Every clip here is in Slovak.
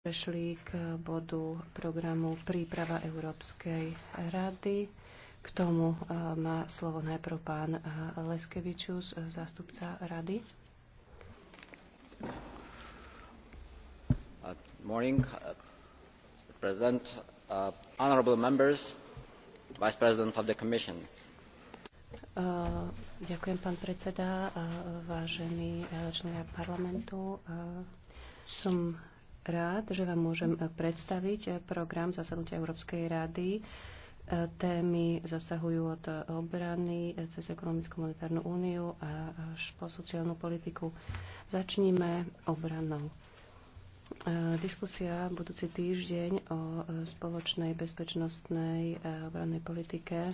prešli k bodu programu Príprava Európskej rady. K tomu e, má slovo najprv pán e, Leskevičus, e, zástupca rady. Uh, morning, uh, Mr. President, uh, honorable members, Vice President of the Commission. Uh, ďakujem, pán predseda, uh, vážení členovia parlamentu. Uh, som rád, že vám môžem predstaviť program zasadnutia Európskej rady. Témy zasahujú od obrany cez ekonomickú monetárnu úniu a až po sociálnu politiku. Začníme obranou. Diskusia budúci týždeň o spoločnej bezpečnostnej obrannej politike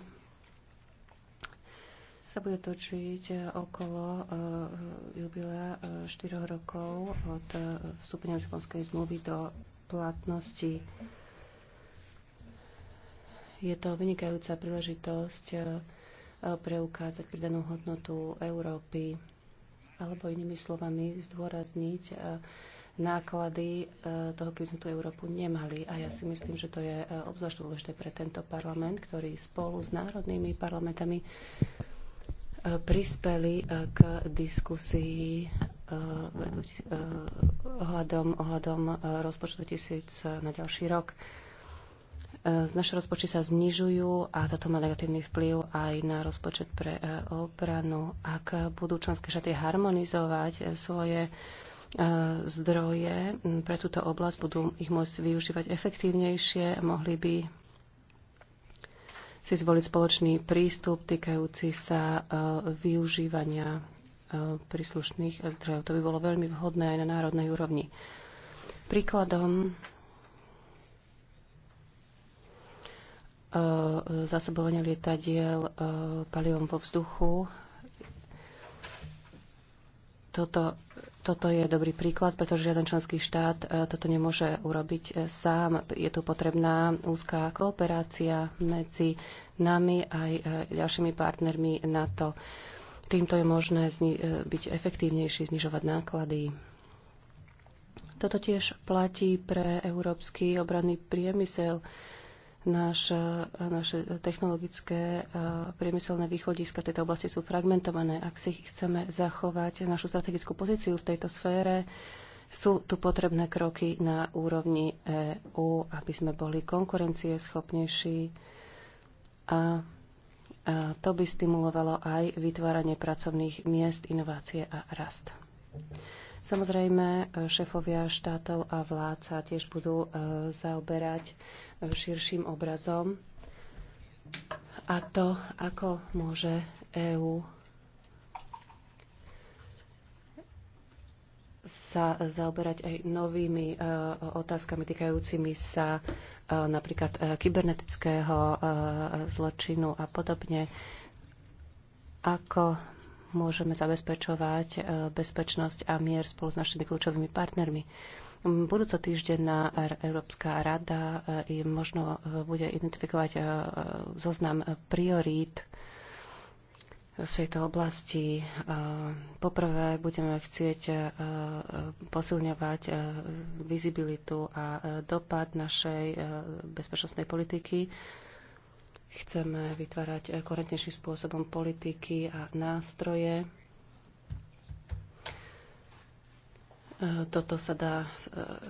sa bude točiť e, okolo e, jubilea 4 e, rokov od vstúpenia Lisabonskej zmluvy do platnosti. Je to vynikajúca príležitosť preukázať pridanú hodnotu Európy, alebo inými slovami zdôrazniť náklady toho, keby sme tú Európu nemali. A ja si myslím, že to je obzvlášť dôležité pre tento parlament, ktorý spolu s národnými parlamentami prispeli eh, k diskusii eh, eh, ohľadom, ohľadom rozpočtu tisíc na ďalší rok. Naše rozpočty sa znižujú a toto má negatívny vplyv aj na rozpočet pre obranu. Ak budú členské štáty harmonizovať svoje zdroje pre túto oblasť, budú ich môcť využívať efektívnejšie, mohli by si zvoliť spoločný prístup týkajúci sa e, využívania e, príslušných zdrojov. To by bolo veľmi vhodné aj na národnej úrovni. Príkladom e, zásobovania lietadiel palivom vo vzduchu. Toto toto je dobrý príklad, pretože žiaden členský štát e, toto nemôže urobiť e, sám. Je tu potrebná úzká kooperácia medzi nami aj e, ďalšími partnermi na to. Týmto je možné byť efektívnejší, znižovať náklady. Toto tiež platí pre európsky obranný priemysel. Naš, naše technologické eh, priemyselné východiska v tejto oblasti sú fragmentované. Ak si chceme zachovať našu strategickú pozíciu v tejto sfére, sú tu potrebné kroky na úrovni EÚ, aby sme boli konkurencieschopnejší a, a to by stimulovalo aj vytváranie pracovných miest, inovácie a rast. Samozrejme, e, šéfovia štátov a vlád sa tiež budú e, zaoberať e, širším obrazom a to, ako môže EÚ sa zaoberať aj novými otázkami týkajúcimi sa napríklad kybernetického zločinu a podobne. Ako môžeme zabezpečovať e, bezpečnosť a mier spolu s našimi kľúčovými partnermi. Mm, budúco týždenná Európska rada e, im možno e, bude identifikovať zoznam priorít v tejto oblasti. Poprvé budeme chcieť posilňovať vizibilitu a dopad našej bezpečnostnej politiky Chceme vytvárať eh, korentnejším spôsobom politiky a nástroje. Eh, toto sa dá eh,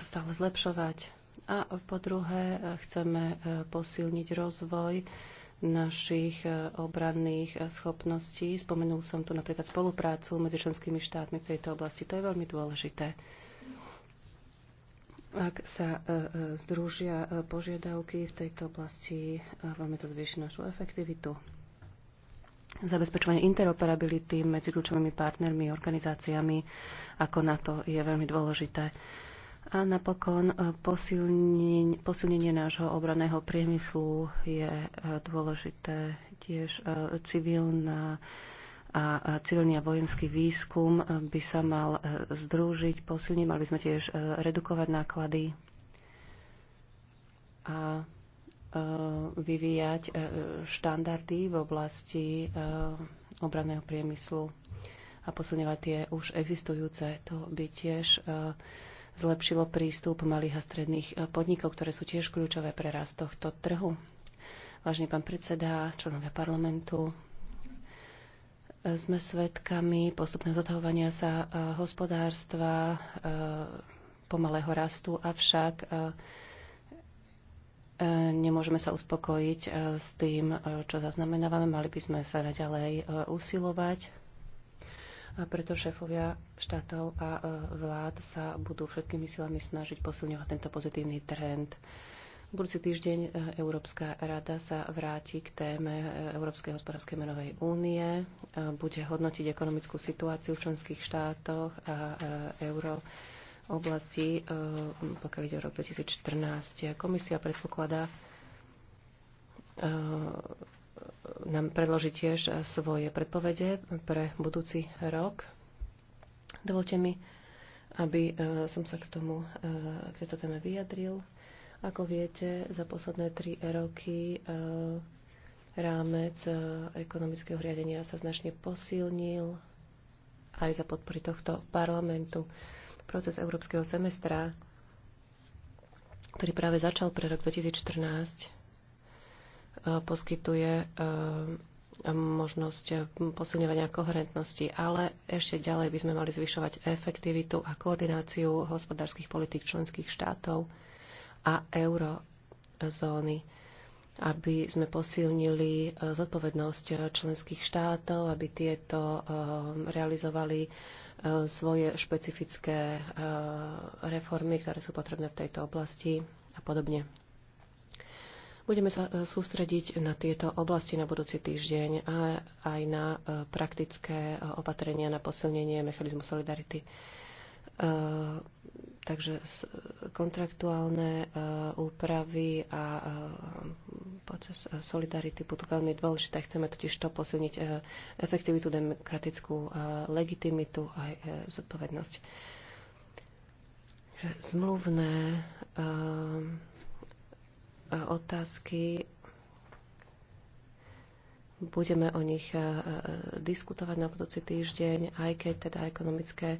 stále zlepšovať. A po druhé, chceme posilniť rozvoj našich obranných schopností. Spomenul som tu napríklad spoluprácu medzi členskými štátmi v tejto oblasti. To je veľmi dôležité. Ak sa e, e, združia e, požiadavky v tejto oblasti, veľmi to zvýši našu efektivitu. Zabezpečovanie interoperability medzi kľúčovými partnermi, organizáciami ako na to, je veľmi dôležité. A napokon posilnenie, posilnenie nášho obraného priemyslu je dôležité. Tiež civilná a civilný a vojenský výskum by sa mal e, združiť, posilniť, mali by sme tiež e, redukovať náklady a e, vyvíjať štandardy v oblasti obranného priemyslu a posilňovať tie už existujúce. To by tiež zlepšilo prístup malých a stredných podnikov, ktoré sú tiež kľúčové pre rast tohto trhu. Vážený pán predseda, členovia parlamentu, sme svedkami postupného zotavovania sa e, hospodárstva, e, pomalého rastu, avšak e, nemôžeme sa uspokojiť s tým, čo zaznamenávame. Mali by sme sa naďalej usilovať, a preto šéfovia štátov a vlád sa budú všetkými silami snažiť posilňovať tento pozitívny trend. Budúci týždeň e, Európska rada sa vráti k téme e, Európskej hospodárskej menovej únie, e, bude hodnotiť ekonomickú situáciu v členských štátoch a euro oblasti, pokiaľ ide o rok 2014. Komisia predpokladá nám predložiť tiež svoje predpovede pre budúci rok. Dovolte mi, aby som sa k tomu, k tejto téme vyjadril. Ako viete, za posledné tri roky eh, rámec eh, ekonomického riadenia sa značne posilnil aj za podpory tohto parlamentu. Proces európskeho semestra, ktorý práve začal pre rok 2014, eh, poskytuje možnosť posilňovania koherentnosti, ale ešte ďalej by sme mali zvyšovať efektivitu a koordináciu hospodárskych politik členských štátov a eurozóny, aby sme posilnili eh, zodpovednosť eh, členských štátov, aby tieto eh, realizovali svoje špecifické reformy, ktoré sú potrebné v tejto oblasti a podobne. Budeme sa sústrediť na tieto oblasti na budúci týždeň a aj na praktické opatrenia na posilnenie mechanizmu solidarity. E, takže kontraktuálne e, úpravy a e, proces solidarity budú veľmi dôležité. Chceme totiž to posilniť efektivitu, demokratickú legitimitu a aj zodpovednosť. Zmluvné otázky budeme o nich diskutovať na budúci týždeň, aj keď teda ekonomické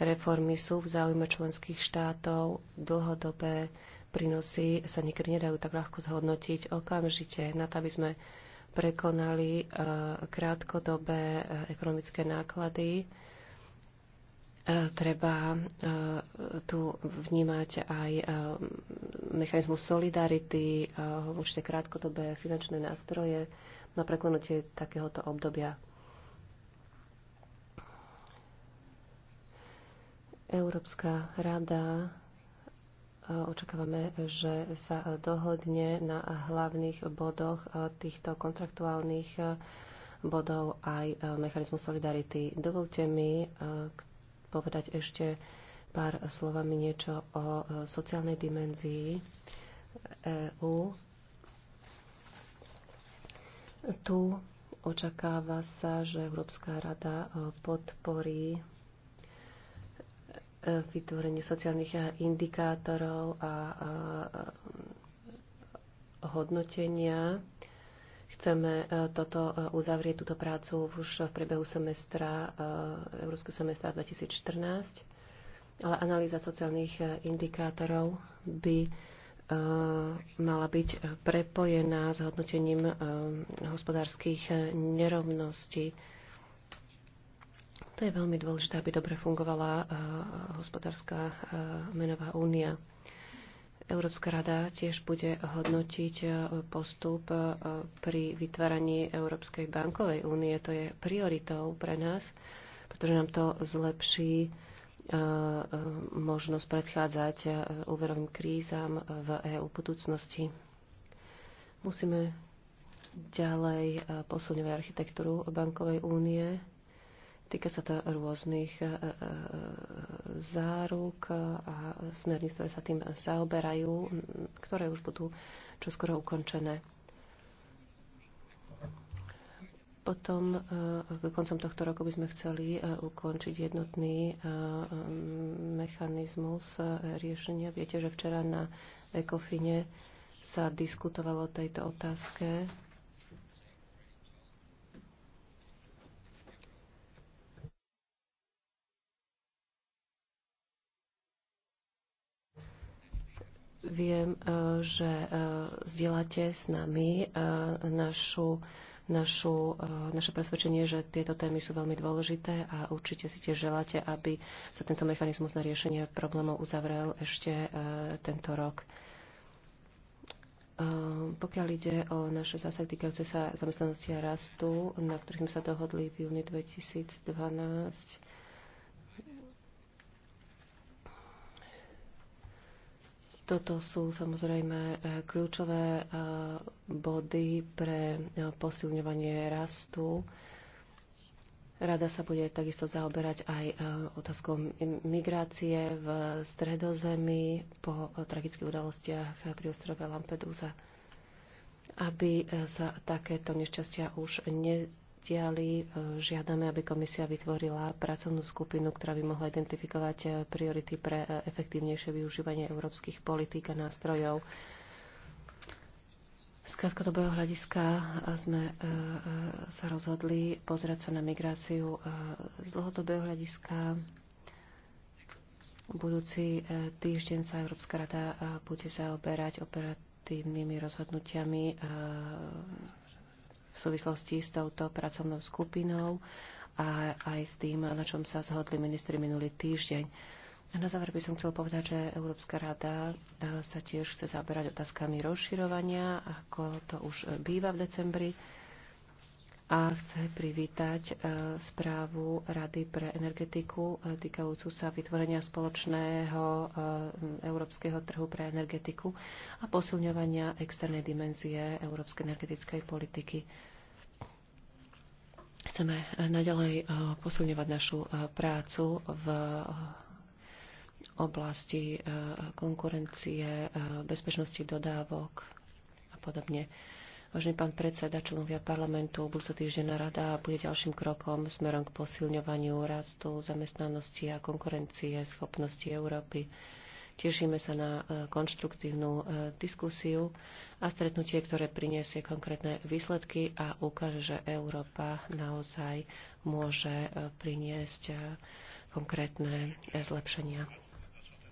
reformy sú v záujme členských štátov, dlhodobé prínosy sa niekedy nedajú tak ľahko zhodnotiť okamžite. Na to, aby sme prekonali e, krátkodobé e, ekonomické náklady, e, treba tu vnímať aj mechanizmus solidarity, určite krátkodobé finančné nástroje na preklenutie takéhoto obdobia. Európska rada očakávame, že sa dohodne na hlavných bodoch týchto kontraktuálnych bodov aj mechanizmu solidarity. Dovolte mi povedať ešte pár slovami niečo o sociálnej dimenzii EÚ. Tu očakáva sa, že Európska rada podporí vytvorenie sociálnych indikátorov a hodnotenia. Chceme e, toto e, uzavrieť, túto prácu už v priebehu semestra, e, Európskeho semestra 2014, ale analýza sociálnych indikátorov by mala byť prepojená s hodnotením hospodárskych nerovností to je veľmi dôležité, aby dobre fungovala eh, hospodárska eh, menová únia. Európska rada tiež bude hodnotiť eh, postup pri vytváraní Európskej bankovej únie. To je prioritou pre nás, pretože nám to zlepší možnosť predchádzať úverovým krízam v EU budúcnosti. Musíme ďalej posunovať architektúru bankovej únie Týka sa to rôznych e, e, e, záruk a smerníc, ktoré sa tým zaoberajú, ktoré už budú čoskoro ukončené. Potom k koncom tohto roku by sme chceli ukončiť jednotný mechanizmus riešenia. Viete, že včera na ECOFINE sa diskutovalo o tejto otázke Viem, e, že e, zdieľate s nami e, našu, našu, naše presvedčenie, že tieto témy sú veľmi dôležité a určite si tiež želáte, aby sa tento mechanizmus na riešenie problémov uzavrel ešte tento rok. Pokiaľ ide o naše zásady týkajúce sa zamestnanosti a rastu, na ktorých sme sa dohodli v júni 2012, Toto sú samozrejme e, kľúčové e, body pre e, posilňovanie rastu. Rada sa bude takisto zaoberať aj otázkou migrácie v stredozemi po tragických udalostiach pri ostrove Lampedusa aby sa takéto nešťastia už ne, diali. E, žiadame, aby komisia vytvorila pracovnú skupinu, ktorá by mohla identifikovať e, priority pre e, efektívnejšie využívanie európskych politík a nástrojov. Z krátkodobého hľadiska sme sa rozhodli pozerať sa na migráciu z dlhodobého hľadiska. Budúci týždeň sa Európska rada bude zaoberať operatívnymi rozhodnutiami v súvislosti s touto pracovnou skupinou a aj s tým, na čom sa zhodli ministri minulý týždeň. A na záver by som chcel povedať, že Európska rada e, sa tiež chce zaberať otázkami rozširovania, ako to už býva v decembri a chce privítať e, správu Rady pre energetiku e, týkajúcu sa vytvorenia spoločného e, európskeho trhu pre energetiku a posilňovania externej dimenzie európskej energetickej politiky. Chceme naďalej posilňovať našu prácu v oblasti konkurencie, bezpečnosti dodávok a podobne. Vážený pán predseda, členovia parlamentu, sa týždeň rada bude ďalším krokom smerom k posilňovaniu rastu, zamestnanosti a konkurencie schopnosti Európy. Tešíme sa na e, konštruktívnu e, diskusiu a stretnutie, ktoré priniesie konkrétne výsledky a ukáže, že Európa naozaj môže e, priniesť konkrétne zlepšenia.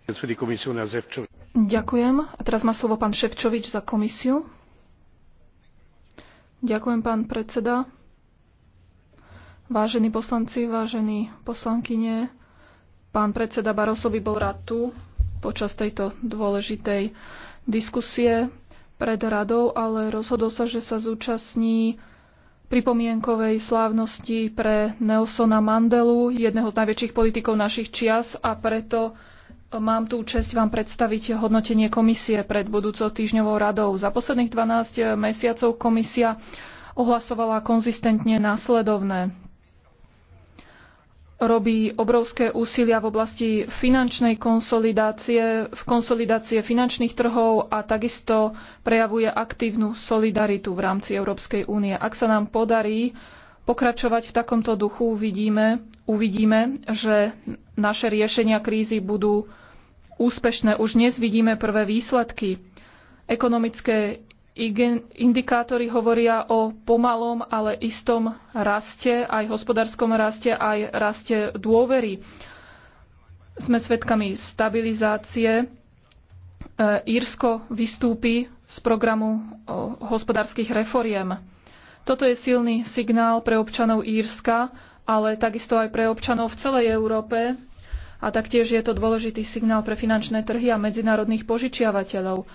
Ďakujem. A teraz má slovo pán Ševčovič za komisiu. Ďakujem, pán predseda. Vážení poslanci, vážení poslankyne, pán predseda Baroso by bol rád tu počas tejto dôležitej diskusie pred radou, ale rozhodol sa, že sa zúčastní pripomienkovej slávnosti pre Nelsona Mandelu, jedného z najväčších politikov našich čias a preto Mám tu čest vám predstaviť hodnotenie komisie pred budúcou týždňovou radou. Za posledných 12 mesiacov komisia ohlasovala konzistentne následovné. Robí obrovské úsilia v oblasti finančnej konsolidácie, v konsolidácie finančných trhov a takisto prejavuje aktívnu solidaritu v rámci Európskej únie. Ak sa nám podarí pokračovať v takomto duchu, vidíme, uvidíme že naše riešenia krízy budú úspešné. Už dnes vidíme prvé výsledky. Ekonomické indikátory hovoria o pomalom, ale istom raste, aj hospodárskom raste, aj raste dôvery. Sme svedkami stabilizácie. E, Írsko vystúpi z programu hospodárskych reforiem. Toto je silný signál pre občanov Írska, ale takisto aj pre občanov v celej Európe, a taktiež je to dôležitý signál pre finančné trhy a medzinárodných požičiavateľov.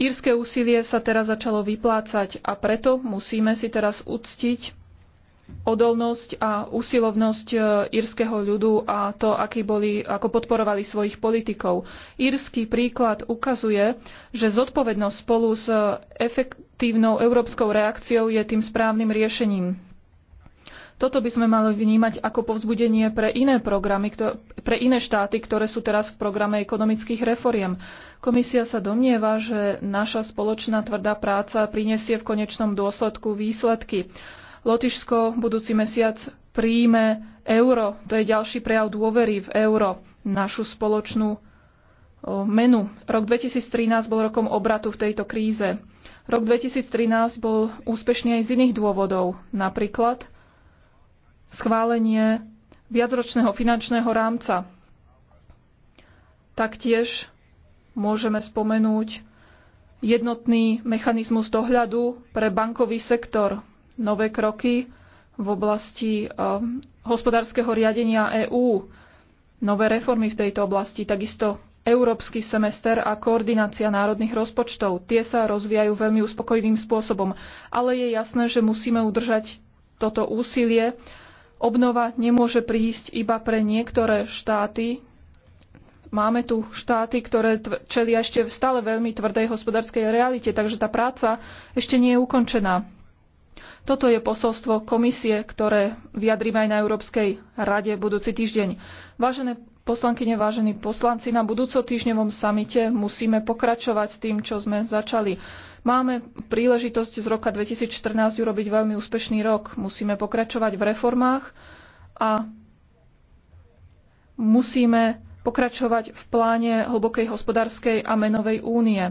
Írske úsilie sa teraz začalo vyplácať a preto musíme si teraz uctiť odolnosť a úsilovnosť e, írskeho ľudu a to, aký boli, ako podporovali svojich politikov. Írsky príklad ukazuje, že zodpovednosť spolu s e, efektívnou európskou reakciou je tým správnym riešením. Toto by sme mali vnímať ako povzbudenie pre iné programy, pre iné štáty, ktoré sú teraz v programe ekonomických reforiem. Komisia sa domnieva, že naša spoločná tvrdá práca prinesie v konečnom dôsledku výsledky. Lotyšsko budúci mesiac príjme euro. To je ďalší prejav dôvery v euro, našu spoločnú menu. Rok 2013 bol rokom obratu v tejto kríze. Rok 2013 bol úspešný aj z iných dôvodov. Napríklad schválenie viacročného finančného rámca. Taktiež môžeme spomenúť jednotný mechanizmus dohľadu pre bankový sektor, nové kroky v oblasti e, hospodárskeho riadenia EÚ, nové reformy v tejto oblasti, takisto európsky semester a koordinácia národných rozpočtov. Tie sa rozvíjajú veľmi uspokojivým spôsobom, ale je jasné, že musíme udržať toto úsilie obnova nemôže prísť iba pre niektoré štáty. Máme tu štáty, ktoré čelia ešte stále veľmi tvrdej hospodárskej realite, takže tá práca ešte nie je ukončená. Toto je posolstvo komisie, ktoré vyjadríme aj na Európskej rade budúci týždeň. Vážené poslankyne, vážení poslanci, na budúco týždňovom samite musíme pokračovať s tým, čo sme začali. Máme príležitosť z roka 2014 urobiť veľmi úspešný rok. Musíme pokračovať v reformách a musíme pokračovať v pláne hlbokej hospodárskej a menovej únie.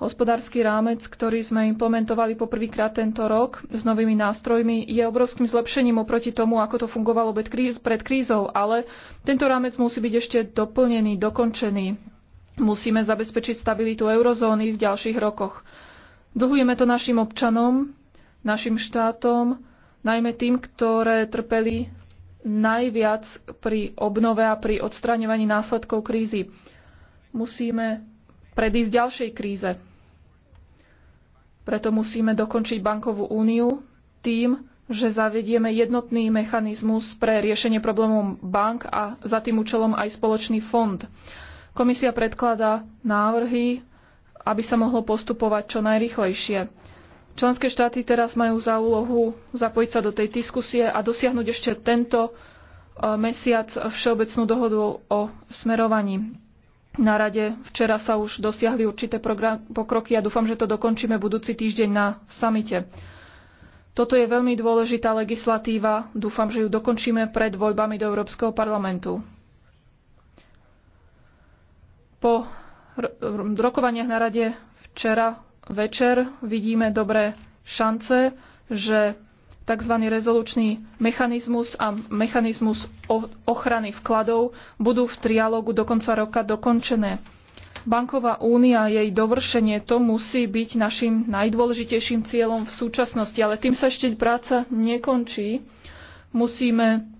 Hospodársky rámec, ktorý sme implementovali poprvýkrát tento rok s novými nástrojmi, je obrovským zlepšením oproti tomu, ako to fungovalo pred krízou, ale tento rámec musí byť ešte doplnený, dokončený. Musíme zabezpečiť stabilitu eurozóny v ďalších rokoch. Dlhujeme to našim občanom, našim štátom, najmä tým, ktoré trpeli najviac pri obnove a pri odstraňovaní následkov krízy. Musíme predísť ďalšej kríze. Preto musíme dokončiť bankovú úniu tým, že zavedieme jednotný mechanizmus pre riešenie problémov bank a za tým účelom aj spoločný fond. Komisia predkladá návrhy, aby sa mohlo postupovať čo najrychlejšie. Členské štáty teraz majú za úlohu zapojiť sa do tej diskusie a dosiahnuť ešte tento e, mesiac všeobecnú dohodu o smerovaní. Na rade včera sa už dosiahli určité pokroky a dúfam, že to dokončíme budúci týždeň na samite. Toto je veľmi dôležitá legislatíva, dúfam, že ju dokončíme pred voľbami do Európskeho parlamentu. Po rokovaniach na rade včera večer vidíme dobré šance, že tzv. rezolučný mechanizmus a mechanizmus ochrany vkladov budú v trialógu do konca roka dokončené. Banková únia a jej dovršenie to musí byť našim najdôležitejším cieľom v súčasnosti, ale tým sa ešte práca nekončí. Musíme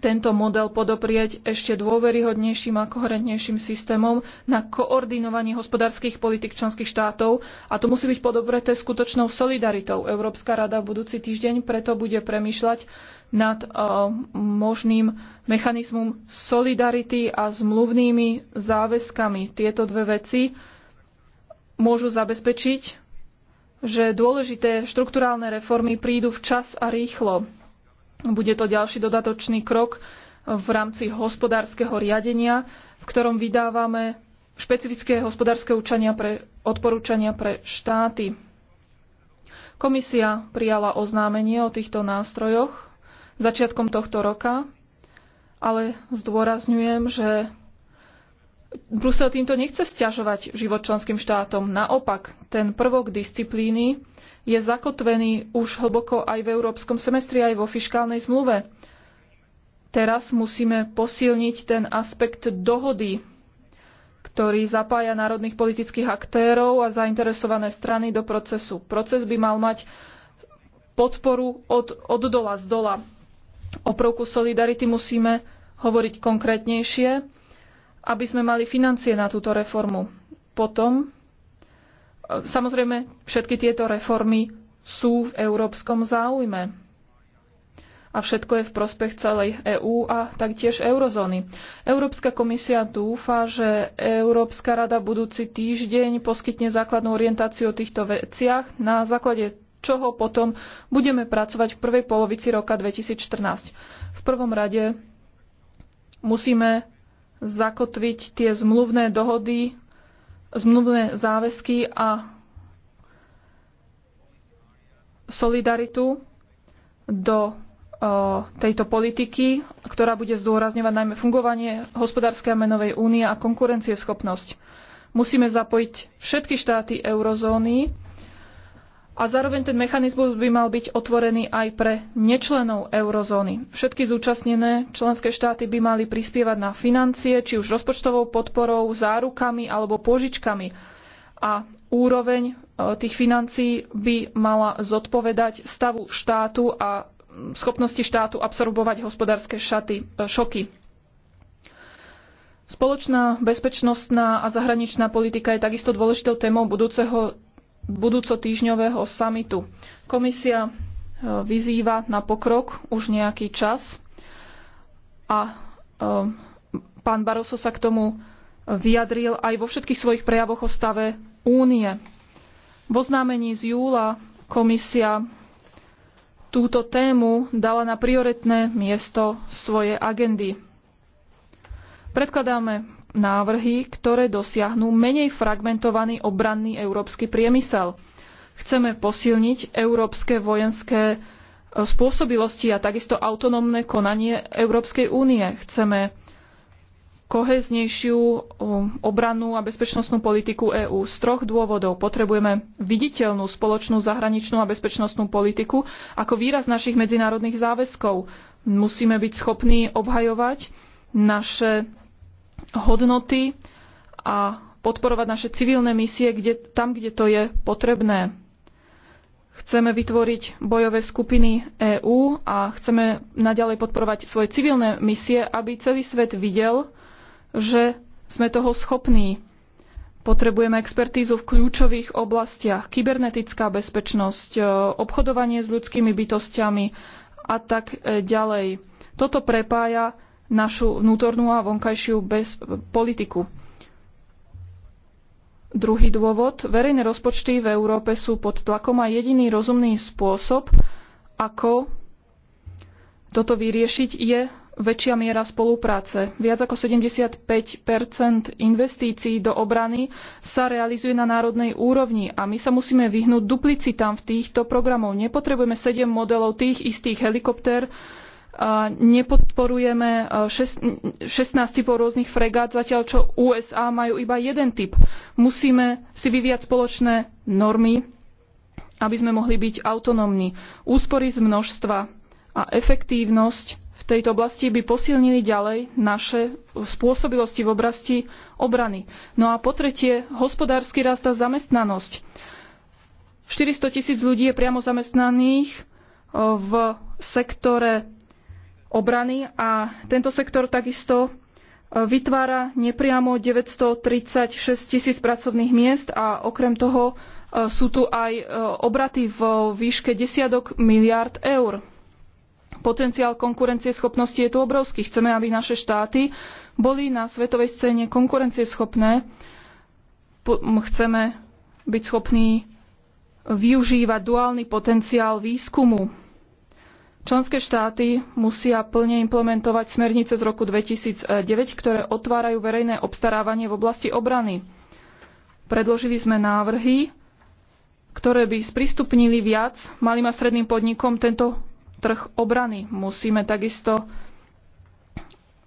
tento model podoprieť ešte dôveryhodnejším a koherentnejším systémom na koordinovanie hospodárskych politik členských štátov a to musí byť podobreté skutočnou solidaritou. Európska rada v budúci týždeň preto bude premýšľať nad uh, možným mechanizmom solidarity a zmluvnými záväzkami. Tieto dve veci môžu zabezpečiť, že dôležité štrukturálne reformy prídu včas a rýchlo bude to ďalší dodatočný krok v rámci hospodárskeho riadenia, v ktorom vydávame špecifické hospodárske učania pre, odporúčania pre štáty. Komisia prijala oznámenie o týchto nástrojoch začiatkom tohto roka, ale zdôrazňujem, že Brusel týmto nechce stiažovať život členským štátom. Naopak, ten prvok disciplíny je zakotvený už hlboko aj v európskom semestri, aj vo fiškálnej zmluve. Teraz musíme posilniť ten aspekt dohody, ktorý zapája národných politických aktérov a zainteresované strany do procesu. Proces by mal mať podporu od, od dola, z dola. O prvku solidarity musíme hovoriť konkrétnejšie aby sme mali financie na túto reformu. Potom, e, samozrejme, všetky tieto reformy sú v európskom záujme. A všetko je v prospech celej EÚ a taktiež eurozóny. Európska komisia dúfa, že Európska rada budúci týždeň poskytne základnú orientáciu o týchto veciach, na základe čoho potom budeme pracovať v prvej polovici roka 2014. V prvom rade musíme zakotviť tie zmluvné dohody, zmluvné záväzky a solidaritu do e, tejto politiky, ktorá bude zdôrazňovať najmä fungovanie hospodárskej a menovej únie a konkurencieschopnosť. Musíme zapojiť všetky štáty eurozóny, a zároveň ten mechanizmus by mal byť otvorený aj pre nečlenov eurozóny. Všetky zúčastnené členské štáty by mali prispievať na financie, či už rozpočtovou podporou, zárukami alebo pôžičkami. A úroveň e, tých financií by mala zodpovedať stavu štátu a schopnosti štátu absorbovať hospodárske šaty, e, šoky. Spoločná bezpečnostná a zahraničná politika je takisto dôležitou témou budúceho budúco týždňového samitu. Komisia e, vyzýva na pokrok už nejaký čas a e, pán Barroso sa k tomu vyjadril aj vo všetkých svojich prejavoch o stave únie. V oznámení z júla komisia túto tému dala na prioritné miesto svojej agendy. Predkladáme návrhy, ktoré dosiahnu menej fragmentovaný obranný európsky priemysel. Chceme posilniť európske vojenské e, spôsobilosti a takisto autonómne konanie Európskej únie. Chceme koheznejšiu e, obrannú a bezpečnostnú politiku EÚ. Z troch dôvodov potrebujeme viditeľnú spoločnú zahraničnú a bezpečnostnú politiku ako výraz našich medzinárodných záväzkov. Musíme byť schopní obhajovať naše hodnoty a podporovať naše civilné misie kde, tam, kde to je potrebné. Chceme vytvoriť bojové skupiny EÚ a chceme naďalej podporovať svoje civilné misie, aby celý svet videl, že sme toho schopní. Potrebujeme expertízu v kľúčových oblastiach. Kybernetická bezpečnosť, e, obchodovanie s ľudskými bytostiami a tak e, ďalej. Toto prepája našu vnútornú a vonkajšiu bez politiku. Druhý dôvod. Verejné rozpočty v Európe sú pod tlakom a jediný rozumný spôsob, ako toto vyriešiť, je väčšia miera spolupráce. Viac ako 75 investícií do obrany sa realizuje na národnej úrovni a my sa musíme vyhnúť duplicitám v týchto programoch. Nepotrebujeme 7 modelov tých istých helikoptér, nepodporujeme 16 typov rôznych fregát, zatiaľ čo USA majú iba jeden typ. Musíme si vyviať spoločné normy, aby sme mohli byť autonómni. Úspory z množstva a efektívnosť v tejto oblasti by posilnili ďalej naše spôsobilosti v oblasti obrany. No a po tretie, hospodársky rast a zamestnanosť. 400 tisíc ľudí je priamo zamestnaných e, v sektore obrany a tento sektor takisto e, vytvára nepriamo 936 tisíc pracovných miest a okrem toho e, sú tu aj e, obraty vo výške desiatok miliárd eur. Potenciál konkurencieschopnosti je tu obrovský. Chceme, aby naše štáty boli na svetovej scéne konkurencieschopné. Chceme byť schopní využívať duálny potenciál výskumu Členské štáty musia plne implementovať smernice z roku 2009, ktoré otvárajú verejné obstarávanie v oblasti obrany. Predložili sme návrhy, ktoré by sprístupnili viac malým a stredným podnikom tento trh obrany. Musíme takisto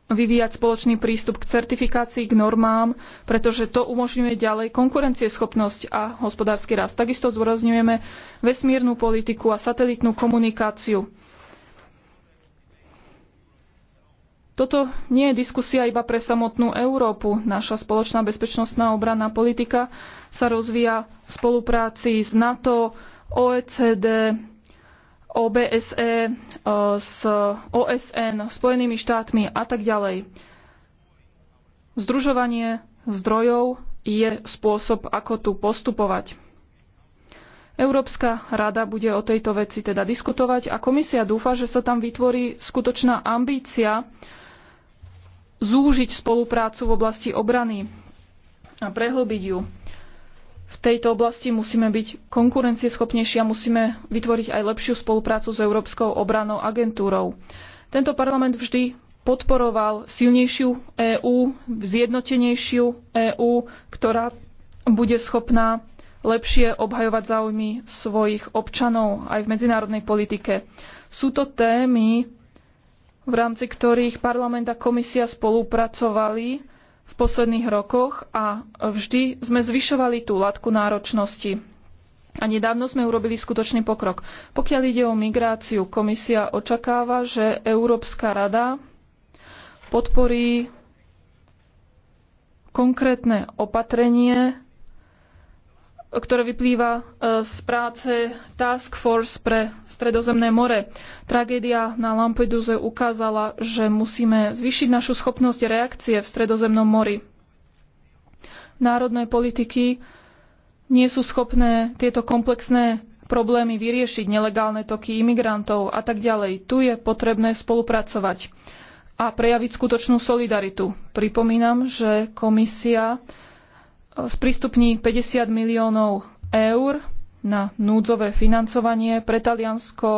vyvíjať spoločný prístup k certifikácii, k normám, pretože to umožňuje ďalej konkurencieschopnosť a hospodársky rast. Takisto zdôrazňujeme vesmírnu politiku a satelitnú komunikáciu. Toto nie je diskusia iba pre samotnú Európu. Naša spoločná bezpečnostná obranná politika sa rozvíja v spolupráci s NATO, OECD, OBSE, s e, e, OSN, Spojenými štátmi a tak ďalej. Združovanie zdrojov je spôsob, ako tu postupovať. Európska rada bude o tejto veci teda diskutovať a komisia dúfa, že sa tam vytvorí skutočná ambícia zúžiť spoluprácu v oblasti obrany a prehlbiť ju. V tejto oblasti musíme byť konkurencieschopnejší a musíme vytvoriť aj lepšiu spoluprácu s Európskou obranou agentúrou. Tento parlament vždy podporoval silnejšiu EÚ, zjednotenejšiu EÚ, ktorá bude schopná lepšie obhajovať záujmy svojich občanov aj v medzinárodnej politike. Sú to témy, v rámci ktorých parlament a komisia spolupracovali v posledných rokoch a vždy sme zvyšovali tú látku náročnosti. A nedávno sme urobili skutočný pokrok. Pokiaľ ide o migráciu, komisia očakáva, že Európska rada podporí konkrétne opatrenie ktoré vyplýva e, z práce Task Force pre Stredozemné more. Tragédia na Lampeduze ukázala, že musíme zvýšiť našu schopnosť reakcie v Stredozemnom mori. Národné politiky nie sú schopné tieto komplexné problémy vyriešiť, nelegálne toky imigrantov a tak ďalej. Tu je potrebné spolupracovať a prejaviť skutočnú solidaritu. Pripomínam, že komisia sprístupní 50 miliónov eur na núdzové financovanie. Pre Taliansko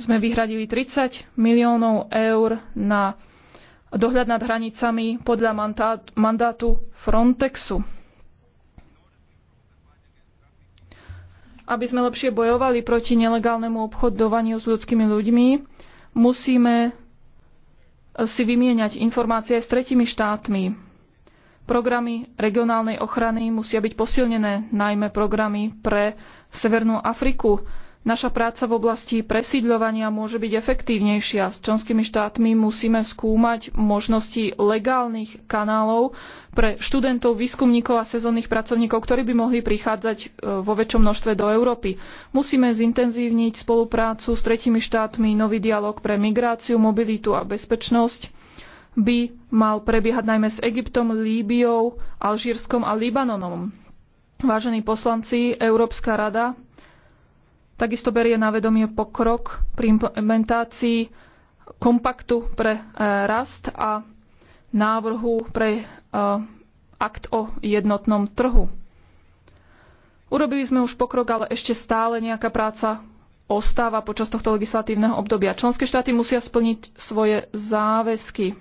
sme vyhradili 30 miliónov eur na dohľad nad hranicami podľa mandátu Frontexu. Aby sme lepšie bojovali proti nelegálnemu obchodovaniu s ľudskými ľuďmi, musíme si vymieňať informácie aj s tretimi štátmi. Programy regionálnej ochrany musia byť posilnené, najmä programy pre Severnú Afriku. Naša práca v oblasti presídľovania môže byť efektívnejšia. S členskými štátmi musíme skúmať možnosti legálnych kanálov pre študentov, výskumníkov a sezónnych pracovníkov, ktorí by mohli prichádzať e, vo väčšom množstve do Európy. Musíme zintenzívniť spoluprácu s tretimi štátmi, nový dialog pre migráciu, mobilitu a bezpečnosť by mal prebiehať najmä s Egyptom, Líbiou, Alžírskom a Libanonom. Vážení poslanci, Európska rada takisto berie na vedomie pokrok pri implementácii kompaktu pre e, rast a návrhu pre e, akt o jednotnom trhu. Urobili sme už pokrok, ale ešte stále nejaká práca ostáva počas tohto legislatívneho obdobia. Členské štáty musia splniť svoje záväzky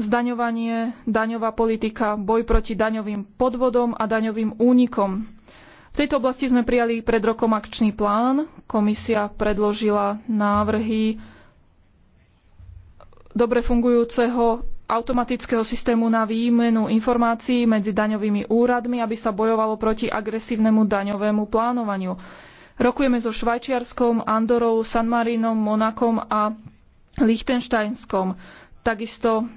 zdaňovanie, daňová politika, boj proti daňovým podvodom a daňovým únikom. V tejto oblasti sme prijali pred rokom akčný plán. Komisia predložila návrhy dobre fungujúceho automatického systému na výmenu informácií medzi daňovými úradmi, aby sa bojovalo proti agresívnemu daňovému plánovaniu. Rokujeme so Švajčiarskom, Andorou, San Marinom, Monakom a Liechtensteinskom takisto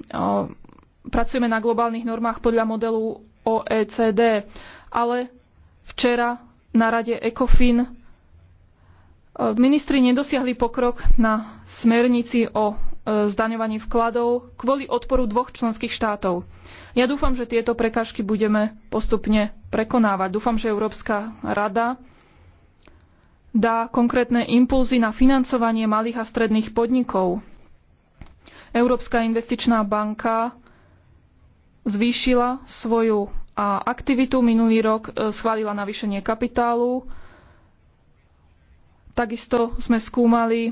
pracujeme na globálnych normách podľa modelu OECD. Ale včera na rade ECOFIN ministri nedosiahli pokrok na smernici o e, zdaňovaní vkladov kvôli odporu dvoch členských štátov. Ja dúfam, že tieto prekážky budeme postupne prekonávať. Dúfam, že Európska rada dá konkrétne impulzy na financovanie malých a stredných podnikov. Európska investičná banka zvýšila svoju aktivitu. Minulý rok e, schválila navýšenie kapitálu. Takisto sme skúmali e,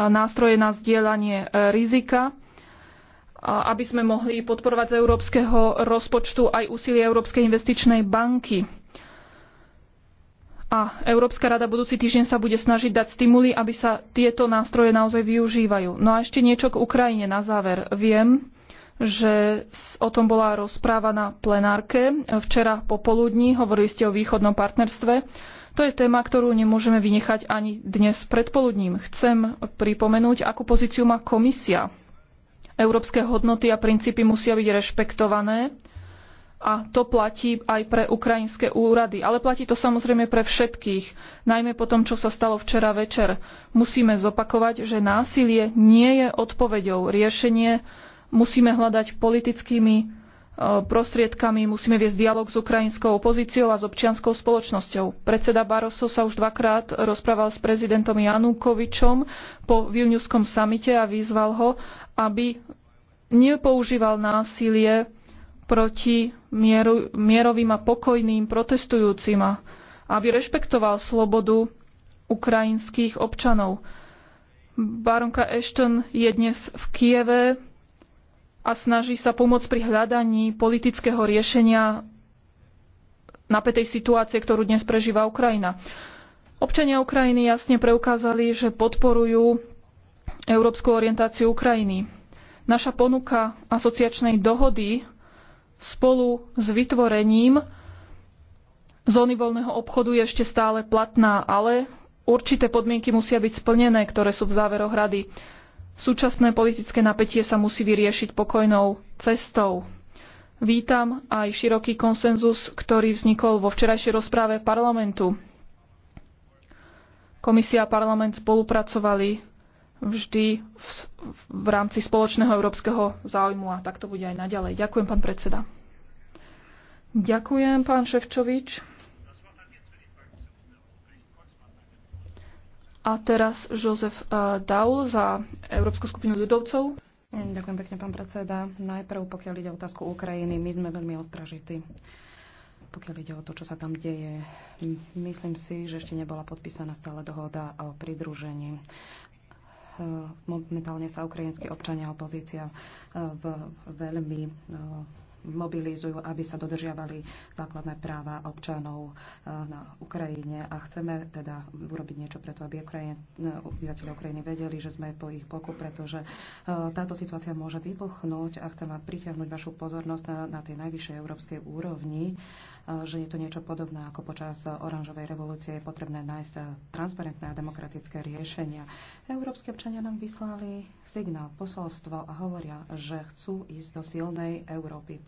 nástroje na zdieľanie e, rizika, aby sme mohli podporovať z európskeho rozpočtu aj úsilie Európskej investičnej banky. A Európska rada budúci týždeň sa bude snažiť dať stimuly, aby sa tieto nástroje naozaj využívajú. No a ešte niečo k Ukrajine na záver. Viem, že o tom bola rozpráva na plenárke včera popoludní. Hovorili ste o východnom partnerstve. To je téma, ktorú nemôžeme vynechať ani dnes predpoludním. Chcem pripomenúť, akú pozíciu má komisia. Európske hodnoty a princípy musia byť rešpektované a to platí aj pre ukrajinské úrady. Ale platí to samozrejme pre všetkých, najmä po tom, čo sa stalo včera večer. Musíme zopakovať, že násilie nie je odpoveďou. Riešenie musíme hľadať politickými e, prostriedkami, musíme viesť dialog s ukrajinskou opozíciou a s občianskou spoločnosťou. Predseda Barroso sa už dvakrát rozprával s prezidentom Janukovičom po Vilniuskom samite a vyzval ho, aby nepoužíval násilie proti mieru, mierovým a pokojným protestujúcim a aby rešpektoval slobodu ukrajinských občanov. Baronka Ashton je dnes v Kieve a snaží sa pomôcť pri hľadaní politického riešenia napätej situácie, ktorú dnes prežíva Ukrajina. Občania Ukrajiny jasne preukázali, že podporujú európsku orientáciu Ukrajiny. Naša ponuka asociačnej dohody spolu s vytvorením zóny voľného obchodu je ešte stále platná, ale určité podmienky musia byť splnené, ktoré sú v záveroch rady. Súčasné politické napätie sa musí vyriešiť pokojnou cestou. Vítam aj široký konsenzus, ktorý vznikol vo včerajšej rozpráve parlamentu. Komisia a parlament spolupracovali vždy v, v rámci spoločného európskeho záujmu a tak to bude aj naďalej. Ďakujem, pán predseda. Ďakujem, pán Ševčovič. A teraz Jozef e, Daul za Európsku skupinu ľudovcov. Ďakujem pekne, pán predseda. Najprv, pokiaľ ide o otázku Ukrajiny, my sme veľmi ostražití pokiaľ ide o to, čo sa tam deje. Myslím si, že ešte nebola podpísaná stále dohoda o pridružení. Eh, momentálne sa ukrajinskí občania a opozícia eh, v, veľmi eh, mobilizujú, aby sa dodržiavali základné práva občanov na Ukrajine a chceme teda urobiť niečo preto, aby Ukrajine, obyvateľe Ukrajiny vedeli, že sme po ich boku, pretože táto situácia môže vybuchnúť a chcem vám pritiahnuť vašu pozornosť na, na tej najvyššej európskej úrovni Eh, že je to niečo podobné ako počas oranžovej revolúcie. Je potrebné nájsť eh, transparentné a demokratické riešenia. Európske občania nám vyslali signál, posolstvo a hovoria, že chcú ísť do silnej Európy.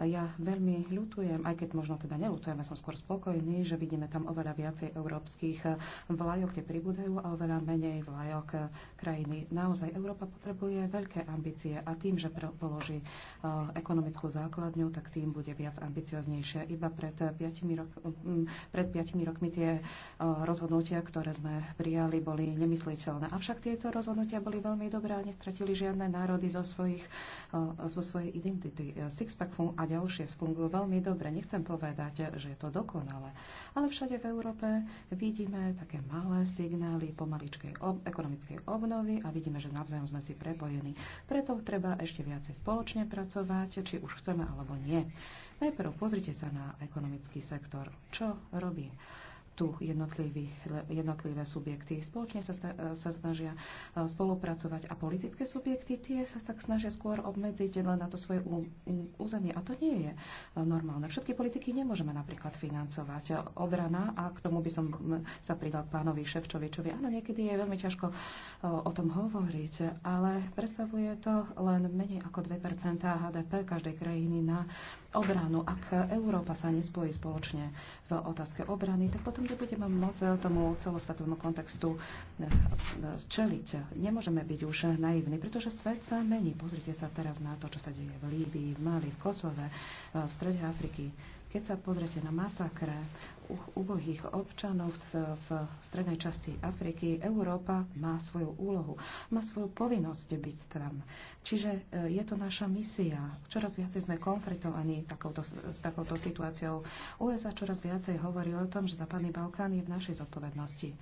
Ja veľmi ľutujem, aj keď možno teda neľutujem, ja som skôr spokojný, že vidíme tam oveľa viacej európskych eh, vlajok, tie pribúdajú a oveľa menej vlajok eh, krajiny. Naozaj Európa potrebuje veľké ambície a tým, že položí eh, ekonomickú základňu, tak tým bude viac ambicioznejšia. Iba pred piatimi, rok, pred rokmi tie rozhodnutia, ktoré sme prijali, boli nemysliteľné. Avšak tieto rozhodnutia boli veľmi dobré a nestratili žiadne národy zo, svojich, zo svojej identity. Sixpack a ďalšie fungujú veľmi dobre. Nechcem povedať, že je to dokonalé, ale všade v Európe vidíme také malé signály pomaličkej ob- ekonomickej obnovy a vidíme, že navzájom sme si prepojení. Preto treba ešte viacej spoločne pracovať, či už chceme alebo nie. Najprv pozrite sa na ekonomický sektor. Čo robí? tu jednotlivé subjekty. Spoločne sa, sa snažia eh, spolupracovať a politické subjekty tie sa tak snažia skôr obmedziť len na to svoje územie. A to nie je eh, normálne. Všetky politiky nemôžeme napríklad financovať. Obrana, a k tomu by som eh, sa pridal k pánovi Ševčovičovi. Áno, niekedy je veľmi ťažko o tom hovoriť, ale predstavuje to len menej ako 2 HDP každej krajiny na obranu. Ak Európa sa nespojí spoločne v otázke obrany, tak potom nebudeme môcť tomu celosvetovému kontextu čeliť. Nemôžeme byť už naivní, pretože svet sa mení. Pozrite sa teraz na to, čo sa deje v Líbii, v Mali, v Kosove, v strede Afriky. Keď sa pozriete na masakre, ubohých občanov v strednej časti Afriky, Európa má svoju úlohu, má svoju povinnosť byť tam. Čiže e, je to naša misia. Čoraz viacej sme konfrontovaní takouto, s takouto situáciou. USA čoraz viacej hovorí o tom, že Západný Balkán je v našej zodpovednosti. E,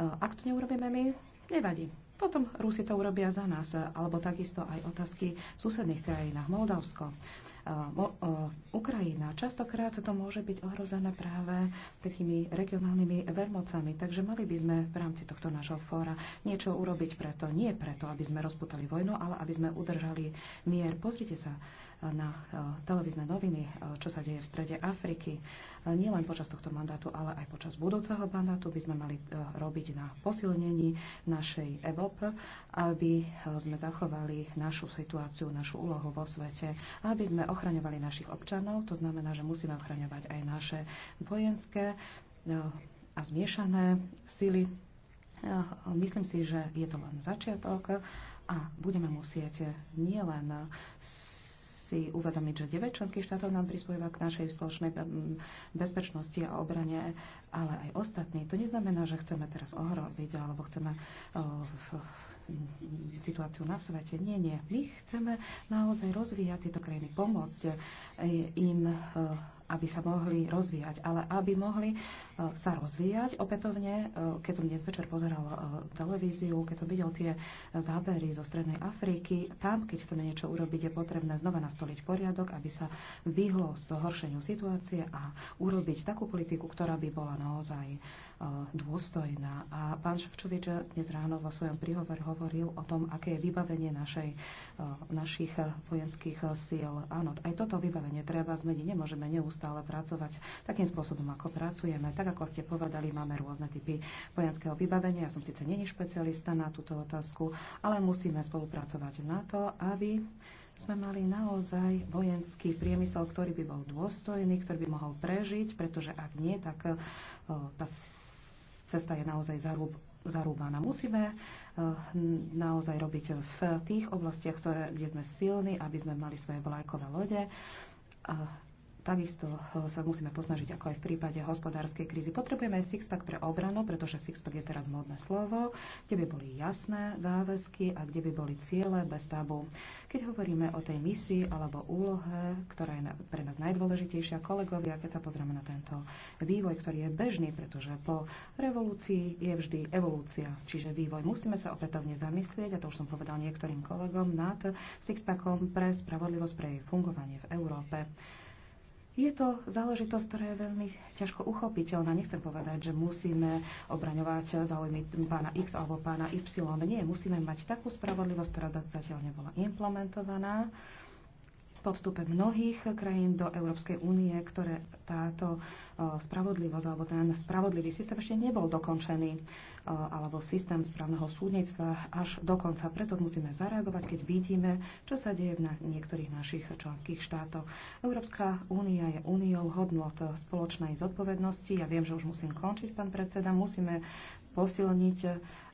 ak to neurobíme my, nevadí. Potom Rusi to urobia za nás, alebo takisto aj otázky v susedných krajinách, Moldavsko. Ukrajina. Častokrát to môže byť ohrozené práve takými regionálnymi veľmocami, takže mali by sme v rámci tohto nášho fóra niečo urobiť preto. Nie preto, aby sme rozputali vojnu, ale aby sme udržali mier. Pozrite sa, na eh, televízne noviny, eh, čo sa deje v strede Afriky. Eh, nielen počas tohto mandátu, ale aj počas budúceho mandátu by sme mali robiť na posilnení našej EVOP, aby sme zachovali našu situáciu, našu úlohu vo svete, aby sme ochraňovali našich občanov. To znamená, že musíme ochraňovať aj naše vojenské a zmiešané sily. Myslím si, že je to len začiatok a budeme musieť nielen si uvedomiť, že 9 členských štátov nám prispieva k našej spoločnej mm, bezpečnosti a obrane, ale aj ostatní. To neznamená, že chceme teraz ohroziť alebo chceme situáciu na svete. Nie, nie. My chceme naozaj rozvíjať tieto krajiny, pomôcť e, im e, aby sa mohli rozvíjať, ale aby mohli e, sa rozvíjať opätovne. E, keď som dnes večer pozeral e, televíziu, keď som videl tie zábery zo Strednej Afriky, tam, keď chceme niečo urobiť, je potrebné znova nastoliť poriadok, aby sa vyhlo zhoršeniu situácie a urobiť takú politiku, ktorá by bola naozaj dôstojná. A pán Ševčovič dnes ráno vo svojom príhovor hovoril o tom, aké je vybavenie našej, našich vojenských síl. Áno, aj toto vybavenie treba zmeniť. Nemôžeme neustále neustále pracovať takým spôsobom, ako pracujeme. Tak, ako ste povedali, máme rôzne typy vojenského vybavenia. Ja som síce není špecialista na túto otázku, ale musíme spolupracovať na to, aby sme mali naozaj vojenský priemysel, ktorý by bol dôstojný, ktorý by mohol prežiť, pretože ak nie, tak eh, tá cesta je naozaj zarúb, zarúbaná. Musíme eh, naozaj robiť v tých oblastiach, ktoré, kde sme silní, aby sme mali svoje vlajkové lode Takisto e, sa musíme posnažiť, ako aj v prípade hospodárskej krízy. Potrebujeme aj sixpack pre obranu, pretože sixpack je teraz módne slovo, kde by boli jasné záväzky a kde by boli ciele bez tabu. Keď hovoríme o tej misii alebo úlohe, ktorá je pre nás najdôležitejšia, kolegovia, keď sa pozrieme na tento vývoj, ktorý je bežný, pretože po revolúcii je vždy evolúcia, čiže vývoj. Musíme sa opätovne zamyslieť, a to už som povedal niektorým kolegom, nad sixpackom pre spravodlivosť, pre jej fungovanie v Európe. Je to záležitosť, ktorá je veľmi ťažko uchopiteľná. Nechcem povedať, že musíme obraňovať záujmy pána X alebo pána Y. Nie, musíme mať takú spravodlivosť, ktorá zatiaľ nebola implementovaná po vstupe mnohých krajín do Európskej únie, ktoré táto e, spravodlivosť alebo ten spravodlivý systém ešte nebol dokončený, e, alebo systém správneho súdnictva až do konca. Preto musíme zareagovať, keď vidíme, čo sa deje v niektorých našich členských štátoch. Európska únia je úniou hodnot spoločnej zodpovednosti. Ja viem, že už musím končiť, pán predseda. Musíme posilniť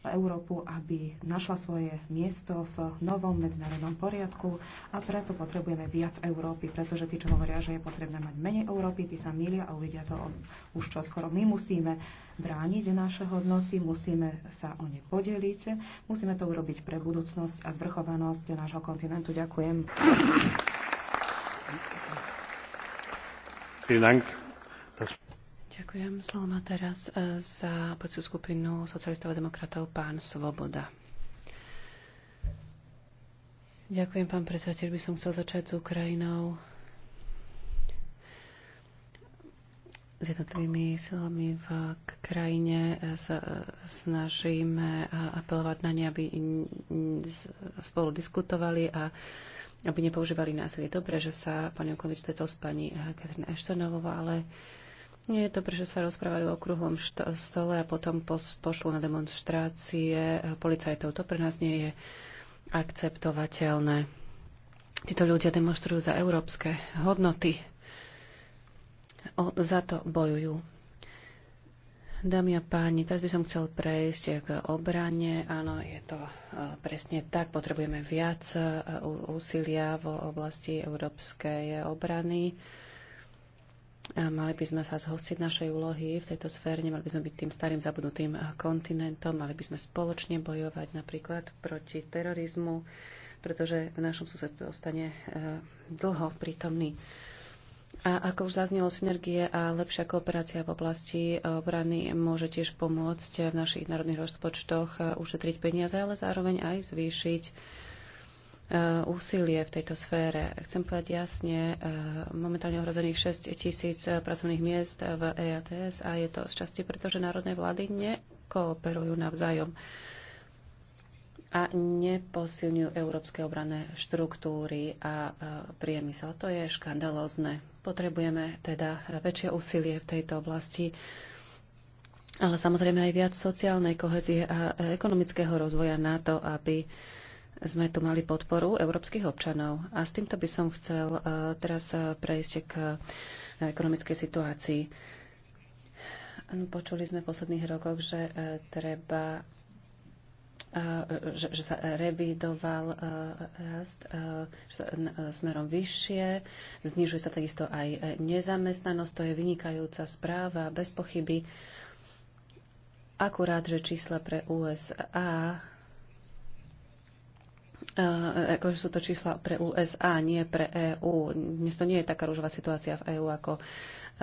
Európu, aby našla svoje miesto v novom medzinárodnom poriadku a preto potrebujeme viac Európy, pretože tí, čo hovoria, že je potrebné mať menej Európy, tí sa milia a uvidia to už čo skoro. My musíme brániť naše hodnoty, musíme sa o ne podeliť, musíme to urobiť pre budúcnosť a zvrchovanosť nášho kontinentu. Ďakujem. Vielen Dank. Das Ďakujem. Slovo má teraz e, za podcu skupinu socialistov a demokratov pán Svoboda. Ďakujem, pán predsedateľ. By som chcel začať s Ukrajinou. s jednotlivými silami v krajine e, sa e, snažíme apelovať na ne, aby spolu diskutovali a aby nepoužívali násilie. Dobre, že sa pani Jankovič stretol s pani Katrin Eštonovou, ale uh, nie je dobré, že sa rozprávajú o kruhlom stole a potom pošlo na demonstrácie policajtov. To pre nás nie je akceptovateľné. Títo ľudia demonstrujú za európske hodnoty. O, za to bojujú. Dámy a páni, teraz by som chcel prejsť k obrane. Áno, je to e, presne tak. Potrebujeme viac e, úsilia v oblasti európskej obrany. Mali by sme sa zhostiť našej úlohy v tejto sfére, nemali by sme byť tým starým zabudnutým kontinentom, mali by sme spoločne bojovať napríklad proti terorizmu, pretože v našom susedstve ostane e, dlho prítomný. A ako už zaznelo, synergie a lepšia kooperácia v oblasti obrany môže tiež pomôcť v našich národných rozpočtoch e, ušetriť peniaze, ale zároveň aj zvýšiť Eh, úsilie v tejto sfére. Chcem povedať jasne, eh, momentálne ohrozených 6 tisíc eh, pracovných miest v EATS a je to z časti preto, že národné vlády nekooperujú navzájom a neposilňujú európske obranné štruktúry a priemysel. To je škandalózne. Potrebujeme teda väčšie úsilie v tejto oblasti, ale samozrejme aj viac sociálnej kohezie a ekonomického rozvoja na to, aby sme tu mali podporu európskych občanov. A s týmto by som chcel e, teraz e, prejsť k e, ekonomickej situácii. Počuli sme v posledných rokoch, že treba že, že sa revidoval rast sa smerom vyššie, znižuje sa takisto aj nezamestnanosť, to je vynikajúca správa, bez pochyby. Akurát, že čísla pre USA E, e, akože sú to čísla pre USA, nie pre EÚ. Dnes to nie je taká rúžová situácia v EÚ, ako e,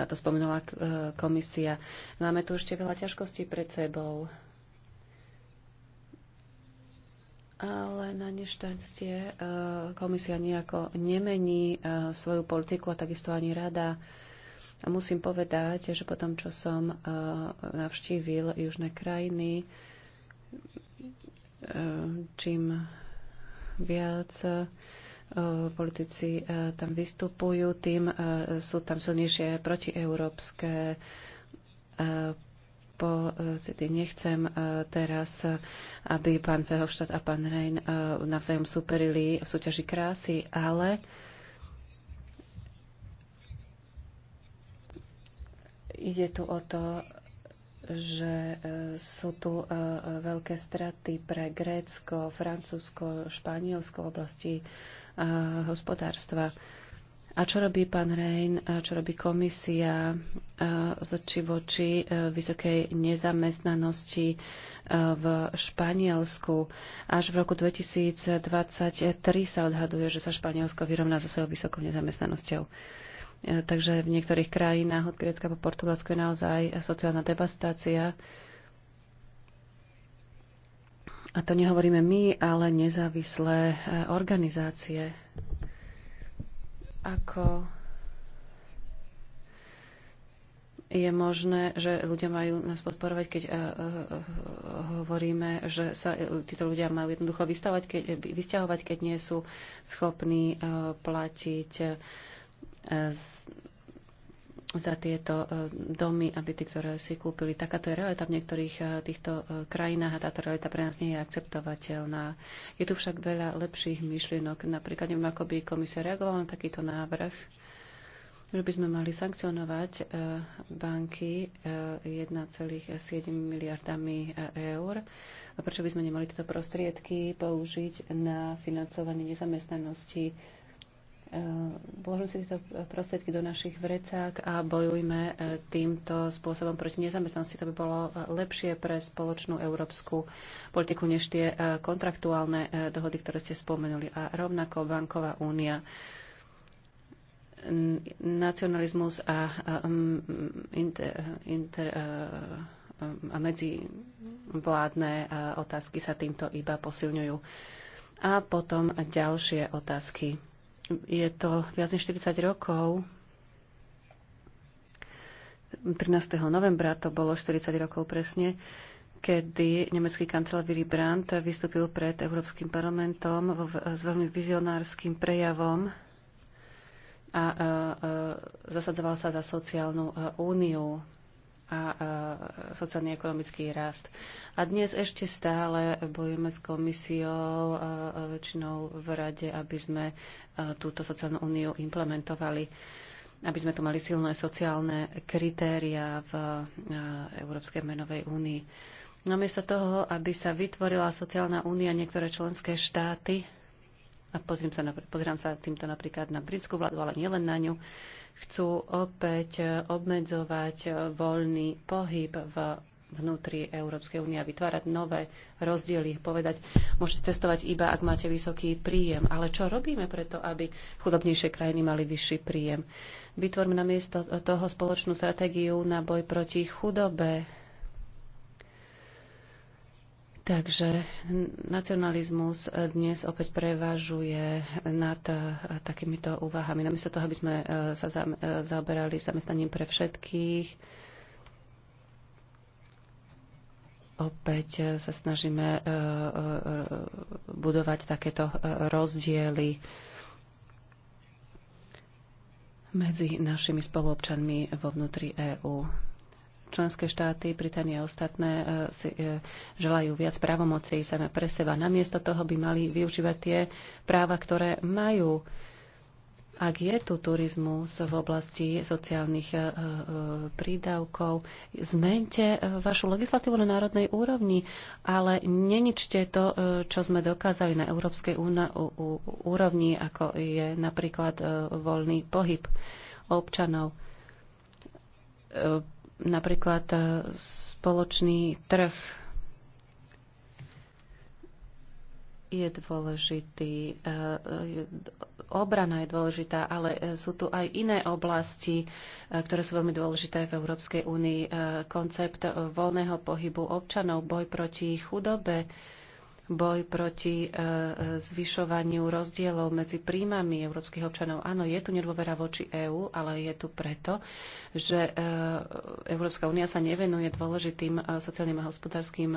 to spomenula komisia. Máme tu ešte veľa ťažkostí pred sebou. Ale na nešťastie komisia nejako nemení svoju politiku a takisto ani rada. A musím povedať, že po tom, čo som navštívil južné krajiny, čím viac e, politici e, tam vystupujú, tým e, sú tam silnejšie protieurópske pocity. Nechcem teraz, aby pán Fehovštát a pán Rein navzájom superili v súťaži krásy, ale ide tu o to, že e, sú tu e, veľké straty pre Grécko, Francúzsko, Španielsko v oblasti e, hospodárstva. A čo robí pán Rejn, a čo robí komisia z oči voči vysokej nezamestnanosti v Španielsku? Až v roku 2023 sa odhaduje, že sa Španielsko vyrovná so svojou vysokou nezamestnanosťou. E, takže v niektorých krajinách od Grécka po portugalsku je naozaj sociálna devastácia. A to nehovoríme my, ale nezávislé e, organizácie. Ako je možné, že ľudia majú nás podporovať, keď e, hovoríme, že sa títo ľudia majú jednoducho vystavať, keď, vysťahovať, keď nie sú schopní platiť za tieto e, domy, aby tí, ktoré si kúpili. Takáto je realita v niektorých e, týchto e, krajinách a táto realita pre nás nie je akceptovateľná. Je tu však veľa lepších myšlienok. Napríklad neviem, ako by komisia reagovala na takýto návrh, že by sme mali sankcionovať banky 1,7 miliardami eur. A prečo by sme nemali tieto prostriedky použiť na financovanie nezamestnanosti E, Vložme si tieto prostriedky do našich vrecák a bojujme e, týmto spôsobom proti nezamestnanosti. To by bolo e, lepšie pre spoločnú európsku politiku než tie kontraktuálne dohody, ktoré ste spomenuli. A rovnako Banková únia nacionalizmus a, inter, inter, a medzivládne otázky sa týmto iba posilňujú. A potom ďalšie otázky je to viac než 40 rokov. 13. novembra to bolo 40 rokov presne, kedy nemecký kancelár Willy Brandt vystúpil pred Európskym parlamentom s veľmi vizionárskym prejavom a zasadzoval sa za sociálnu úniu a sociálny ekonomický rast. A dnes ešte stále bojujeme s komisiou väčšinou v rade, aby sme túto sociálnu úniu implementovali aby sme tu mali silné sociálne kritéria v Európskej menovej únii. Namiesto toho, aby sa vytvorila sociálna únia niektoré členské štáty, a pozriem sa, pozriem sa týmto napríklad na britskú vládu, ale nielen na ňu, chcú opäť obmedzovať voľný pohyb v vnútri Európskej únie a vytvárať nové rozdiely, povedať, môžete cestovať iba, ak máte vysoký príjem. Ale čo robíme preto, aby chudobnejšie krajiny mali vyšší príjem? Vytvorme na miesto toho spoločnú stratégiu na boj proti chudobe, Takže nacionalizmus dnes opäť prevažuje nad eh, takýmito úvahami. Namiesto toho, aby sme eh, sa eh, zaoberali zamestnaním pre všetkých, opäť sa snažíme budovať takéto rozdiely medzi našimi spoluobčanmi vo vnútri EÚ členské štáty, Británia a ostatné e, si e, želajú viac právomocí same pre seba. Namiesto toho by mali využívať tie práva, ktoré majú. Ak je tu turizmus v oblasti sociálnych e, prídavkov, zmente vašu legislatívu na národnej úrovni, ale neničte to, čo sme dokázali na európskej úrovni, ako je napríklad voľný pohyb občanov napríklad e, spoločný trh je dôležitý, e, obrana je dôležitá, ale e, sú tu aj iné oblasti, ktoré sú veľmi dôležité v Európskej únii. Koncept voľného pohybu občanov, boj proti chudobe, boj proti e, e, zvyšovaniu rozdielov medzi príjmami európskych občanov. Áno, je tu nedôvera voči EÚ, ale je tu preto, že e, Európska únia sa nevenuje dôležitým sociálnym a hospodárským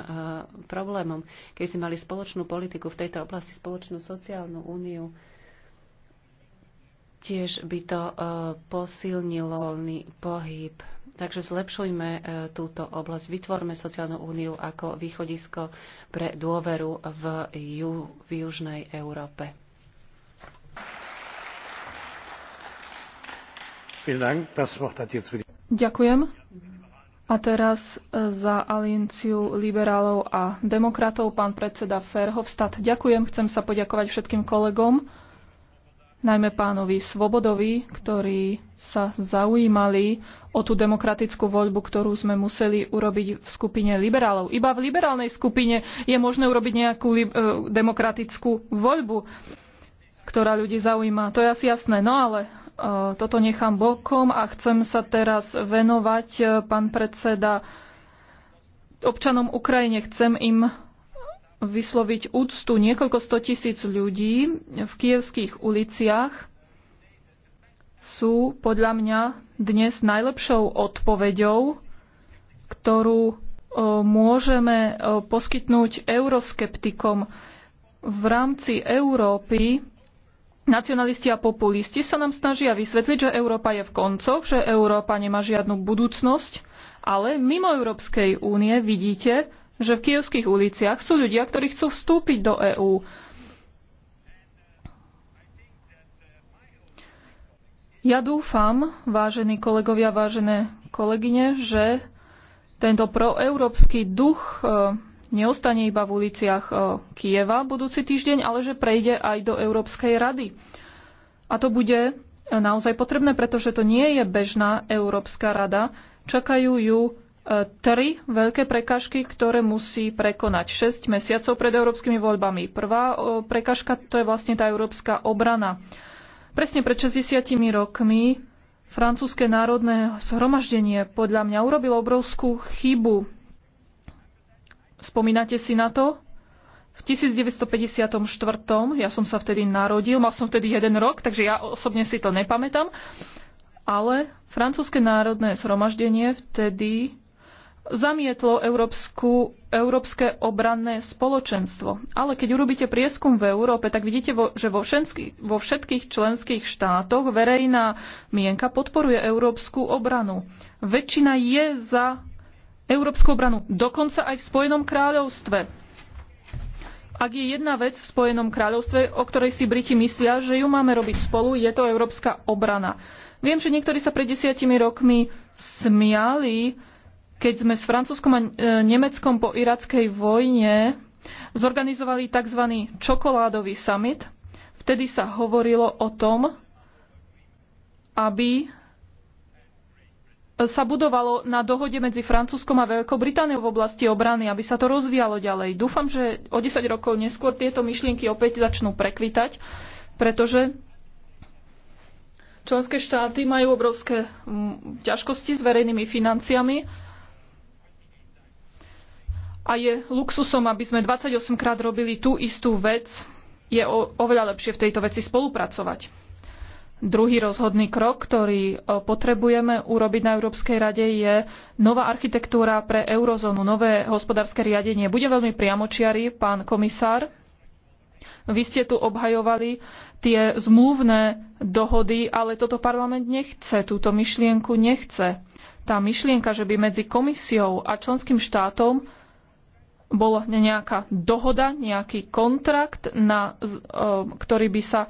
problémom. Keď sme mali spoločnú politiku v tejto oblasti, spoločnú sociálnu úniu, tiež by to posilnilo voľný pohyb Takže zlepšujme e, túto oblasť, vytvorme sociálnu úniu ako východisko pre dôveru v, ju, v južnej Európe. Ďakujem. A teraz e, za alienciu liberálov a demokratov pán predseda Ferhovstad. Ďakujem, chcem sa poďakovať všetkým kolegom, najmä pánovi Svobodovi, ktorý sa zaujímali o tú demokratickú voľbu, ktorú sme museli urobiť v skupine liberálov. Iba v liberálnej skupine je možné urobiť nejakú e, demokratickú voľbu, ktorá ľudí zaujíma. To je asi jasné. No ale e, toto nechám bokom a chcem sa teraz venovať, e, pán predseda, občanom Ukrajine. Chcem im vysloviť úctu niekoľko stotisíc ľudí v kievských uliciach sú podľa mňa dnes najlepšou odpoveďou, ktorú e, môžeme e, poskytnúť euroskeptikom. V rámci Európy nacionalisti a populisti sa nám snažia vysvetliť, že Európa je v koncoch, že Európa nemá žiadnu budúcnosť, ale mimo Európskej únie vidíte, že v kievských uliciach sú ľudia, ktorí chcú vstúpiť do EÚ. Ja dúfam, vážení kolegovia, vážené kolegyne, že tento proeurópsky duch e, neostane iba v uliciach e, Kieva budúci týždeň, ale že prejde aj do Európskej rady. A to bude naozaj potrebné, pretože to nie je bežná Európska rada. Čakajú ju e, tri veľké prekažky, ktoré musí prekonať 6 mesiacov pred európskymi voľbami. Prvá prekažka to je vlastne tá európska obrana Presne pred 60 rokmi francúzske národné zhromaždenie podľa mňa urobilo obrovskú chybu. Spomínate si na to? V 1954, ja som sa vtedy narodil, mal som vtedy jeden rok, takže ja osobne si to nepamätám, ale francúzske národné zhromaždenie vtedy zamietlo Európsku, Európske obranné spoločenstvo. Ale keď urobíte prieskum v Európe, tak vidíte, že vo, všetky, vo všetkých členských štátoch verejná mienka podporuje európsku obranu. Väčšina je za európsku obranu, dokonca aj v Spojenom kráľovstve. Ak je jedna vec v Spojenom kráľovstve, o ktorej si Briti myslia, že ju máme robiť spolu, je to európska obrana. Viem, že niektorí sa pred desiatimi rokmi smiali, keď sme s Francúzskom a e, Nemeckom po irackej vojne zorganizovali tzv. čokoládový summit. Vtedy sa hovorilo o tom, aby sa budovalo na dohode medzi Francúzskom a Veľkou Britániou v oblasti obrany, aby sa to rozvíjalo ďalej. Dúfam, že o 10 rokov neskôr tieto myšlienky opäť začnú prekvitať, pretože členské štáty majú obrovské ťažkosti s verejnými financiami a je luxusom, aby sme 28 krát robili tú istú vec. Je oveľa lepšie v tejto veci spolupracovať. Druhý rozhodný krok, ktorý e, potrebujeme urobiť na Európskej rade, je nová architektúra pre eurozónu, nové hospodárske riadenie. Bude veľmi priamočiary, pán komisár. Vy ste tu obhajovali tie zmluvné dohody, ale toto parlament nechce, túto myšlienku nechce. Tá myšlienka, že by medzi komisiou a členským štátom bola nejaká dohoda, nejaký kontrakt, na, e, ktorý by sa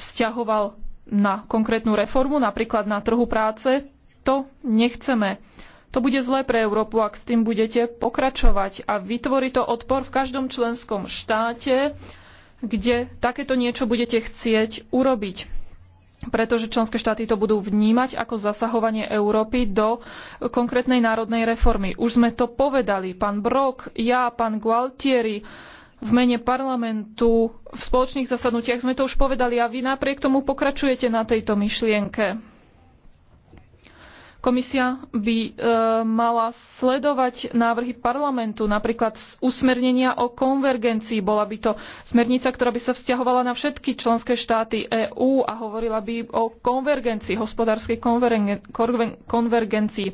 vzťahoval na konkrétnu reformu, napríklad na trhu práce. To nechceme. To bude zlé pre Európu, ak s tým budete pokračovať. A vytvorí to odpor v každom členskom štáte, kde takéto niečo budete chcieť urobiť pretože členské štáty to budú vnímať ako zasahovanie Európy do konkrétnej národnej reformy. Už sme to povedali, pán Brok, ja, pán Gualtieri, v mene parlamentu, v spoločných zasadnutiach sme to už povedali a vy napriek tomu pokračujete na tejto myšlienke. Komisia by e, mala sledovať návrhy parlamentu, napríklad z usmernenia o konvergencii. Bola by to smernica, ktorá by sa vzťahovala na všetky členské štáty EÚ a hovorila by o konvergencii, hospodárskej konvergencii.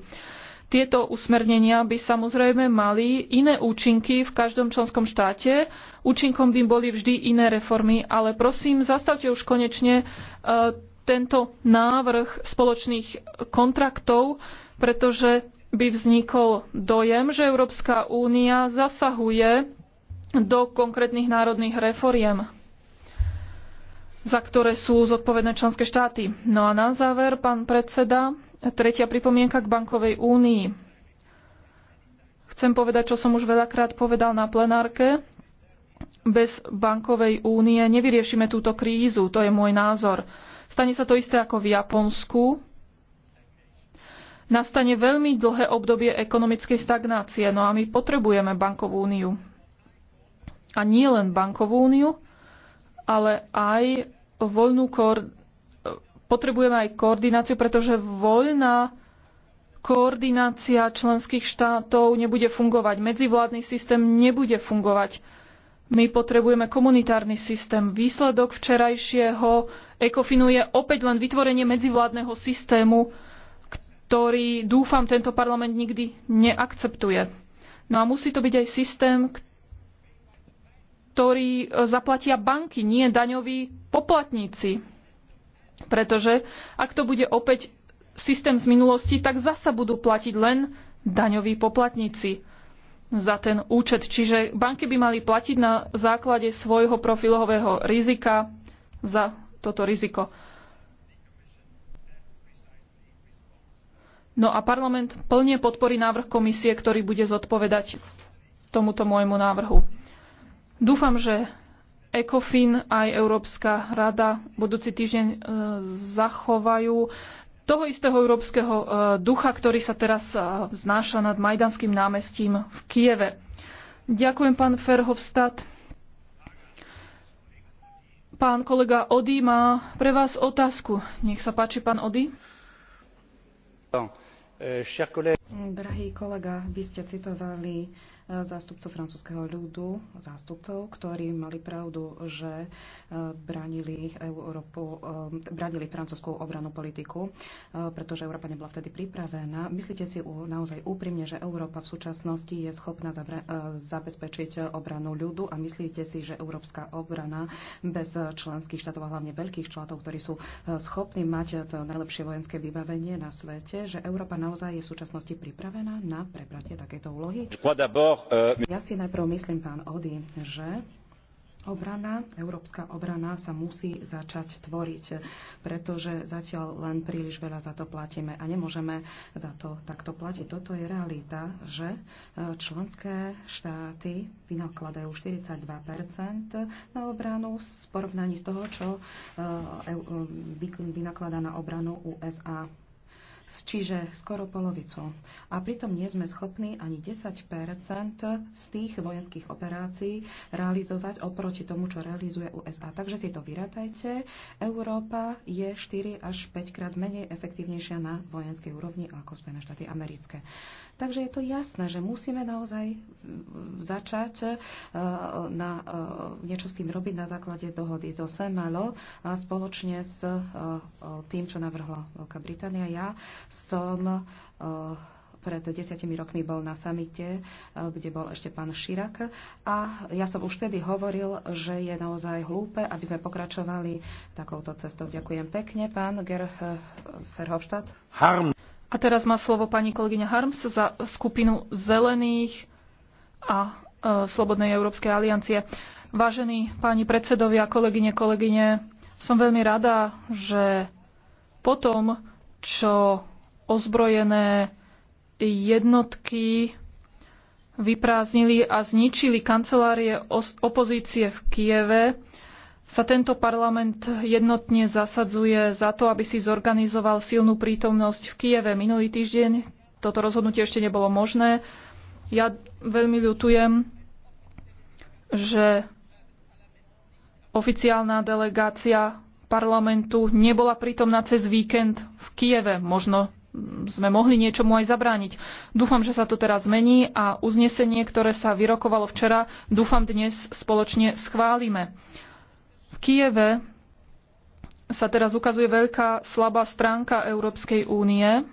Tieto usmernenia by samozrejme mali iné účinky v každom členskom štáte. Účinkom by boli vždy iné reformy, ale prosím, zastavte už konečne e, tento návrh spoločných kontraktov, pretože by vznikol dojem, že Európska únia zasahuje do konkrétnych národných reforiem, za ktoré sú zodpovedné členské štáty. No a na záver, pán predseda, tretia pripomienka k bankovej únii. Chcem povedať, čo som už veľakrát povedal na plenárke. Bez bankovej únie nevyriešime túto krízu, to je môj názor. Stane sa to isté ako v Japonsku. Nastane veľmi dlhé obdobie ekonomickej stagnácie, no a my potrebujeme bankovú úniu. A nie len bankovú úniu, ale aj voľnú koor- potrebujeme aj koordináciu, pretože voľná koordinácia členských štátov nebude fungovať, medzivládny systém nebude fungovať. My potrebujeme komunitárny systém. Výsledok včerajšieho ECOFINu je opäť len vytvorenie medzivládneho systému, ktorý dúfam tento parlament nikdy neakceptuje. No a musí to byť aj systém, ktorý e, zaplatia banky, nie daňoví poplatníci. Pretože ak to bude opäť systém z minulosti, tak zasa budú platiť len daňoví poplatníci za ten účet. Čiže banky by mali platiť na základe svojho profilového rizika za toto riziko. No a parlament plne podporí návrh komisie, ktorý bude zodpovedať tomuto môjmu návrhu. Dúfam, že ECOFIN aj Európska rada budúci týždeň e, zachovajú toho istého európskeho e, ducha, ktorý sa teraz e, znáša nad Majdanským námestím v Kieve. Ďakujem, pán Ferhovstad. Pán kolega Ody má pre vás otázku. Nech sa páči, pán Ody. E, Drahý kolega, vy ste citovali zástupcov francúzského ľudu, zástupcov, ktorí mali pravdu, že e, bránili, Európu, e, bránili francúzskú obranú politiku, e, pretože Európa nebola vtedy pripravená. Myslíte si naozaj úprimne, že Európa v súčasnosti je schopná zabezpečiť obranu ľudu a myslíte si, že európska obrana bez členských štátov a hlavne veľkých štátov, ktorí sú schopní mať to najlepšie vojenské vybavenie na svete, že Európa naozaj je v súčasnosti pripravená na prebratie takéto úlohy? Skladabo. E, ja si najprv myslím, pán Ody, že Obrana, európska obrana sa musí začať tvoriť, pretože zatiaľ len príliš veľa za to platíme a nemôžeme za to takto platiť. Toto je realita, že e, členské štáty vynakladajú 42 na obranu v porovnaní z toho, čo e, vynakladá na obranu USA čiže skoro polovicu. A pritom nie sme schopní ani 10 z tých vojenských operácií realizovať oproti tomu, čo realizuje USA. Takže si to vyratajte. Európa je 4 až 5 krát menej efektívnejšia na vojenskej úrovni ako Spojené štáty americké. Takže je to jasné, že musíme naozaj začať e, na, e, niečo s tým robiť na základe dohody zo Semelo a e, spoločne s tým, čo navrhla Veľká Británia. Ja som pred desiatimi rokmi bol na samite, kde bol ešte pán Širak. A ja som už vtedy hovoril, že je naozaj hlúpe, aby sme pokračovali takouto cestou. Ďakujem pekne, pán Ger Verhofstadt. Harm. A teraz má slovo pani kolegyňa Harms za skupinu Zelených a e, Slobodnej Európskej aliancie. Vážení páni predsedovia, kolegyne, kolegyne, som veľmi rada, že po tom, čo ozbrojené jednotky vyprázdnili a zničili kancelárie opozície v Kieve, sa tento parlament jednotne zasadzuje za to, aby si zorganizoval silnú prítomnosť v Kieve. Minulý týždeň toto rozhodnutie ešte nebolo možné. Ja veľmi ľutujem, že oficiálna delegácia parlamentu nebola prítomná cez víkend v Kieve. Možno sme mohli niečomu aj zabrániť. Dúfam, že sa to teraz zmení a uznesenie, ktoré sa vyrokovalo včera, dúfam dnes spoločne schválime. V Kieve sa teraz ukazuje veľká slabá stránka Európskej únie.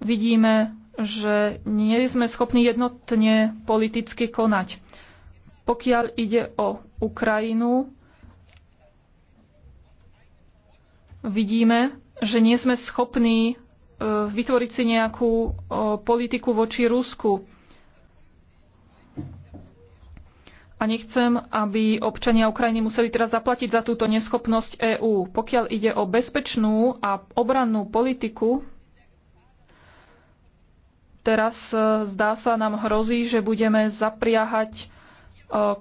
Vidíme, že nie sme schopní jednotne politicky konať. Pokiaľ ide o Ukrajinu, vidíme, že nie sme schopní e, vytvoriť si nejakú e, politiku voči Rusku. a nechcem, aby občania Ukrajiny museli teraz zaplatiť za túto neschopnosť EÚ. Pokiaľ ide o bezpečnú a obrannú politiku, teraz e, zdá sa nám hrozí, že budeme zapriahať e,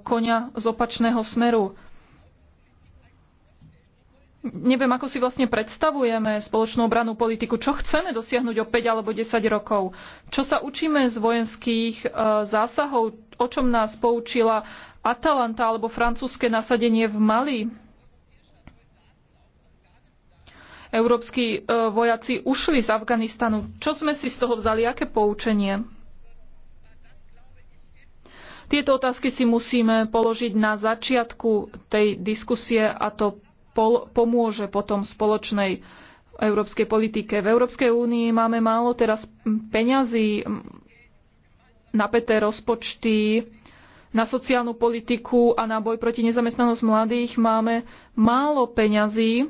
konia z opačného smeru. Neviem, ako si vlastne predstavujeme spoločnú obranú politiku, čo chceme dosiahnuť o 5 alebo 10 rokov, čo sa učíme z vojenských e, zásahov, o čom nás poučila Atalanta alebo francúzske nasadenie v Mali. Európsky e, vojaci ušli z Afganistanu. Čo sme si z toho vzali? Aké poučenie? Tieto otázky si musíme položiť na začiatku tej diskusie a to pomôže potom spoločnej európskej politike. V Európskej únii máme málo teraz peňazí, napäté rozpočty, na sociálnu politiku a na boj proti nezamestnanosť mladých máme málo peňazí.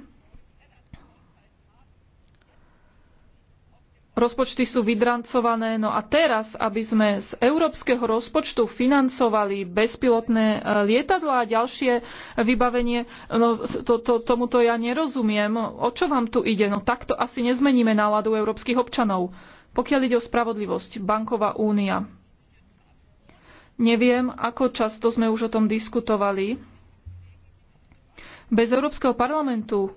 Rozpočty sú vydrancované. No a teraz, aby sme z európskeho rozpočtu financovali bezpilotné e, lietadlá a ďalšie vybavenie, no, to, to, tomuto ja nerozumiem. O čo vám tu ide? No takto asi nezmeníme náladu európskych občanov. Pokiaľ ide o spravodlivosť, banková únia. Neviem, ako často sme už o tom diskutovali. Bez Európskeho parlamentu,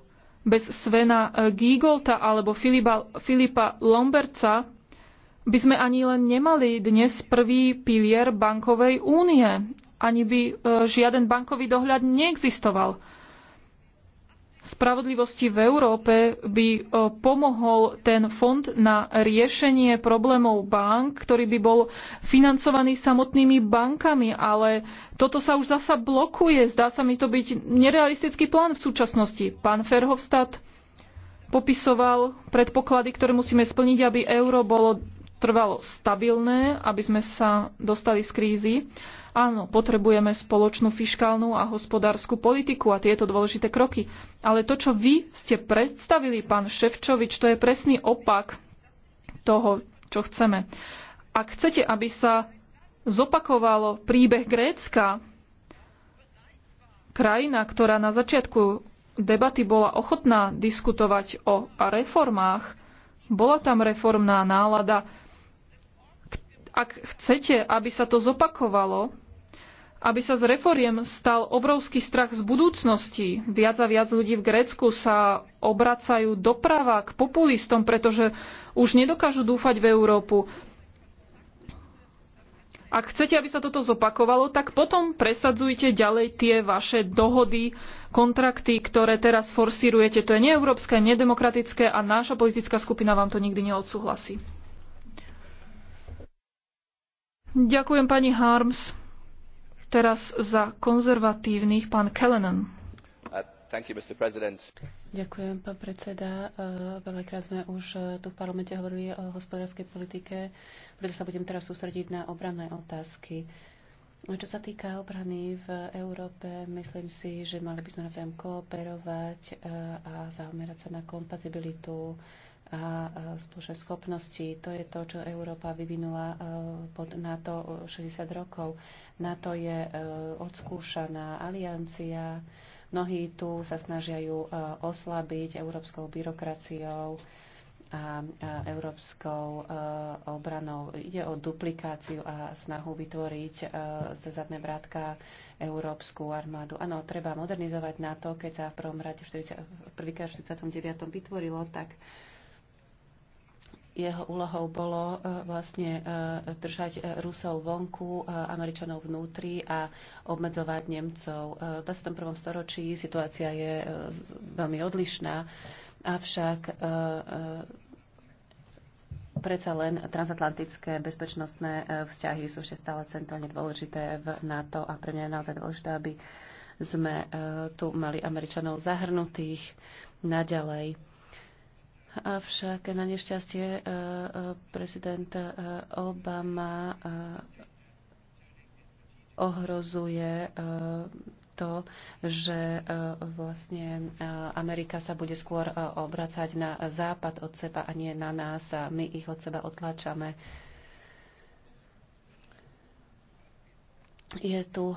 bez Svena eh, Gigolta alebo Filipa, Filipa Lomberca by sme ani len nemali dnes prvý pilier bankovej únie. Ani by eh, žiaden bankový dohľad neexistoval spravodlivosti v Európe by e, pomohol ten fond na riešenie problémov bank, ktorý by bol financovaný samotnými bankami, ale toto sa už zasa blokuje. Zdá sa mi to byť nerealistický plán v súčasnosti. Pán Ferhovstad popisoval predpoklady, ktoré musíme splniť, aby euro bolo trvalo stabilné, aby sme sa dostali z krízy. Áno, potrebujeme spoločnú fiškálnu a hospodárskú politiku a tieto dôležité kroky. Ale to, čo vy ste predstavili, pán Ševčovič, to je presný opak toho, čo chceme. Ak chcete, aby sa zopakovalo príbeh Grécka, krajina, ktorá na začiatku debaty bola ochotná diskutovať o reformách, bola tam reformná nálada. Ak chcete, aby sa to zopakovalo, aby sa z reforiem stal obrovský strach z budúcnosti. Viac a viac ľudí v Grécku sa obracajú doprava k populistom, pretože už nedokážu dúfať v Európu. Ak chcete, aby sa toto zopakovalo, tak potom presadzujte ďalej tie vaše dohody, kontrakty, ktoré teraz forsírujete. To je neeurópske, nedemokratické a náša politická skupina vám to nikdy neodsúhlasí. Ďakujem pani Harms. Teraz za konzervatívnych pán Kellenen. Uh, you, Ďakujem, pán predseda. Uh, veľakrát sme už uh, tu v parlamente hovorili o hospodárskej politike, preto sa budem teraz sústrediť na obranné otázky. Čo sa týka obrany v Európe, myslím si, že mali by sme navzájom kooperovať a zamerať sa na kompatibilitu a spoločné schopnosti. To je to, čo Európa vyvinula e, pod NATO 60 rokov. NATO je e, odskúšaná aliancia. Mnohí tu sa snažia ju e, oslabiť európskou byrokraciou a európskou obranou. Ide o duplikáciu a snahu vytvoriť ze zadné vrátka európsku armádu. Áno, treba modernizovať NATO, keď sa v prvom rade prvýkrát v 49. vytvorilo, tak jeho úlohou bolo e, vlastne e, držať e, Rusov vonku, Američanov vnútri a obmedzovať Nemcov. V 21. storočí situácia je veľmi odlišná, avšak predsa len transatlantické bezpečnostné vzťahy sú ešte stále centrálne dôležité v NATO a pre mňa je naozaj dôležité, aby sme tu mali Američanov zahrnutých naďalej Avšak na nešťastie e, e, prezident e, Obama ohrozuje to, že vlastne Amerika sa bude skôr obracať na západ od seba a nie na nás a my ich od seba otláčame. Je tu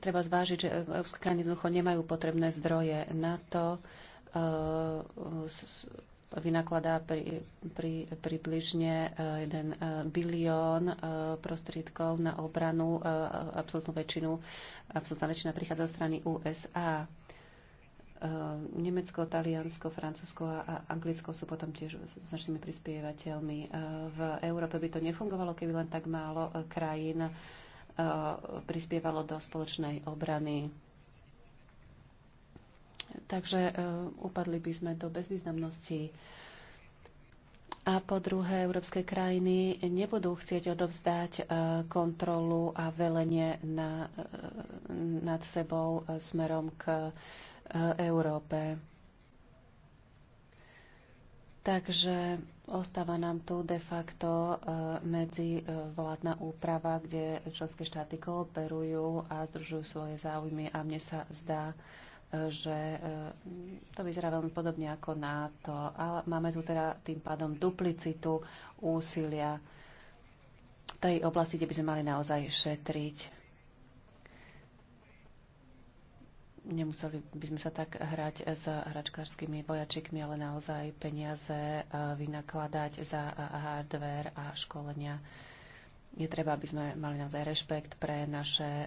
treba zvážiť, že európske krajiny jednoducho nemajú potrebné zdroje na to, Eh, vynakladá pri, pri, približne 1 eh, eh, bilión prostriedkov na obranu. absolútnu väčšinu, absolútna väčšina prichádza zo strany USA. Nemecko, Taliansko, Francúzsko a Anglicko sú potom tiež značnými prispievateľmi. V Európe by to nefungovalo, keby len tak málo krajín prispievalo do spoločnej obrany. Takže e, upadli by sme do bezvýznamnosti. A po druhé, európske krajiny nebudú chcieť odovzdať e, kontrolu a velenie na, e, nad sebou smerom k Európe. Takže ostáva nám tu de facto medzi vládna úprava, kde členské štáty kooperujú a združujú svoje záujmy a mne sa zdá, že e, to vyzerá veľmi podobne ako na to, A máme tu teda tým pádom duplicitu úsilia tej oblasti, kde by sme mali naozaj šetriť. Nemuseli by sme sa tak hrať s hračkárskymi vojačikmi, ale naozaj peniaze e, vynakladať za hardware a školenia je treba, aby sme mali naozaj rešpekt pre naše e,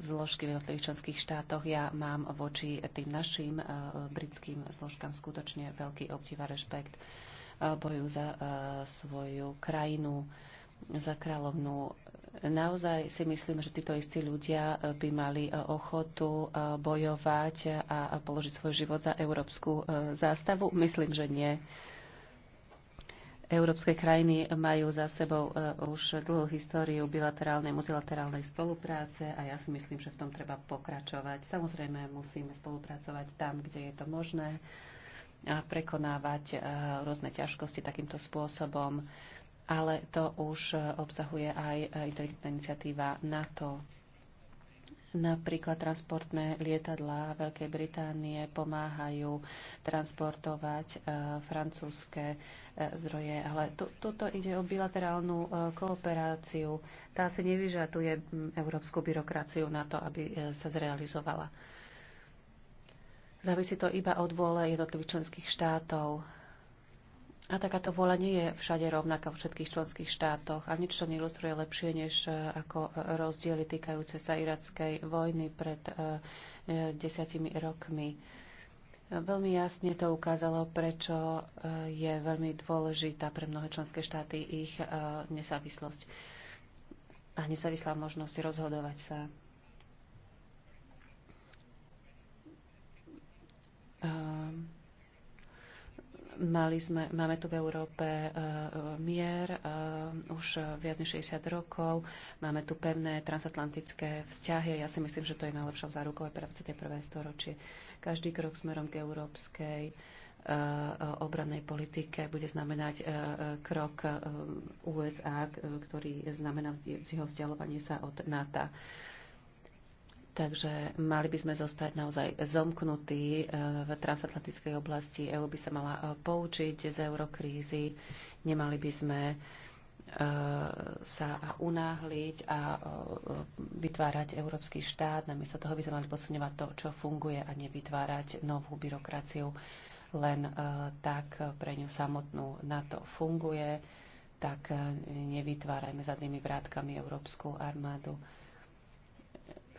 zložky v jednotlivých členských štátoch. Ja mám voči tým našim e, britským zložkám skutočne veľký obdiv a rešpekt. E, bojujú za svoju krajinu, za kráľovnú. Naozaj si myslím, že títo istí ľudia by mali ochotu bojovať a položiť svoj život za európsku zástavu. Myslím, že nie. Európske krajiny majú za sebou e, už dlhú históriu bilaterálnej, multilaterálnej spolupráce a ja si myslím, že v tom treba pokračovať. Samozrejme, musíme spolupracovať tam, kde je to možné a prekonávať e, rôzne ťažkosti takýmto spôsobom, ale to už e, obsahuje aj inteligentná iniciatíva NATO. Napríklad transportné lietadlá Veľkej Británie pomáhajú transportovať e, francúzske e, zdroje. Ale tu, tuto ide o bilaterálnu e, kooperáciu. Tá si nevyžaduje európsku byrokraciu na to, aby sa zrealizovala. Závisí to iba od vôle jednotlivých členských štátov a takáto vola nie je všade rovnaká v všetkých členských štátoch a nič to neilustruje lepšie než e, ako rozdiely týkajúce sa irackej vojny pred e, e, desiatimi rokmi. Veľmi jasne to ukázalo, prečo je veľmi dôležitá pre mnohé členské štáty ich nesávislosť a nezávislá možnosť rozhodovať sa. Um, Mali sme, máme tu v Európe e, mier e, už viac než 60 rokov, máme tu pevné transatlantické vzťahy a ja si myslím, že to je najlepšou zárukou aj pre 21. storočie. Každý krok smerom k európskej e, obrannej politike bude znamenať krok USA, ktorý znamená jeho vzdialovanie sa od NATO. Takže mali by sme zostať naozaj zomknutí e, v transatlantickej oblasti. EU by sa mala e, poučiť z eurokrízy. Nemali by sme e, sa unáhliť a vytvárať európsky štát. Namiesto toho by sme mali posunovať to, čo funguje a nevytvárať novú byrokraciu len tak pre ňu samotnú. Na to funguje, tak nevytvárajme zadnými vrátkami európsku armádu.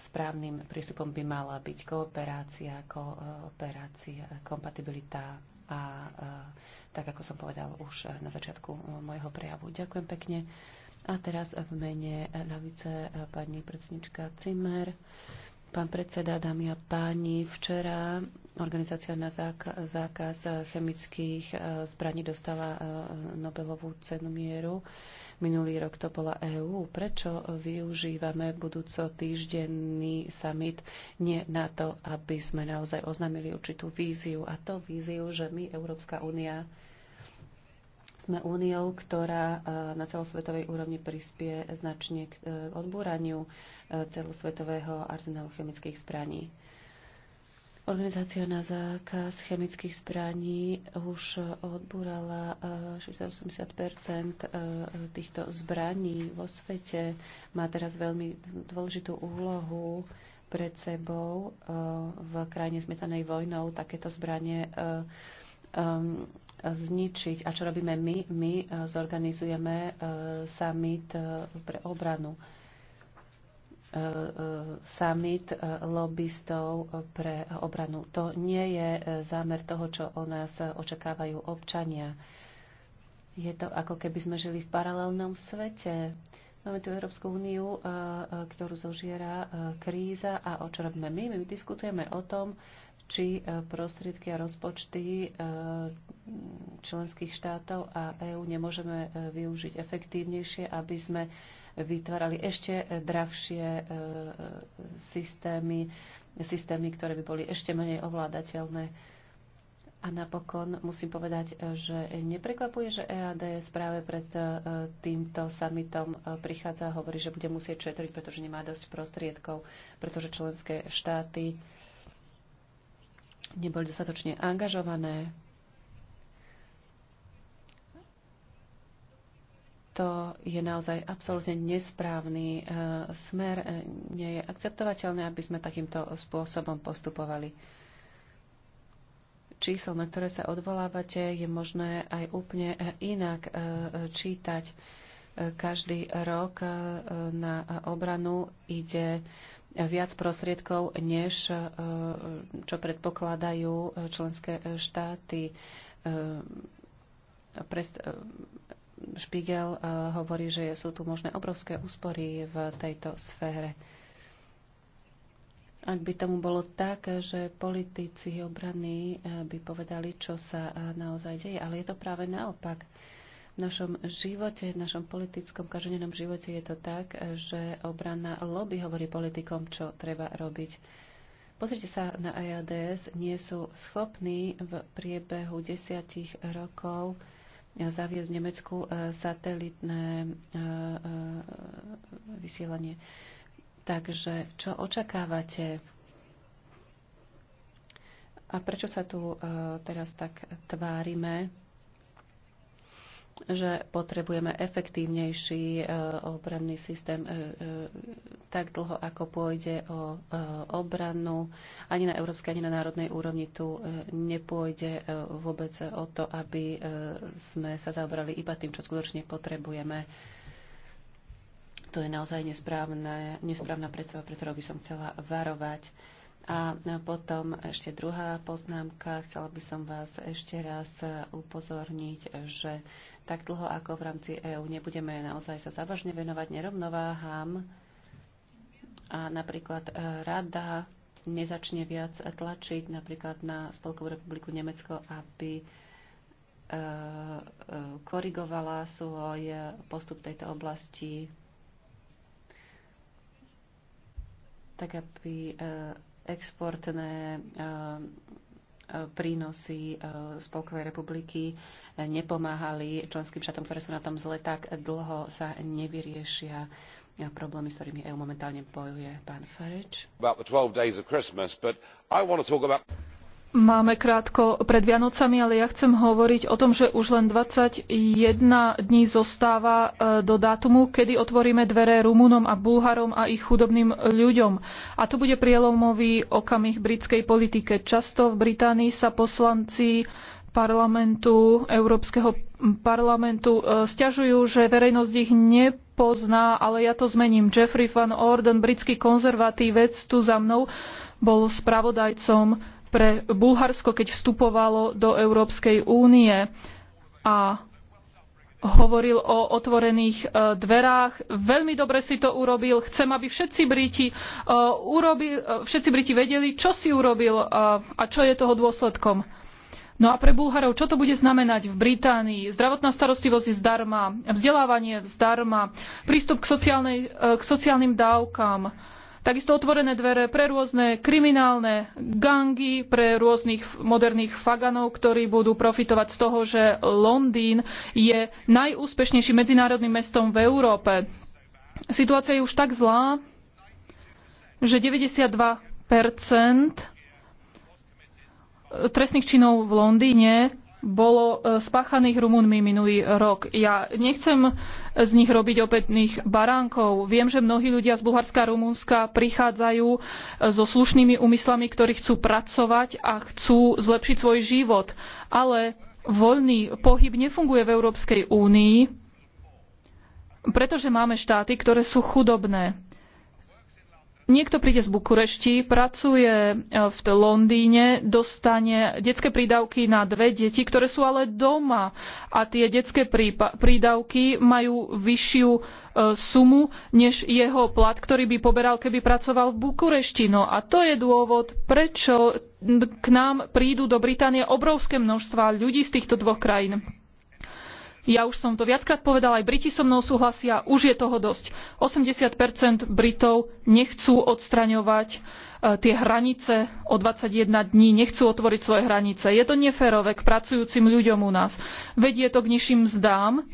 Správnym prístupom by mala byť kooperácia, kooperácia kompatibilita a tak, ako som povedal už na začiatku môjho prejavu. Ďakujem pekne. A teraz v mene ľavice pani predsednička Cimer. Pán predseda, dámy a páni, včera organizácia na zákaz chemických eh, zbraní dostala eh, Nobelovú cenu mieru Minulý rok to bola EÚ. Prečo využívame budúco týždenný summit nie na to, aby sme naozaj oznámili určitú víziu? A to víziu, že my, Európska únia, sme úniou, ktorá e, na celosvetovej úrovni prispie značne k e, odbúraniu e, celosvetového arzenálu chemických zbraní. Organizácia na zákaz chemických zbraní už odbúrala eh, 680 eh, týchto zbraní vo svete. Má teraz veľmi dôležitú úlohu pred sebou eh, v krajine smetanej vojnou takéto zbranie zničiť. A čo robíme my? My zorganizujeme summit pre obranu. E, e, summit e, lobbystov pre obranu. To nie je zámer toho, čo o nás očakávajú občania. Je to ako keby sme žili v paralelnom svete. Máme tu Európsku úniu, ktorú zožiera kríza a o čo robíme my? My diskutujeme o tom, či prostriedky a rozpočty členských štátov a EÚ nemôžeme využiť efektívnejšie, aby sme vytvárali ešte drahšie e, e, systémy, systémy, ktoré by boli ešte menej ovládateľné. A napokon musím povedať, e, že neprekvapuje, že EAD práve pred týmto summitom prichádza a hovorí, že bude musieť četriť, pretože nemá dosť prostriedkov, pretože členské štáty neboli dostatočne angažované to je naozaj absolútne nesprávny e, smer. E, nie je akceptovateľné, aby sme takýmto spôsobom postupovali. Číslo, na ktoré sa odvolávate, je možné aj úplne e, inak čítať. Každý rok na obranu ide viac prostriedkov, než čo predpokladajú členské štáty Špigel eh, hovorí, že sú tu možné obrovské úspory v tejto sfére. Ak by tomu bolo tak, že politici obrany eh, by povedali, čo sa eh, naozaj deje, ale je to práve naopak. V našom živote, v našom politickom každodennom živote je to tak, že obrana lobby hovorí politikom, čo treba robiť. Pozrite sa na IADS, e nie sú schopní v priebehu desiatich rokov zaviesť v Nemecku e, satelitné e, e, vysielanie. Takže čo očakávate? A prečo sa tu teraz tak tvárime? že potrebujeme efektívnejší e, obranný systém e, e, tak dlho, ako pôjde o obranu. Ani na európskej, ani na národnej úrovni tu nepôjde vôbec o to, aby sme sa zaobrali iba tým, čo skutočne potrebujeme. To je naozaj nesprávna nesprávna predstava, pre ktorou by som chcela varovať a potom ešte druhá poznámka. Chcela by som vás ešte raz upozorniť, že tak dlho, ako v rámci EÚ nebudeme naozaj sa závažne venovať nerovnováhám a napríklad e, rada nezačne viac tlačiť napríklad na Spolkovú republiku Nemecko, aby e, e, korigovala svoj postup tejto oblasti, tak aby exportné eh, eh, prínosy eh, Spolkovej republiky nepomáhali členským štátom, ktoré sú na tom zle, tak dlho sa nevyriešia problémy, s ktorými EU momentálne bojuje pán Farage. About... Máme krátko pred Vianocami, ale ja chcem hovoriť o tom, že už len 21 dní zostáva e, do dátumu, kedy otvoríme dvere Rumunom a Bulharom a ich chudobným ľuďom. A to bude prielomový okamih britskej politike. Často v Británii sa poslanci parlamentu, Európskeho parlamentu e, sťažujú, že verejnosť ich ne pozná, ale ja to zmením. Jeffrey van Orden, britský konzervatívec, tu za mnou bol spravodajcom pre Bulharsko, keď vstupovalo do Európskej únie a hovoril o otvorených e, dverách. Veľmi dobre si to urobil. Chcem, aby všetci Briti, e, urobil, e, všetci Briti vedeli, čo si urobil a čo je toho dôsledkom. No a pre Bulharov, čo to bude znamenať v Británii? Zdravotná starostlivosť je zdarma, vzdelávanie zdarma, prístup k, k sociálnym dávkam, Takisto otvorené dvere pre rôzne kriminálne gangy, pre rôznych moderných faganov, ktorí budú profitovať z toho, že Londýn je najúspešnejším medzinárodným mestom v Európe. Situácia je už tak zlá, že 92 trestných činov v Londýne bolo e, spáchaných Rumunmi minulý rok. Ja nechcem z nich robiť opätných baránkov. Viem, že mnohí ľudia z Bulharska a Rumunska prichádzajú e, so slušnými úmyslami, ktorí chcú pracovať a chcú zlepšiť svoj život. Ale voľný pohyb nefunguje v Európskej únii, pretože máme štáty, ktoré sú chudobné niekto príde z Bukurešti, pracuje e, v Londýne, dostane detské prídavky na dve deti, ktoré sú ale doma a tie detské prídavky majú vyššiu e, sumu než jeho plat, ktorý by poberal, keby pracoval v Bukurešti. No a to je dôvod, prečo k nám prídu do Británie obrovské množstva ľudí z týchto dvoch krajín ja už som to viackrát povedala, aj Briti so mnou súhlasia, už je toho dosť. 80 Britov nechcú odstraňovať e, tie hranice o 21 dní, nechcú otvoriť svoje hranice. Je to neférové k pracujúcim ľuďom u nás. Vedie to k nižším mzdám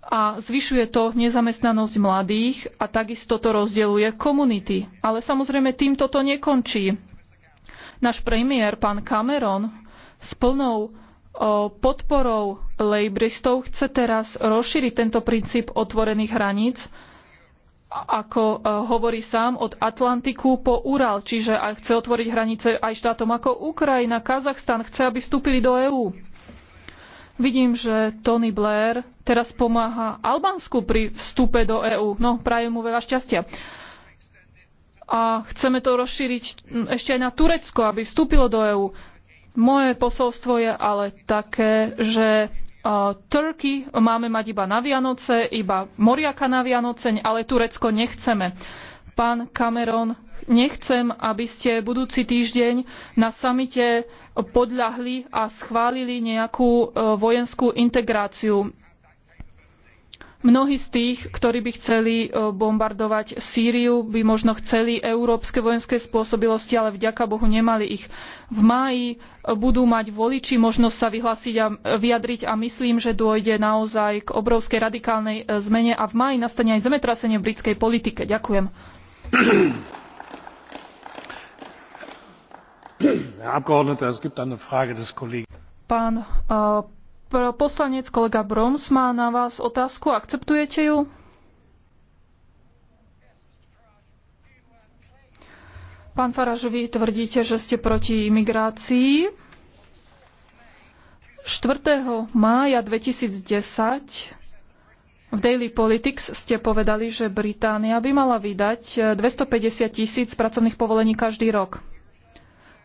a zvyšuje to nezamestnanosť mladých a takisto to rozdeľuje komunity. Ale samozrejme týmto to nekončí. Náš premiér, pán Cameron, s plnou podporou lejbristov chce teraz rozšíriť tento princíp otvorených hraníc, ako e, hovorí sám, od Atlantiku po Ural, čiže aj chce otvoriť hranice aj štátom ako Ukrajina, Kazachstan, chce, aby vstúpili do EÚ. Vidím, že Tony Blair teraz pomáha Albánsku pri vstupe do EÚ. No, prajem mu veľa šťastia. A chceme to rozšíriť ešte aj na Turecko, aby vstúpilo do EÚ. Moje posolstvo je ale také, že Turky máme mať iba na Vianoce, iba Moriaka na Vianoce, ale Turecko nechceme. Pán Cameron, nechcem, aby ste budúci týždeň na samite podľahli a schválili nejakú e, vojenskú integráciu. Mnohí z tých, ktorí by chceli e, bombardovať Sýriu, by možno chceli európske vojenské spôsobilosti, ale vďaka Bohu nemali ich. V máji e, budú mať voliči možnosť sa vyhlásiť a e, vyjadriť a myslím, že dôjde naozaj k obrovskej radikálnej zmene a v máji nastane aj zemetrasenie v britskej politike. Ďakujem. Pán Poslanec kolega Broms má na vás otázku. Akceptujete ju? Pán Faraž, vy tvrdíte, že ste proti imigrácii. 4. mája 2010 v Daily Politics ste povedali, že Británia by mala vydať 250 tisíc pracovných povolení každý rok.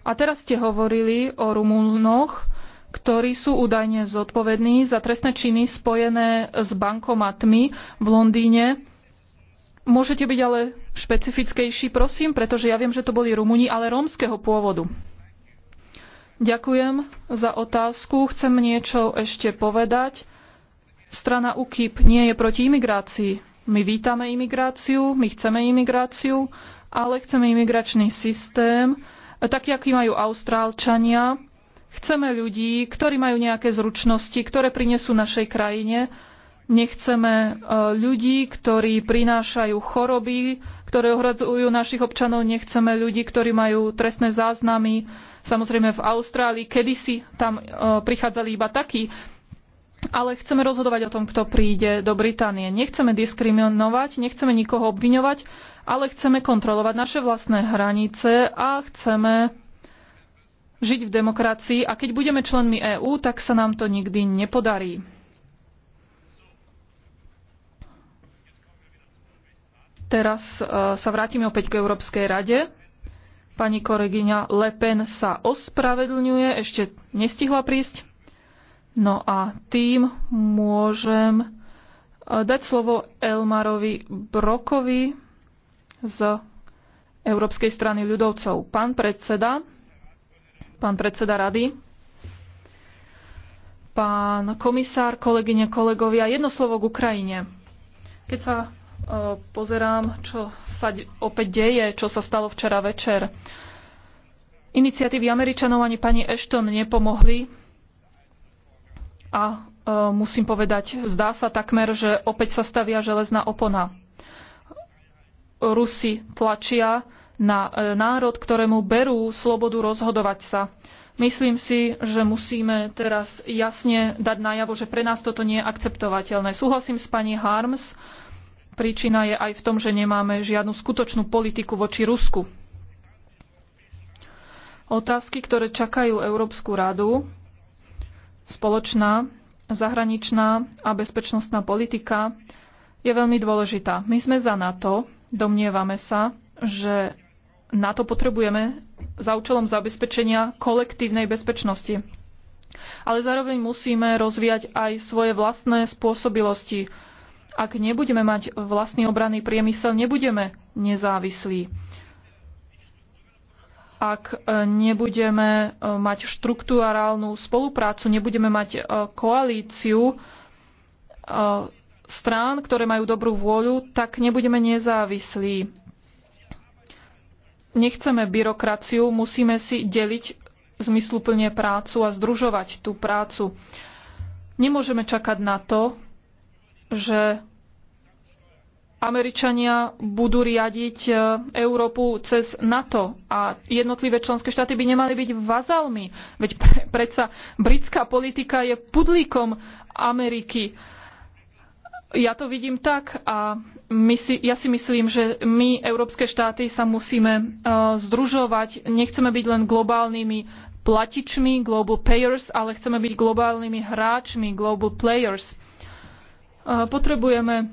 A teraz ste hovorili o Rumúnoch, ktorí sú údajne zodpovední za trestné činy spojené s bankomatmi v Londýne. Môžete byť ale špecifickejší, prosím, pretože ja viem, že to boli Rumúni, ale rómskeho pôvodu. Ďakujem za otázku. Chcem niečo ešte povedať. Strana UKIP nie je proti imigrácii. My vítame imigráciu, my chceme imigráciu, ale chceme imigračný systém, taký, aký majú Austrálčania, Chceme ľudí, ktorí majú nejaké zručnosti, ktoré prinesú našej krajine. Nechceme e, ľudí, ktorí prinášajú choroby, ktoré ohradzujú našich občanov. Nechceme ľudí, ktorí majú trestné záznamy. Samozrejme v Austrálii kedysi tam e, prichádzali iba takí, ale chceme rozhodovať o tom, kto príde do Británie. Nechceme diskriminovať, nechceme nikoho obviňovať, ale chceme kontrolovať naše vlastné hranice a chceme žiť v demokracii a keď budeme členmi EÚ, tak sa nám to nikdy nepodarí. Teraz e, sa vrátime opäť k Európskej rade. Pani koregyňa Le Pen sa ospravedlňuje, ešte nestihla prísť. No a tým môžem e, dať slovo Elmarovi Brokovi z Európskej strany ľudovcov. Pán predseda, pán predseda rady, pán komisár, kolegyne, kolegovia. Jedno slovo k Ukrajine. Keď sa e, pozerám, čo sa opäť deje, čo sa stalo včera večer. Iniciatívy Američanov ani pani Ashton nepomohli a e, musím povedať, zdá sa takmer, že opäť sa stavia železná opona. Rusi tlačia na e, národ, ktorému berú slobodu rozhodovať sa. Myslím si, že musíme teraz jasne dať najavo, že pre nás toto nie je akceptovateľné. Súhlasím s pani Harms, príčina je aj v tom, že nemáme žiadnu skutočnú politiku voči Rusku. Otázky, ktoré čakajú Európsku radu, spoločná, zahraničná a bezpečnostná politika, je veľmi dôležitá. My sme za NATO, domnievame sa, že na to potrebujeme za účelom zabezpečenia kolektívnej bezpečnosti. Ale zároveň musíme rozvíjať aj svoje vlastné spôsobilosti. Ak nebudeme mať vlastný obranný priemysel, nebudeme nezávislí. Ak e, nebudeme e, mať štruktúrálnu spoluprácu, nebudeme mať e, koalíciu strán, ktoré majú dobrú vôľu, tak nebudeme nezávislí nechceme byrokraciu, musíme si deliť zmysluplne prácu a združovať tú prácu. Nemôžeme čakať na to, že Američania budú riadiť e, Európu cez NATO a jednotlivé členské štáty by nemali byť vazalmi. Veď pre, predsa britská politika je pudlíkom Ameriky. Uh, ja to vidím tak a my si, ja si myslím, že my, európske štáty, sa musíme uh, združovať. Nechceme byť len globálnymi platičmi, global payers, ale chceme byť globálnymi hráčmi, global players. Uh, potrebujeme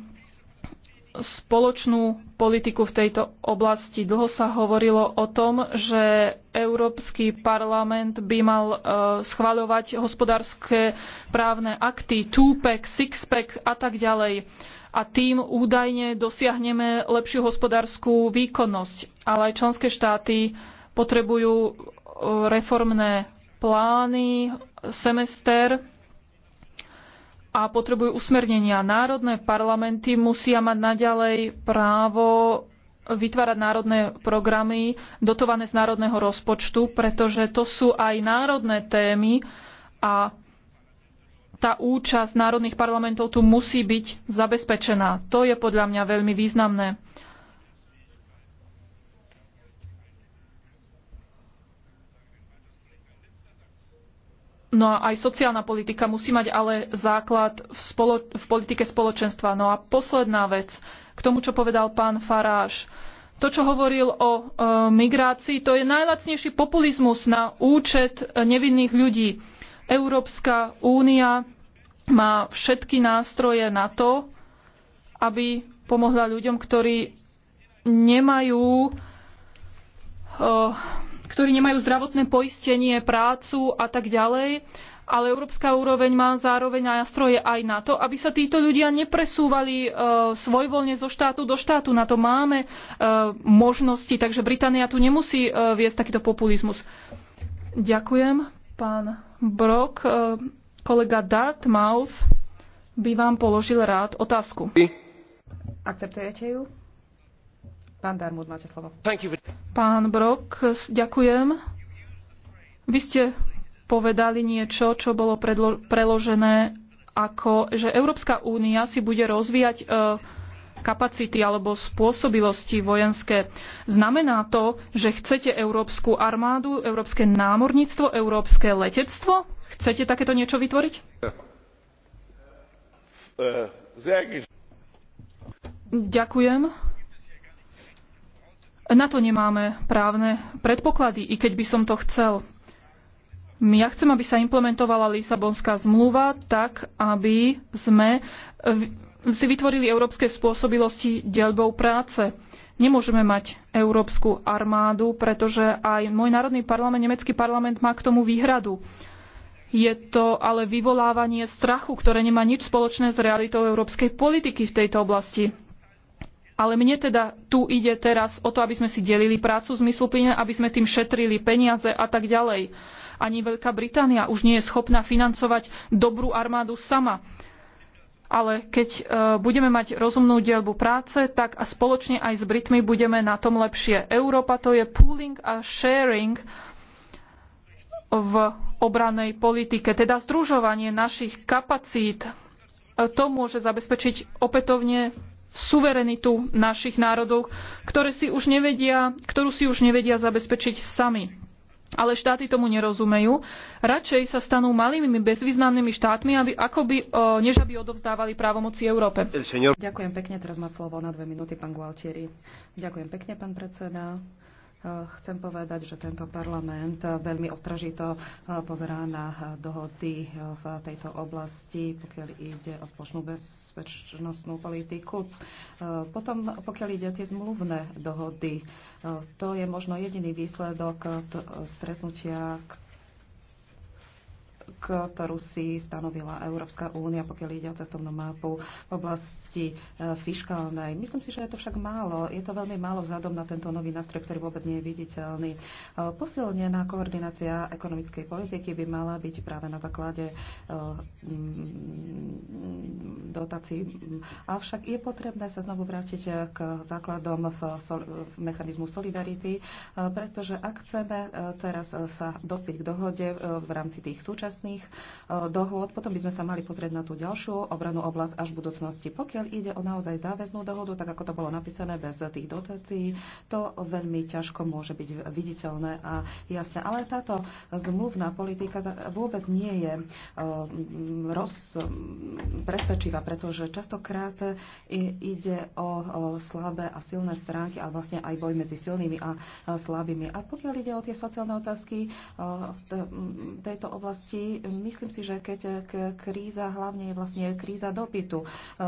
spoločnú politiku v tejto oblasti. Dlho sa hovorilo o tom, že Európsky parlament by mal e, schvaľovať hospodárske právne akty, two-pack, six-pack a tak ďalej. A tým údajne dosiahneme lepšiu hospodárskú výkonnosť. Ale aj členské štáty potrebujú e, reformné plány, semester a potrebujú usmernenia. Národné parlamenty musia mať naďalej právo vytvárať národné programy dotované z národného rozpočtu, pretože to sú aj národné témy a tá účasť národných parlamentov tu musí byť zabezpečená. To je podľa mňa veľmi významné. No a aj sociálna politika musí mať ale základ v, spolo- v politike spoločenstva. No a posledná vec k tomu, čo povedal pán Faráš. To, čo hovoril o e, migrácii, to je najlacnejší populizmus na účet e, nevinných ľudí. Európska únia má všetky nástroje na to, aby pomohla ľuďom, ktorí nemajú e, ktorí nemajú zdravotné poistenie, prácu a tak ďalej. Ale európska úroveň má zároveň nástroje aj na to, aby sa títo ľudia nepresúvali e, svojvoľne zo štátu do štátu. Na to máme e, možnosti, takže Británia tu nemusí e, viesť takýto populizmus. Ďakujem, pán Brok. E, kolega Dartmouth by vám položil rád otázku. Akceptujete ju? Pán Darmud, máte slovo. Pán Brok, ďakujem. Vy ste povedali niečo, čo bolo preložené ako, že Európska únia si bude rozvíjať e, kapacity alebo spôsobilosti vojenské. Znamená to, že chcete európsku armádu, európske námorníctvo, európske letectvo? Chcete takéto niečo vytvoriť? E, e, ďakujem. Na to nemáme právne predpoklady, i keď by som to chcel. Ja chcem, aby sa implementovala Lisabonská zmluva tak, aby sme si vytvorili európske spôsobilosti deľbou práce. Nemôžeme mať európsku armádu, pretože aj môj národný parlament, nemecký parlament má k tomu výhradu. Je to ale vyvolávanie strachu, ktoré nemá nič spoločné s realitou európskej politiky v tejto oblasti. Ale mne teda tu ide teraz o to, aby sme si delili prácu zmysluplne, aby sme tým šetrili peniaze a tak ďalej. Ani Veľká Británia už nie je schopná financovať dobrú armádu sama. Ale keď e, budeme mať rozumnú dielbu práce, tak a spoločne aj s Britmi budeme na tom lepšie. Európa to je pooling a sharing v obranej politike, teda združovanie našich kapacít. E, to môže zabezpečiť opätovne suverenitu našich národov, ktoré si už nevedia, ktorú si už nevedia zabezpečiť sami. Ale štáty tomu nerozumejú. Radšej sa stanú malými, bezvýznamnými štátmi, aby, ako by, e, než aby odovzdávali právomoci Európe. Ďakujem pekne, teraz má slovo na dve minúty pán Gualtieri. Ďakujem pekne, pán predseda. Eh, chcem povedať, že tento parlament eh, veľmi ostražito eh, pozerá na dohody v tejto oblasti, pokiaľ ide o spoločnú bezpečnostnú politiku. Potom, pokiaľ ide tie zmluvné dohody, to je možno jediný výsledok stretnutia, ktorú si stanovila Európska únia, pokiaľ ide o cestovnú mapu v oblasti e, fiškálnej. Myslím si, že je to však málo. Je to veľmi málo vzhľadom na tento nový nástroj, ktorý vôbec nie je viditeľný. E, posilnená koordinácia ekonomickej politiky by mala byť práve na základe e, mm, dotácií. Avšak je potrebné sa znovu vrátiť k základom v, sol- v mechanizmu solidarity, pretože ak chceme teraz sa dospieť k dohode v rámci tých súčasných súčasných e, dohôd. Potom by sme sa mali pozrieť na tú ďalšiu obranú oblasť až v budúcnosti. Pokiaľ ide o naozaj záväznú dohodu, tak ako to bolo napísané bez tých dotácií, to veľmi ťažko môže byť viditeľné a jasné. Ale táto zmluvná politika vôbec nie je e, roz, presvedčivá, pretože častokrát ide o slabé a silné stránky a vlastne aj boj medzi silnými a slabými. A pokiaľ ide o tie sociálne otázky e, v tejto oblasti, Myslím si, že keď kríza, hlavne je vlastne kríza dopytu, e,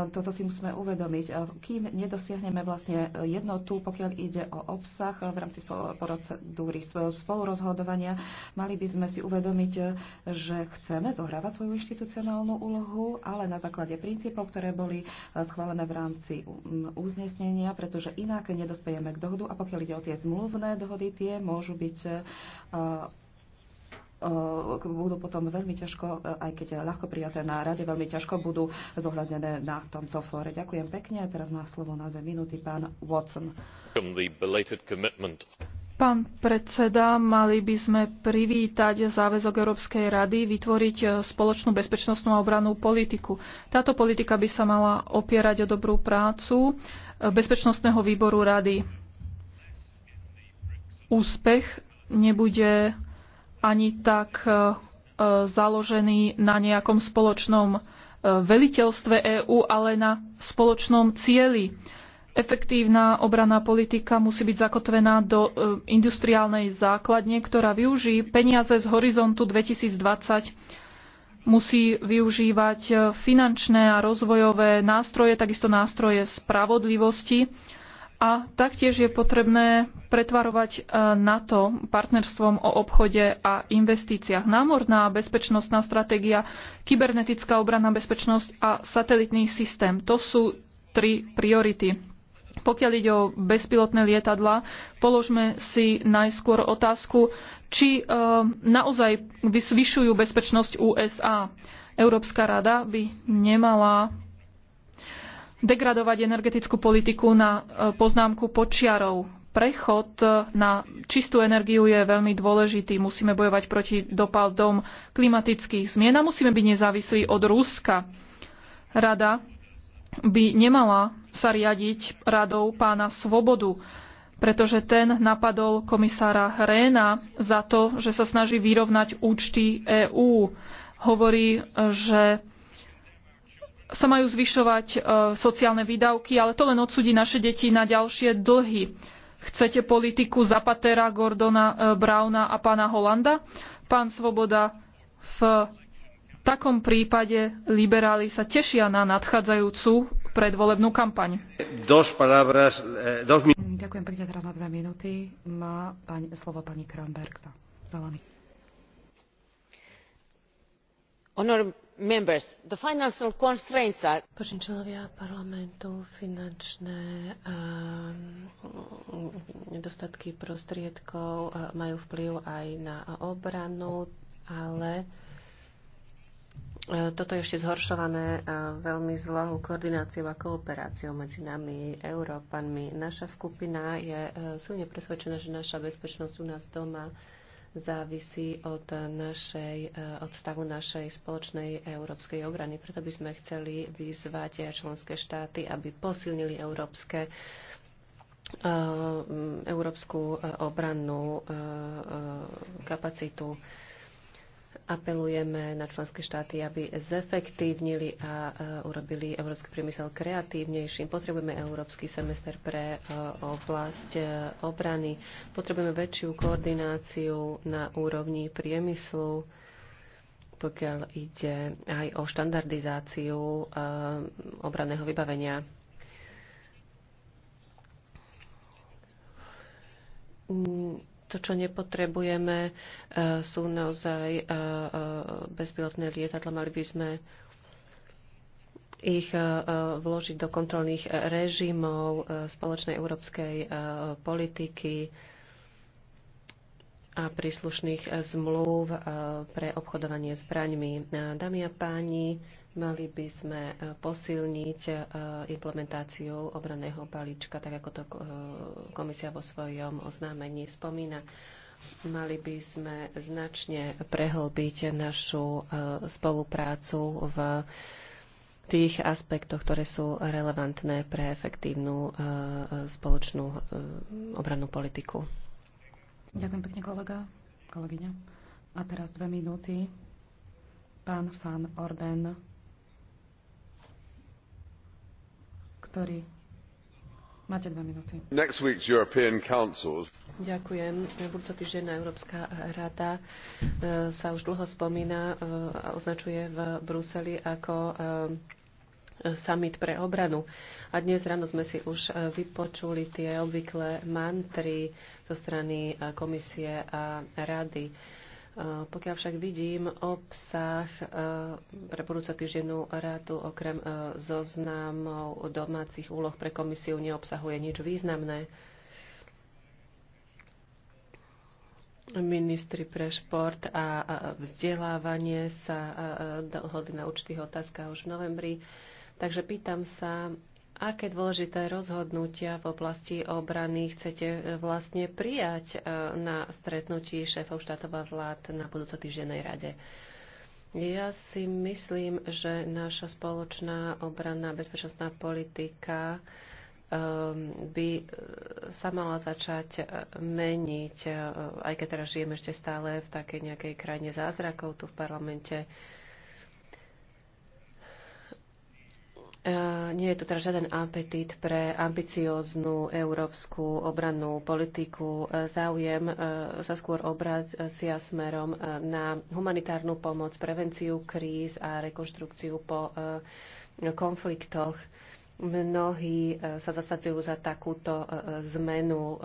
toto si musíme uvedomiť. E, kým nedosiahneme vlastne jednotu, pokiaľ ide o obsah e, v rámci procedúry spolurozhodovania, mali by sme si uvedomiť, že chceme zohrávať svoju inštitucionálnu úlohu, ale na základe princípov, ktoré boli schválené v rámci um, uznesnenia, pretože inak nedospejeme k dohodu a pokiaľ ide o tie zmluvné dohody, tie môžu byť budú potom veľmi ťažko, e, aj keď ľahko prijaté na rade, veľmi ťažko budú zohľadnené na tomto fóre. Ďakujem pekne. Teraz má slovo na dve minúty pán Watson. Pán predseda, mali by sme privítať záväzok Európskej rady vytvoriť e, spoločnú bezpečnostnú a obranú politiku. Táto politika by sa mala opierať o dobrú prácu e, Bezpečnostného výboru rady. Úspech nebude ani tak e, e, založený na nejakom spoločnom e, veliteľstve EÚ, ale na spoločnom cieli. Efektívna obranná politika musí byť zakotvená do industriálnej základne, ktorá využí peniaze z horizontu 2020, musí využívať finančné a rozvojové nástroje, takisto nástroje spravodlivosti, a taktiež je potrebné pretvarovať e, NATO partnerstvom o obchode a investíciách. Námorná bezpečnostná stratégia, kybernetická obranná bezpečnosť a satelitný systém. To sú tri priority. Pokiaľ ide o bezpilotné lietadla, položme si najskôr otázku, či e, naozaj zvyšujú bezpečnosť USA. Európska rada by nemala degradovať energetickú politiku na e, poznámku počiarov. Prechod e, na čistú energiu je veľmi dôležitý. Musíme bojovať proti dopadom klimatických zmien a musíme byť nezávislí od Ruska. Rada by nemala sa riadiť radou pána Svobodu, pretože ten napadol komisára Réna za to, že sa snaží vyrovnať účty EÚ. Hovorí, že sa majú zvyšovať e, sociálne výdavky, ale to len odsudí naše deti na ďalšie dlhy. Chcete politiku Zapatera, Gordona, e, Browna a pána Holanda? Pán Svoboda, v takom prípade liberáli sa tešia na nadchádzajúcu predvolebnú kampaň. E, Ďakujem pekne teraz na dve minúty. Má pani, slovo pani Kramberg za zelený. Honor members parlamentu finančné ehm, nedostatky prostriedkov eh, majú vplyv aj na obranu ale eh, toto je ešte zhoršované eh, veľmi zlou koordináciou a kooperáciou medzi nami, Európanmi. Naša skupina je silne presvedčená, že naša bezpečnosť u nás doma závisí od, našej, eh, od stavu našej spoločnej európskej obrany. Preto by sme chceli vyzvať členské štáty, aby posilnili európske eh, európsku eh, obrannú kapacitu apelujeme na členské štáty, aby zefektívnili a urobili európsky priemysel kreatívnejším. Potrebujeme európsky semester pre oblasť e, obrany. Potrebujeme väčšiu koordináciu na úrovni priemyslu, pokiaľ ide aj o štandardizáciu e, obranného vybavenia. Mm to, čo nepotrebujeme, e, sú naozaj e, e, bezpilotné lietadla. Mali by sme ich vložiť do kontrolných režimov spoločnej európskej politiky a príslušných zmluv pre obchodovanie zbraňmi. Dámy a páni, Mali by sme e, posilniť e, implementáciu obranného balíčka, tak ako to e, komisia vo svojom oznámení spomína mali by sme značne prehlbiť našu spoluprácu v tých aspektoch, ktoré sú relevantné pre efektívnu spoločnú obrannú politiku. Ďakujem pekne, kolega, kolegyňa. A teraz dve minúty. Pán Fan Orden ktorý Máte dva minúty. Next week's European Council. Ďakujem. Budúco týždeň Európska rada eh, sa už dlho spomína eh, a označuje v Bruseli ako eh, summit pre obranu. A dnes ráno sme si už vypočuli tie obvyklé mantry zo strany komisie a rady pokiaľ však vidím obsah e, pre budúco týždennú rádu, okrem e, zoznamov domácich úloh pre komisiu, neobsahuje nič významné. Ministri pre šport a vzdelávanie sa e, dohodli na určitých otázkach už v novembri. Takže pýtam sa, Aké dôležité rozhodnutia v oblasti obrany chcete e, vlastne prijať e, na stretnutí šéfov štátov a vlád na budúco týždenej rade? Ja si myslím, že naša spoločná obranná bezpečnostná politika ehm, by e, sa mala začať meniť, aj keď teraz žijeme ešte stále v takej nejakej krajine zázrakov tu v parlamente E, nie je tu teraz žiaden apetít pre ambicióznu európsku obrannú politiku. E, záujem e, sa skôr obracia smerom na humanitárnu pomoc, prevenciu kríz a rekonštrukciu po konfliktoch. Mnohí sa zasadzujú za takúto zmenu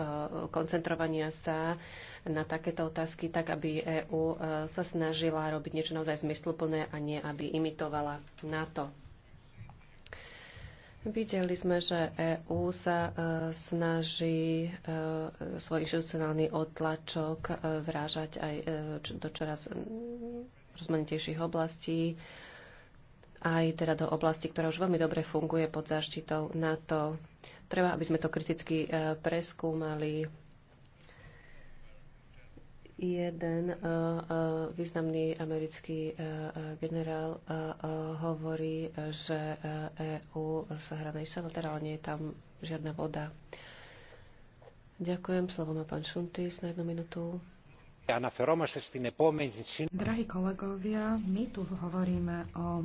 koncentrovania sa na takéto otázky, tak aby EÚ sa snažila robiť niečo naozaj zmysluplné a nie aby imitovala NATO. Videli sme, že EÚ sa e, snaží e, svoj inštitucionálny odtlačok e, vrážať aj do čoraz rozmanitejších oblastí, aj teda do oblasti, ktorá už veľmi dobre funguje pod záštitou NATO. Treba, aby sme to kriticky preskúmali Jeden eh, eh, významný americký eh, generál hovorí, že EU e sa hrá na iščanoter, ale nie je tam žiadna voda. Ďakujem. Slovo má pán Šuntis na jednu minútu. Drahí kolegovia, my tu hovoríme o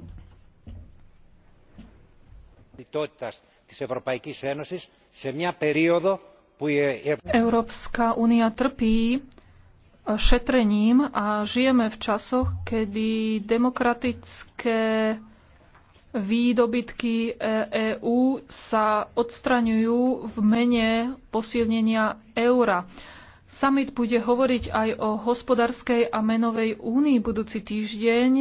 Európska únia trpí šetrením a žijeme v časoch, kedy demokratické výdobytky EÚ sa odstraňujú v mene posilnenia eura. Summit bude hovoriť aj o hospodárskej a menovej únii budúci týždeň.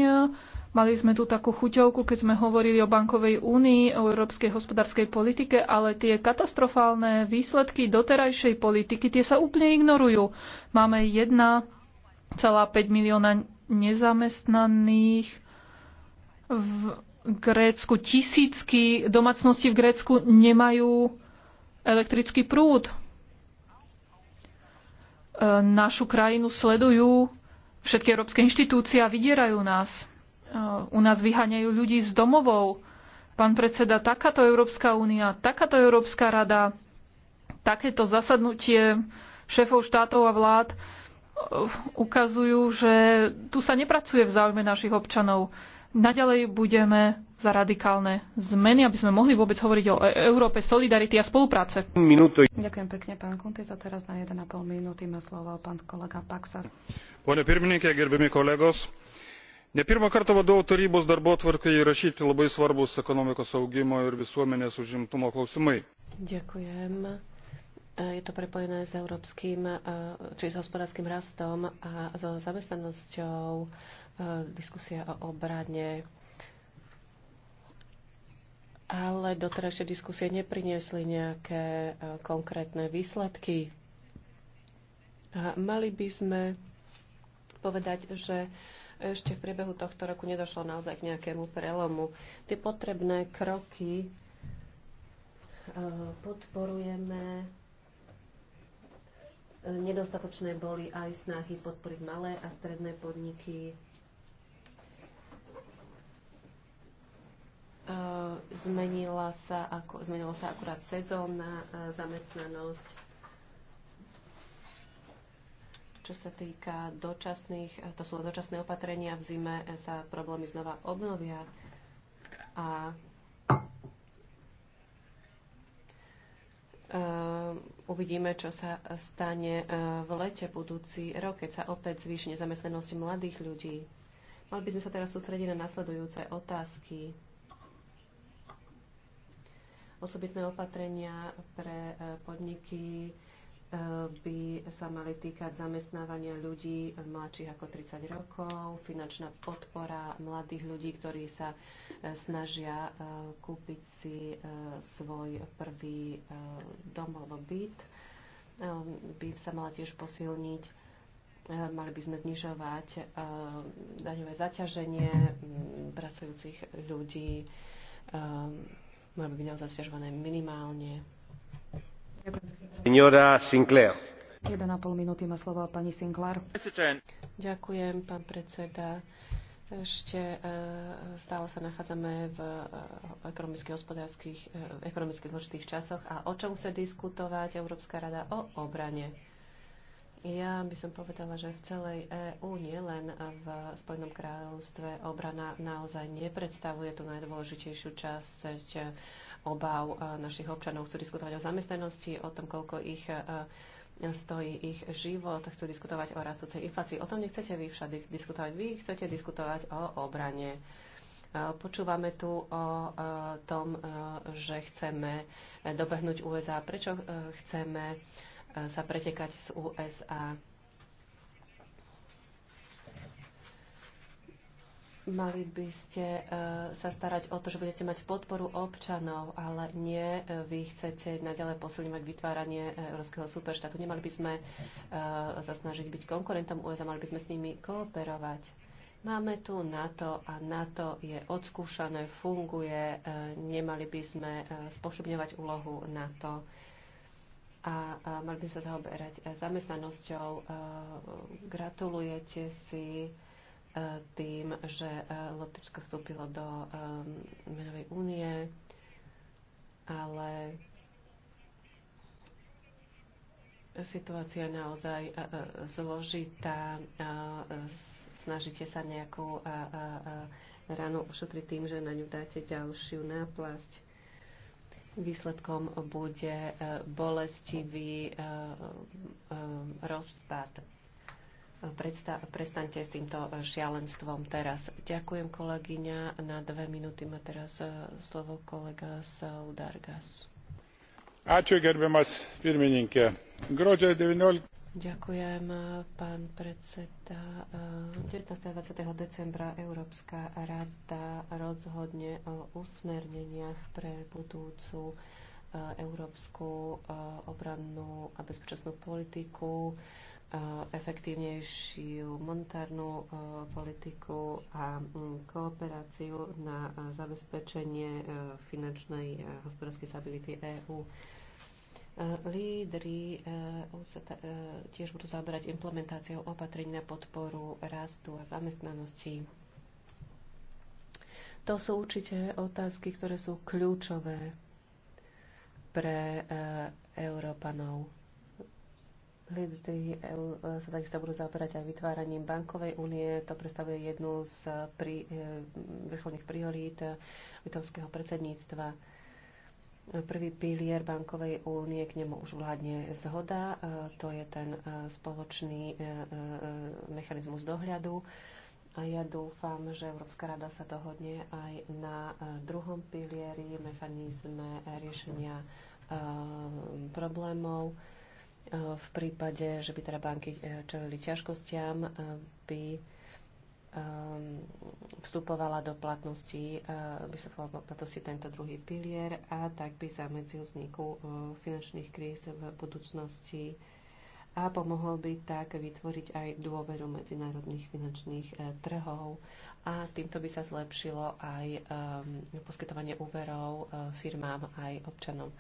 Mali sme tu takú chuťovku, keď sme hovorili o bankovej únii, o európskej hospodárskej politike, ale tie katastrofálne výsledky doterajšej politiky, tie sa úplne ignorujú. Máme 1,5 milióna nezamestnaných v Grécku. Tisícky domácnosti v Grécku nemajú elektrický prúd. E, našu krajinu sledujú všetky európske inštitúcie a vydierajú nás. Eh, u nás vyháňajú ľudí z domovov. Pán predseda, takáto Európska únia, takáto Európska rada, takéto zasadnutie šéfov štátov a vlád eh, ukazujú, že tu sa nepracuje v záujme našich občanov. Naďalej budeme za radikálne zmeny, aby sme mohli vôbec hovoriť o e- Európe solidarity a spolupráce. Minuto. Ďakujem pekne, pán Kuntis za teraz na 1,5 minúty má slovo pán kolega Paxa. Pane pirmininke, gerbimi kolegos, ne pirmą kartą vadovų tarybos darbotvarkėje įrašyti labai svarbūs ekonomikos augimo ir visuomenės užimtumo klausimai. E, je to prepojené s európskym, e, či s hospodárským rastom a so zamestnanosťou, e, diskusia o obrane. Ale doterajšie diskusie nepriniesli nejaké konkrétne výsledky. A mali by sme povedať, že ešte v priebehu tohto roku nedošlo naozaj k nejakému prelomu. Tie potrebné kroky e, podporujeme. E, nedostatočné boli aj snahy podporiť malé a stredné podniky. E, zmenila sa, zmenila sa akurát sezónna zamestnanosť čo sa týka dočasných, eh, to sú dočasné opatrenia, v zime eh, sa problémy znova obnovia a eh, uvidíme, čo sa stane v lete budúci rok, keď sa opäť zvýši nezamestnanosť mladých ľudí. Mali by sme sa teraz sústrediť na nasledujúce otázky. Osobitné opatrenia pre podniky, by sa mali týkať zamestnávania ľudí mladších ako 30 rokov, finančná podpora mladých ľudí, ktorí sa e, snažia e, kúpiť si e, svoj prvý dom alebo byt, by sa mala tiež posilniť. Mali by sme znižovať daňové zaťaženie pracujúcich ľudí. Mali by byť naozaj minimálne minúty má slovo pani Ďakujem, pán predseda. Ešte e, stále sa nachádzame v e, ekonomicky hospodárskych, e, ekonomicky zložitých časoch. A o čom chce diskutovať Európska rada? O obrane. Ja by som povedala, že v celej EÚ, nielen v Spojenom kráľovstve, obrana naozaj nepredstavuje tú najdôležitejšiu časť e, obav e, našich občanov. Chcú diskutovať o zamestnanosti, o tom, koľko ich e, stojí ich život, chcú diskutovať o rastúcej inflácii. O tom nechcete vy však diskutovať. Vy chcete diskutovať o obrane. Počúvame tu o tom, že chceme dobehnúť USA. Prečo chceme E, sa pretekať z USA. Mali by ste e, sa starať o to, že budete mať podporu občanov, ale nie e, vy chcete naďalej posilňovať vytváranie európskeho superštátu. Nemali by sme sa snažiť byť konkurentom USA, mali by sme s nimi kooperovať. Máme tu NATO a NATO je odskúšané, funguje. Nemali by sme spochybňovať úlohu NATO a, a mali by sa zaoberať e, zamestnanosťou. E, gratulujete si e, tým, že Lotyčsko vstúpilo do menovej únie, ale situácia je naozaj zložitá. Snažíte sa nejakú ranu ušetriť tým, že na ňu dáte ďalšiu náplasť Výsledkom bude e, bolestivý e, e, rozpad. prestaňte s týmto šialenstvom teraz. Ďakujem, kolegyňa. Na dve minúty má teraz slovo kolega Saudargas. Ačiū, gerbiamas pirmininkė. Gruodžio 19. Ďakujem, pán predseda. 19. a 20. decembra Európska rada rozhodne o usmerneniach pre budúcu e, európsku e, obrannú a bezpečnostnú politiku, e, efektívnejšiu monetárnu politiku a kooperáciu na zabezpečenie finančnej a hospodárskej stability EÚ. Lídry eh, sa eh, tiež budú zaoberať implementáciou opatrení na podporu rastu a zamestnanosti. To sú určite otázky, ktoré sú kľúčové pre eh, Európanov. Lídry sa takisto budú zaoberať aj vytváraním bankovej únie. To predstavuje jednu z pri, vrcholných priorít litovského predsedníctva prvý pilier bankovej únie, k nemu už vládne zhoda, e, to je ten e, spoločný e, mechanizmus dohľadu. A ja dúfam, že Európska rada sa dohodne aj na druhom pilieri, mechanizme riešenia problémov. V prípade, že by teda banky čelili ťažkostiam, by Ehm, vstupovala do platnosti, by eh, sa do platnosti tento druhý pilier a tak by zamedzil vzniku eh, finančných kríz v budúcnosti a pomohol by tak vytvoriť aj dôveru medzinárodných finančných eh, trhov a týmto by sa zlepšilo aj ehm, poskytovanie úverov firmám aj občanom.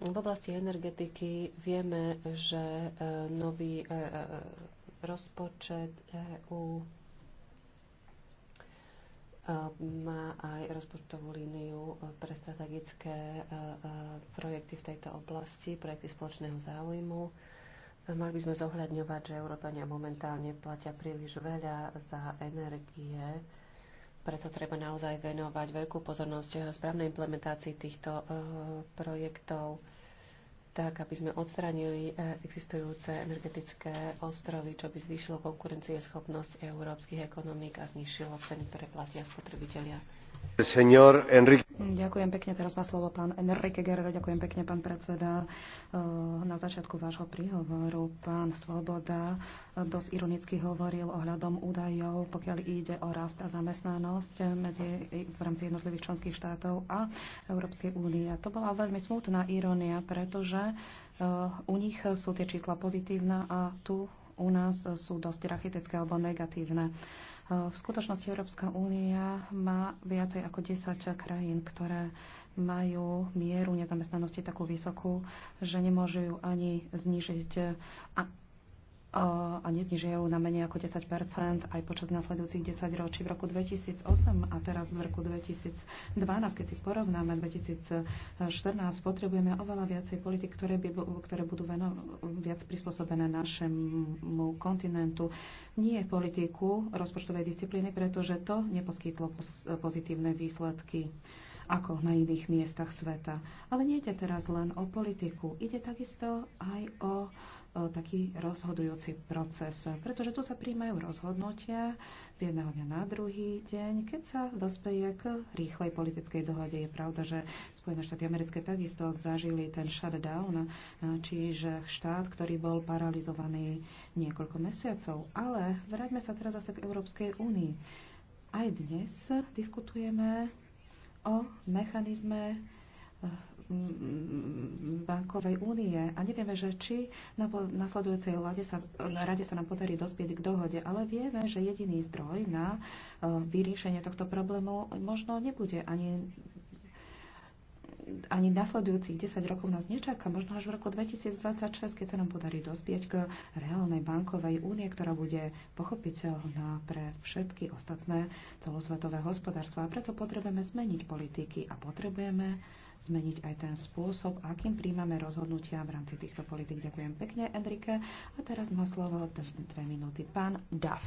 V oblasti energetiky vieme, že nový rozpočet EÚ má aj rozpočtovú líniu pre strategické e, e, projekty v tejto oblasti, projekty spoločného záujmu. Mali by sme zohľadňovať, že Európania momentálne platia príliš veľa za energie, preto treba naozaj venovať veľkú pozornosť správnej implementácii týchto e, projektov tak aby sme odstránili eh, existujúce energetické ostrovy, čo by zvýšilo konkurencieschopnosť európskych ekonomík a znišilo ceny, ktoré platia spotrebitelia. Ďakujem pekne, teraz má slovo pán Enrique Guerrero. Ďakujem pekne, pán predseda. E, na začiatku vášho príhovoru pán Svoboda dosť ironicky hovoril ohľadom údajov, pokiaľ ide o rast a zamestnanosť medzi, v rámci jednotlivých členských štátov a Európskej únie. To bola veľmi smutná irónia, pretože e, u nich sú tie čísla pozitívne a tu u nás sú dosť rachitecké alebo negatívne. V skutočnosti Európska únia má viacej ako 10 krajín, ktoré majú mieru nezamestnanosti takú vysokú, že nemôžu ju ani znižiť. A a neznižujú na menej ako 10 aj počas nasledujúcich 10 ročí. V roku 2008 a teraz v roku 2012, keď si porovnáme 2014, potrebujeme oveľa viacej politik, ktoré, by, ktoré budú veno, viac prispôsobené našemu kontinentu. Nie politiku rozpočtovej disciplíny, pretože to neposkytlo pozitívne výsledky ako na iných miestach sveta. Ale nie ide teraz len o politiku, ide takisto aj o taký rozhodujúci proces, pretože tu sa príjmajú rozhodnutia z jedného dňa na druhý deň, keď sa dospeje k rýchlej politickej dohode. Je pravda, že Spojené štáty americké takisto zažili ten shutdown, čiže štát, ktorý bol paralizovaný niekoľko mesiacov. Ale vráťme sa teraz zase k Európskej únii. Aj dnes diskutujeme o mechanizme eh, bankovej únie a nevieme, že či na nasledujúcej rade sa, rade sa nám podarí dospieť k dohode, ale vieme, že jediný zdroj na e, vyriešenie tohto problému možno nebude ani ani nasledujúcich 10 rokov nás nečaká, možno až v roku 2026, keď sa nám podarí dospieť k reálnej bankovej únie, ktorá bude pochopiteľná pre všetky ostatné celosvetové hospodárstva. A preto potrebujeme zmeniť politiky a potrebujeme zmeniť aj ten spôsob, akým príjmame rozhodnutia v rámci týchto politik. Ďakujem pekne, Enrike. A teraz má slovo dve minúty pán Duff.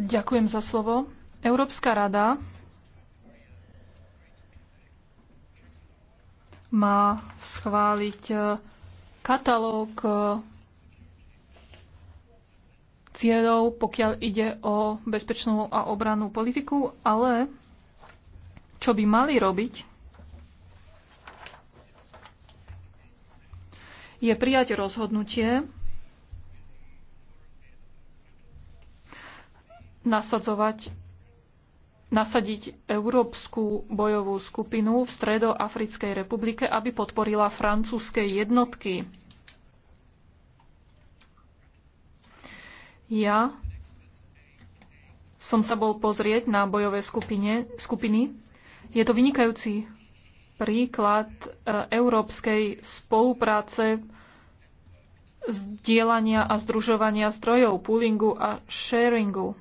Ďakujem za slovo. Európska rada má schváliť katalóg cieľov, pokiaľ ide o bezpečnú a obranú politiku, ale čo by mali robiť, je prijať rozhodnutie nasadzovať nasadiť Európsku bojovú skupinu v Stredoafrickej republike, aby podporila francúzske jednotky Ja som sa bol pozrieť na bojové skupine, skupiny. Je to vynikajúci príklad e, európskej spolupráce zdieľania a združovania zdrojov, poolingu a sharingu.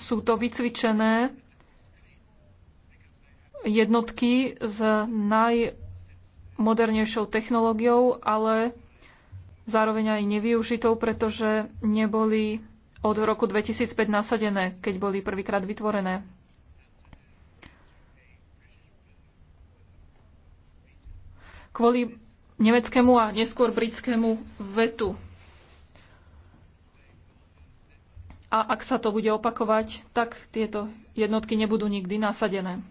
Sú to vycvičené jednotky s najmodernejšou technológiou, ale zároveň aj nevyužitou, pretože neboli od roku 2005 nasadené, keď boli prvýkrát vytvorené. Kvôli nemeckému a neskôr britskému vetu. A ak sa to bude opakovať, tak tieto jednotky nebudú nikdy nasadené.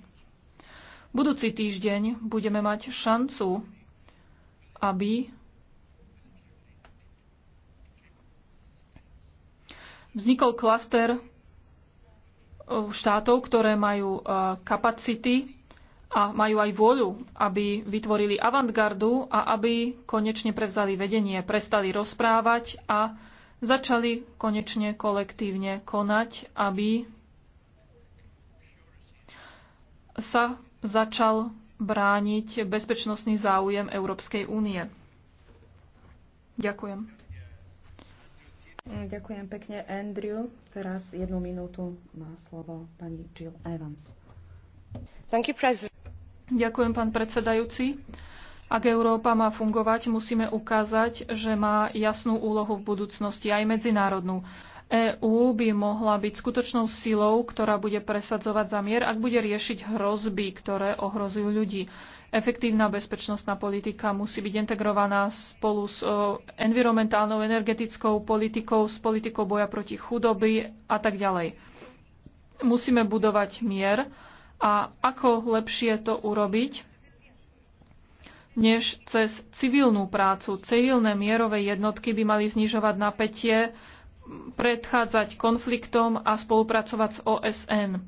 Budúci týždeň budeme mať šancu, aby vznikol klaster eh, štátov, ktoré majú eh, kapacity a majú aj vôľu, aby vytvorili avantgardu a aby konečne prevzali vedenie, prestali rozprávať a začali konečne kolektívne konať, aby sa začal brániť bezpečnostný záujem Európskej únie. Ďakujem. Eh, ďakujem pekne, Andrew. Teraz jednu minútu má slovo pani Jill Evans. Thank you, president. Ďakujem, pán predsedajúci. Ak Európa má fungovať, musíme ukázať, že má jasnú úlohu v budúcnosti, aj medzinárodnú. EÚ by mohla byť skutočnou silou, ktorá bude presadzovať za mier, ak bude riešiť hrozby, ktoré ohrozujú ľudí. Efektívna bezpečnostná politika musí byť integrovaná spolu s e, environmentálnou, energetickou politikou, s politikou boja proti chudoby a tak ďalej. Musíme budovať mier a ako lepšie to urobiť, než cez civilnú prácu. Civilné mierové jednotky by mali znižovať napätie predchádzať konfliktom a spolupracovať s OSN.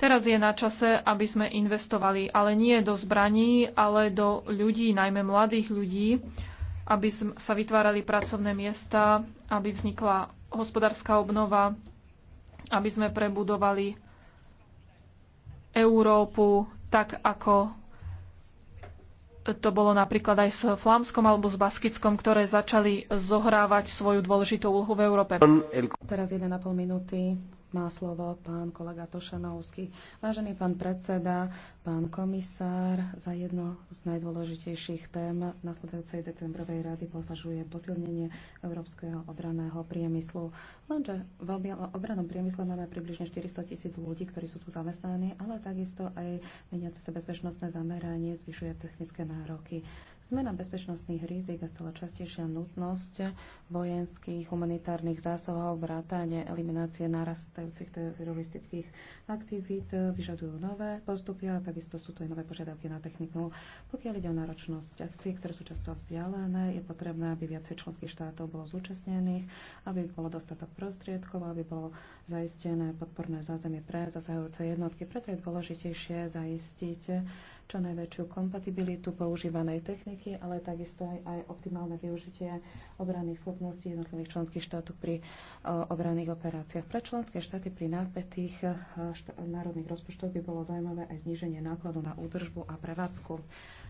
Teraz je na čase, aby sme investovali, ale nie do zbraní, ale do ľudí, najmä mladých ľudí, aby sa vytvárali pracovné miesta, aby vznikla hospodárska obnova, aby sme prebudovali Európu tak, ako to bolo napríklad aj s Flámskom alebo s Baskickom, ktoré začali zohrávať svoju dôležitú úlohu v Európe. Teraz 1,5 minúty má slovo pán kolega Tošanovský. Vážený pán predseda, pán komisár, za jedno z najdôležitejších tém nasledujúcej decembrovej rady považuje posilnenie európskeho obraného priemyslu. Lenže v obranom priemysle máme približne 400 tisíc ľudí, ktorí sú tu zamestnaní, ale takisto aj meniace sa bezpečnostné zameranie zvyšuje technické nároky. Zmena bezpečnostných rizik a stále častejšia nutnosť vojenských humanitárnych zásahov, vrátanie eliminácie narastajúcich teroristických aktivít vyžadujú nové postupy, a takisto sú tu aj nové požiadavky na techniku. Pokiaľ ide o náročnosť akcií, ktoré sú často vzdialené, je potrebné, aby viacej členských štátov bolo zúčastnených, aby bolo dostatok prostriedkov, aby bolo zaistené podporné zázemie pre zasahujúce jednotky. Preto je dôležitejšie zaistiť čo najväčšiu kompatibilitu používanej techniky, ale takisto aj, aj optimálne využitie obranných schopností jednotlivých členských štátov pri e, obranných operáciách. Pre členské štáty pri nápetých e, národných rozpočtov by bolo zaujímavé aj zníženie nákladu na údržbu a prevádzku.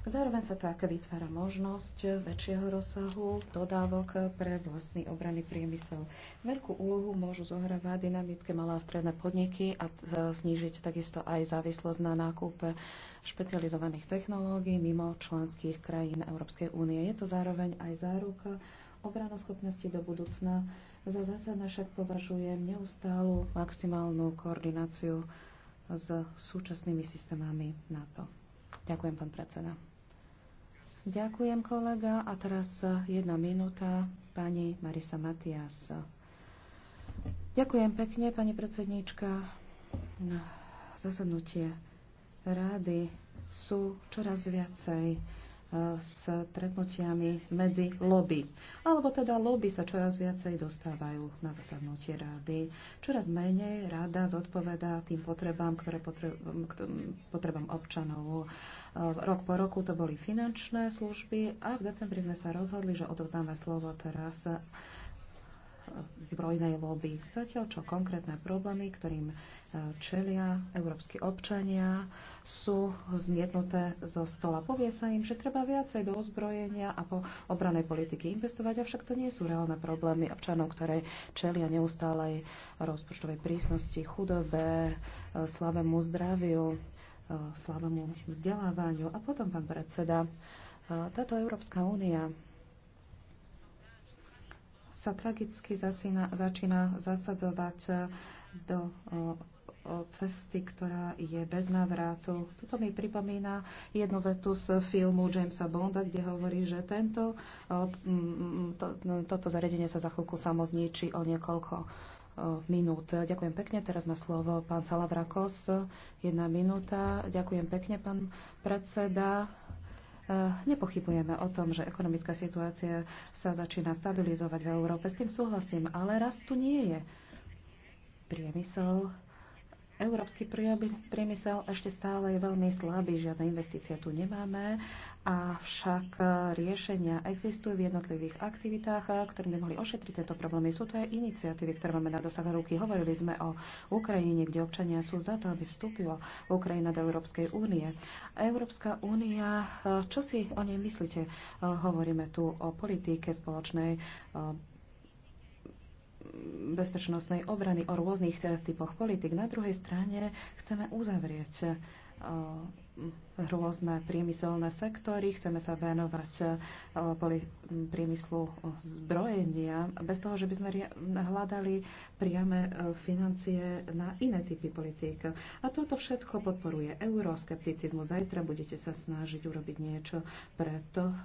Zároveň sa tak vytvára možnosť väčšieho rozsahu dodávok pre vlastný obranný priemysel. Veľkú úlohu môžu zohrávať dynamické malé a stredné podniky a e, znížiť takisto aj závislosť na nákupe špecializovaných technológií mimo členských krajín Európskej únie. Je to zároveň aj záruka obranoschopnosti do budúcna. Za zásadné však považujem neustálu maximálnu koordináciu s súčasnými systémami NATO. Ďakujem, pán predseda. Ďakujem, kolega. A teraz e, jedna minúta pani Marisa Matias. Ďakujem pekne, pani predsedníčka. Zasadnutie rády sú čoraz viacej s stretnutiami medzi lobby. Alebo teda lobby sa čoraz viacej dostávajú na zasadnutie rády. Čoraz menej rada zodpovedá tým potrebám, ktoré potrebám občanov. E, rok po roku to boli finančné služby a v decembri sme sa rozhodli, že odovzdáme slovo teraz zbrojnej lobby. Zatiaľ čo konkrétne problémy, ktorým e, čelia európsky občania, sú zmietnuté zo stola. Povie sa im, že treba viacej do ozbrojenia a po obranej politiky investovať, avšak to nie sú reálne problémy občanov, ktoré čelia neustálej rozpočtovej prísnosti, chudobe, e, slabému zdraviu, e, slabému vzdelávaniu. A potom, pán predseda, táto Európska únia sa tragicky zasína, začína zasadzovať eh, do eh, cesty, ktorá je bez návratu. Toto mi pripomína jednu vetu z filmu Jamesa Bonda, kde hovorí, že tento, eh, to, toto zariadenie sa za chvíľku samozničí o niekoľko minút. Ďakujem pekne. Teraz má slovo pán Salavrakos. Jedna minúta. Ďakujem pekne, pán predseda. Eh, nepochybujeme o tom, že ekonomická situácia sa začína stabilizovať v Európe. S tým súhlasím, ale rast tu nie je. Priemysel, európsky priemysel ešte stále je veľmi slabý, žiadne investície tu nemáme Avšak eh, riešenia existujú v jednotlivých aktivitách, eh, ktoré by mohli ošetriť tieto problémy. Sú to aj iniciatívy, ktoré máme na dosah ruky. Hovorili sme o Ukrajine, kde občania sú za to, aby vstúpila Ukrajina do Európskej únie. Európska únia, eh, čo si o nej myslíte? Hovoríme tu o politike spoločnej bezpečnostnej obrany, o rôznych typoch politik. Na druhej strane chceme uzavrieť rôzne priemyselné sektory, chceme sa venovať eh, priemyslu zbrojenia, bez toho, že by sme hľadali priame eh, financie na iné typy politík. A toto všetko podporuje euroskepticizmus. Zajtra budete sa snažiť urobiť niečo pre to, eh,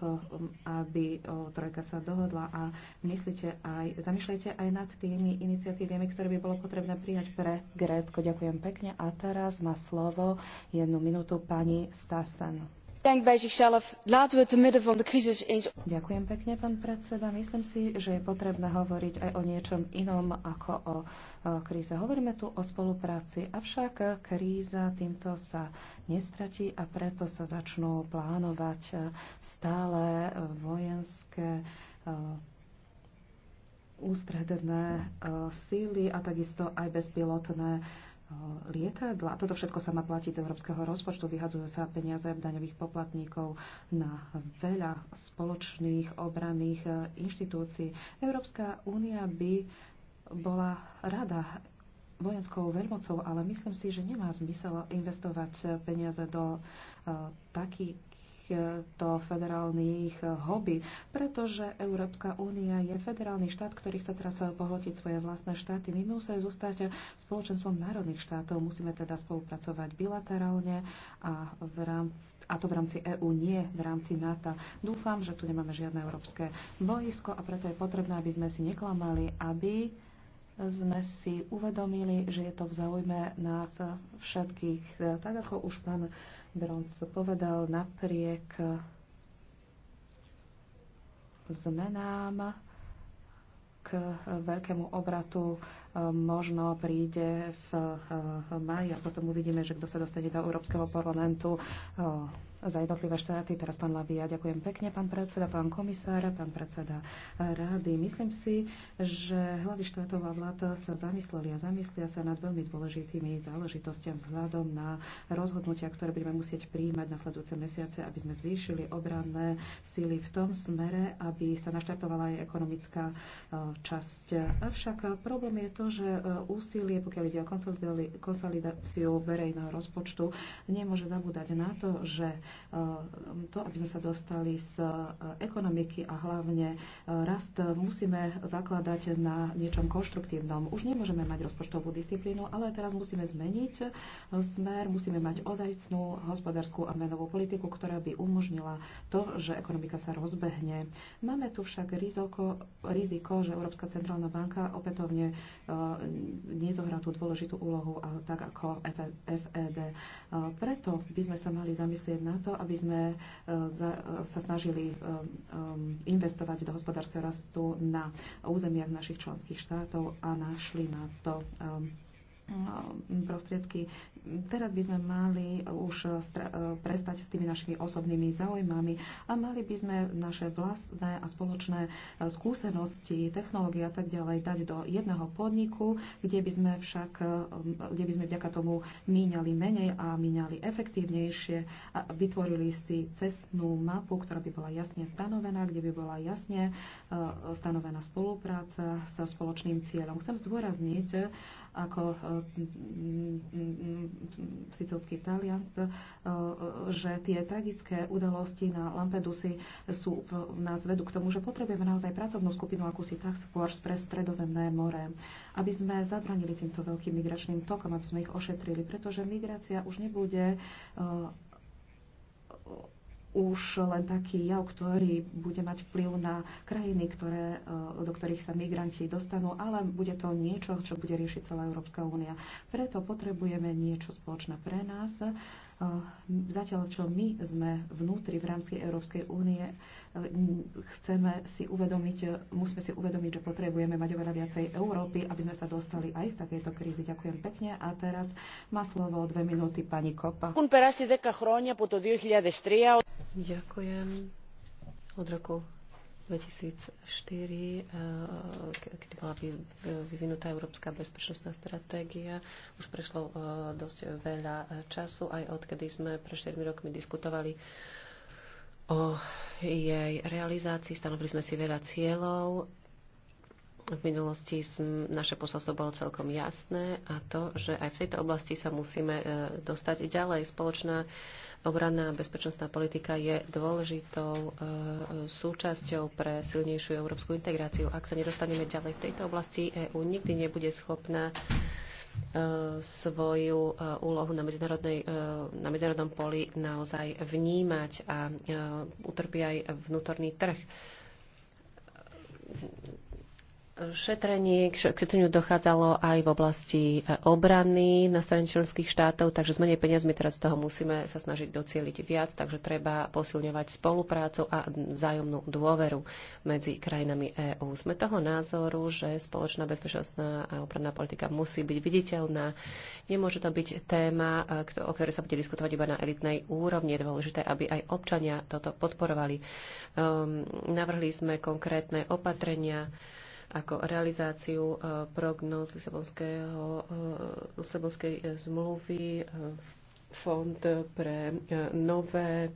aby trojka sa dohodla a myslíte aj, zamýšľajte aj nad tými iniciatívami, ktoré by bolo potrebné prijať pre Grécko. Ďakujem pekne. A teraz má slovo jednu minútu pani pani Stassen. Ďakujem pekne, pán predseda. Myslím si, že je potrebné hovoriť aj o niečom inom ako o kríze. Hovoríme tu o spolupráci, avšak kríza týmto sa nestratí a preto sa začnú plánovať stále vojenské ústredné síly a takisto aj bezpilotné lietadla. Toto všetko sa má platiť z európskeho rozpočtu. Vyhadzujú sa peniaze daňových poplatníkov na veľa spoločných obranných e, inštitúcií. Európska únia by bola rada vojenskou veľmocou, ale myslím si, že nemá zmysel investovať peniaze do uh, e, takých týchto e, federálnych e, hobby, pretože Európska únia je federálny štát, ktorý chce teraz e, pohľadiť svoje vlastné štáty. My musíme zostať spoločenstvom národných štátov, musíme teda spolupracovať bilaterálne a, v rámci, a to v rámci EÚ, nie v rámci NATO. Dúfam, že tu nemáme žiadne európske boisko a preto je potrebné, aby sme si neklamali, aby sme si uvedomili, že je to v záujme nás všetkých. Tak ako už pán Bronz povedal, napriek zmenám k veľkému obratu možno príde v maji a potom uvidíme, že kto sa dostane do Európskeho parlamentu eh, za jednotlivé štáty. Teraz pán Lavia, ďakujem pekne, pán predseda, pán komisár, pán predseda rády. Myslím si, že hlavy štátov a vlád sa zamysleli a zamyslia sa nad veľmi dôležitými záležitostiam vzhľadom na rozhodnutia, ktoré budeme musieť príjmať na sledujúce mesiace, aby sme zvýšili obranné síly v tom smere, aby sa naštartovala aj ekonomická eh, časť. Avšak problém je to, to, že e, úsilie, pokiaľ ide o konsolidáciu verejného rozpočtu, nemôže zabúdať na to, že e, to, aby sme sa dostali z e, ekonomiky a hlavne rast, musíme zakladať na niečom konštruktívnom. Už nemôžeme mať rozpočtovú disciplínu, ale teraz musíme zmeniť smer, musíme mať ozajstnú hospodárskú a menovú politiku, ktorá by umožnila to, že ekonomika sa rozbehne. Máme tu však riziko, riziko že Európska centrálna banka opätovne E, nezohrá tú dôležitú úlohu tak ako FED. E e, preto by sme sa mali zamyslieť na to, aby sme sa snažili investovať do hospodárskeho rastu na územiach našich členských štátov a našli na to prostriedky. Teraz by sme mali už e, e, prestať s tými našimi osobnými záujmami a mali by sme naše vlastné a spoločné e, skúsenosti, technológie a tak ďalej dať do jedného podniku, kde by sme však, kde by sme vďaka tomu míňali menej a míňali efektívnejšie a vytvorili si cestnú mapu, ktorá by bola jasne stanovená, kde by bola jasne stanovená spolupráca so spoločným cieľom. Chcem zdôrazniť, ako e, sicilský talian, e, že tie tragické udalosti na Lampedusi sú, nás vedú k tomu, že potrebujeme naozaj pracovnú skupinu akúsi task force pre stredozemné more, aby sme zabranili týmto veľkým migračným tokom, aby sme ich ošetrili, pretože migrácia už nebude e, už len taký jav, ktorý bude mať vplyv na krajiny, ktoré, e, do ktorých sa migranti dostanú, ale bude to niečo, čo bude riešiť celá Európska únia. Preto potrebujeme niečo spoločné pre nás. Eh, zatiaľ, čo my sme vnútri v rámci Európskej únie, eh, chceme si uvedomiť, eh, musíme si uvedomiť, že potrebujeme mať oveľa viacej Európy, aby sme sa dostali aj z takejto krízy. Ďakujem pekne. A teraz má slovo dve minúty pani Kopa. Ďakujem. Od roku 2004, eh, keď bola vyvinutá Európska bezpečnostná stratégia. Už prešlo eh, dosť veľa eh, času, aj odkedy sme pre 4 rokmi diskutovali o jej realizácii. Stanovili sme si veľa cieľov v minulosti naše posolstvo bolo celkom jasné a to, že aj v tejto oblasti sa musíme e, dostať ďalej. Spoločná obranná a bezpečnostná politika je dôležitou e, súčasťou pre silnejšiu európsku integráciu. Ak sa nedostaneme ďalej v tejto oblasti, EÚ nikdy nebude schopná e, svoju úlohu na, medzinárodnej, na medzinárodnom poli naozaj vnímať a utrpí aj vnútorný trh Šetrenie, k šetreniu dochádzalo aj v oblasti e, obrany na strane členských štátov, takže s menej peniazmi teraz z toho musíme sa snažiť docieliť viac, takže treba posilňovať spoluprácu a vzájomnú dôveru medzi krajinami EÚ. Sme toho názoru, že spoločná bezpečnostná a obranná politika musí byť viditeľná. Nemôže to byť téma, e, o ktorej sa bude diskutovať iba na elitnej úrovni. Je dôležité, aby aj občania toto podporovali. Um, navrhli sme konkrétne opatrenia, ako realizáciu e, prognóz e, Lisabonskej e, zmluvy fond pre nové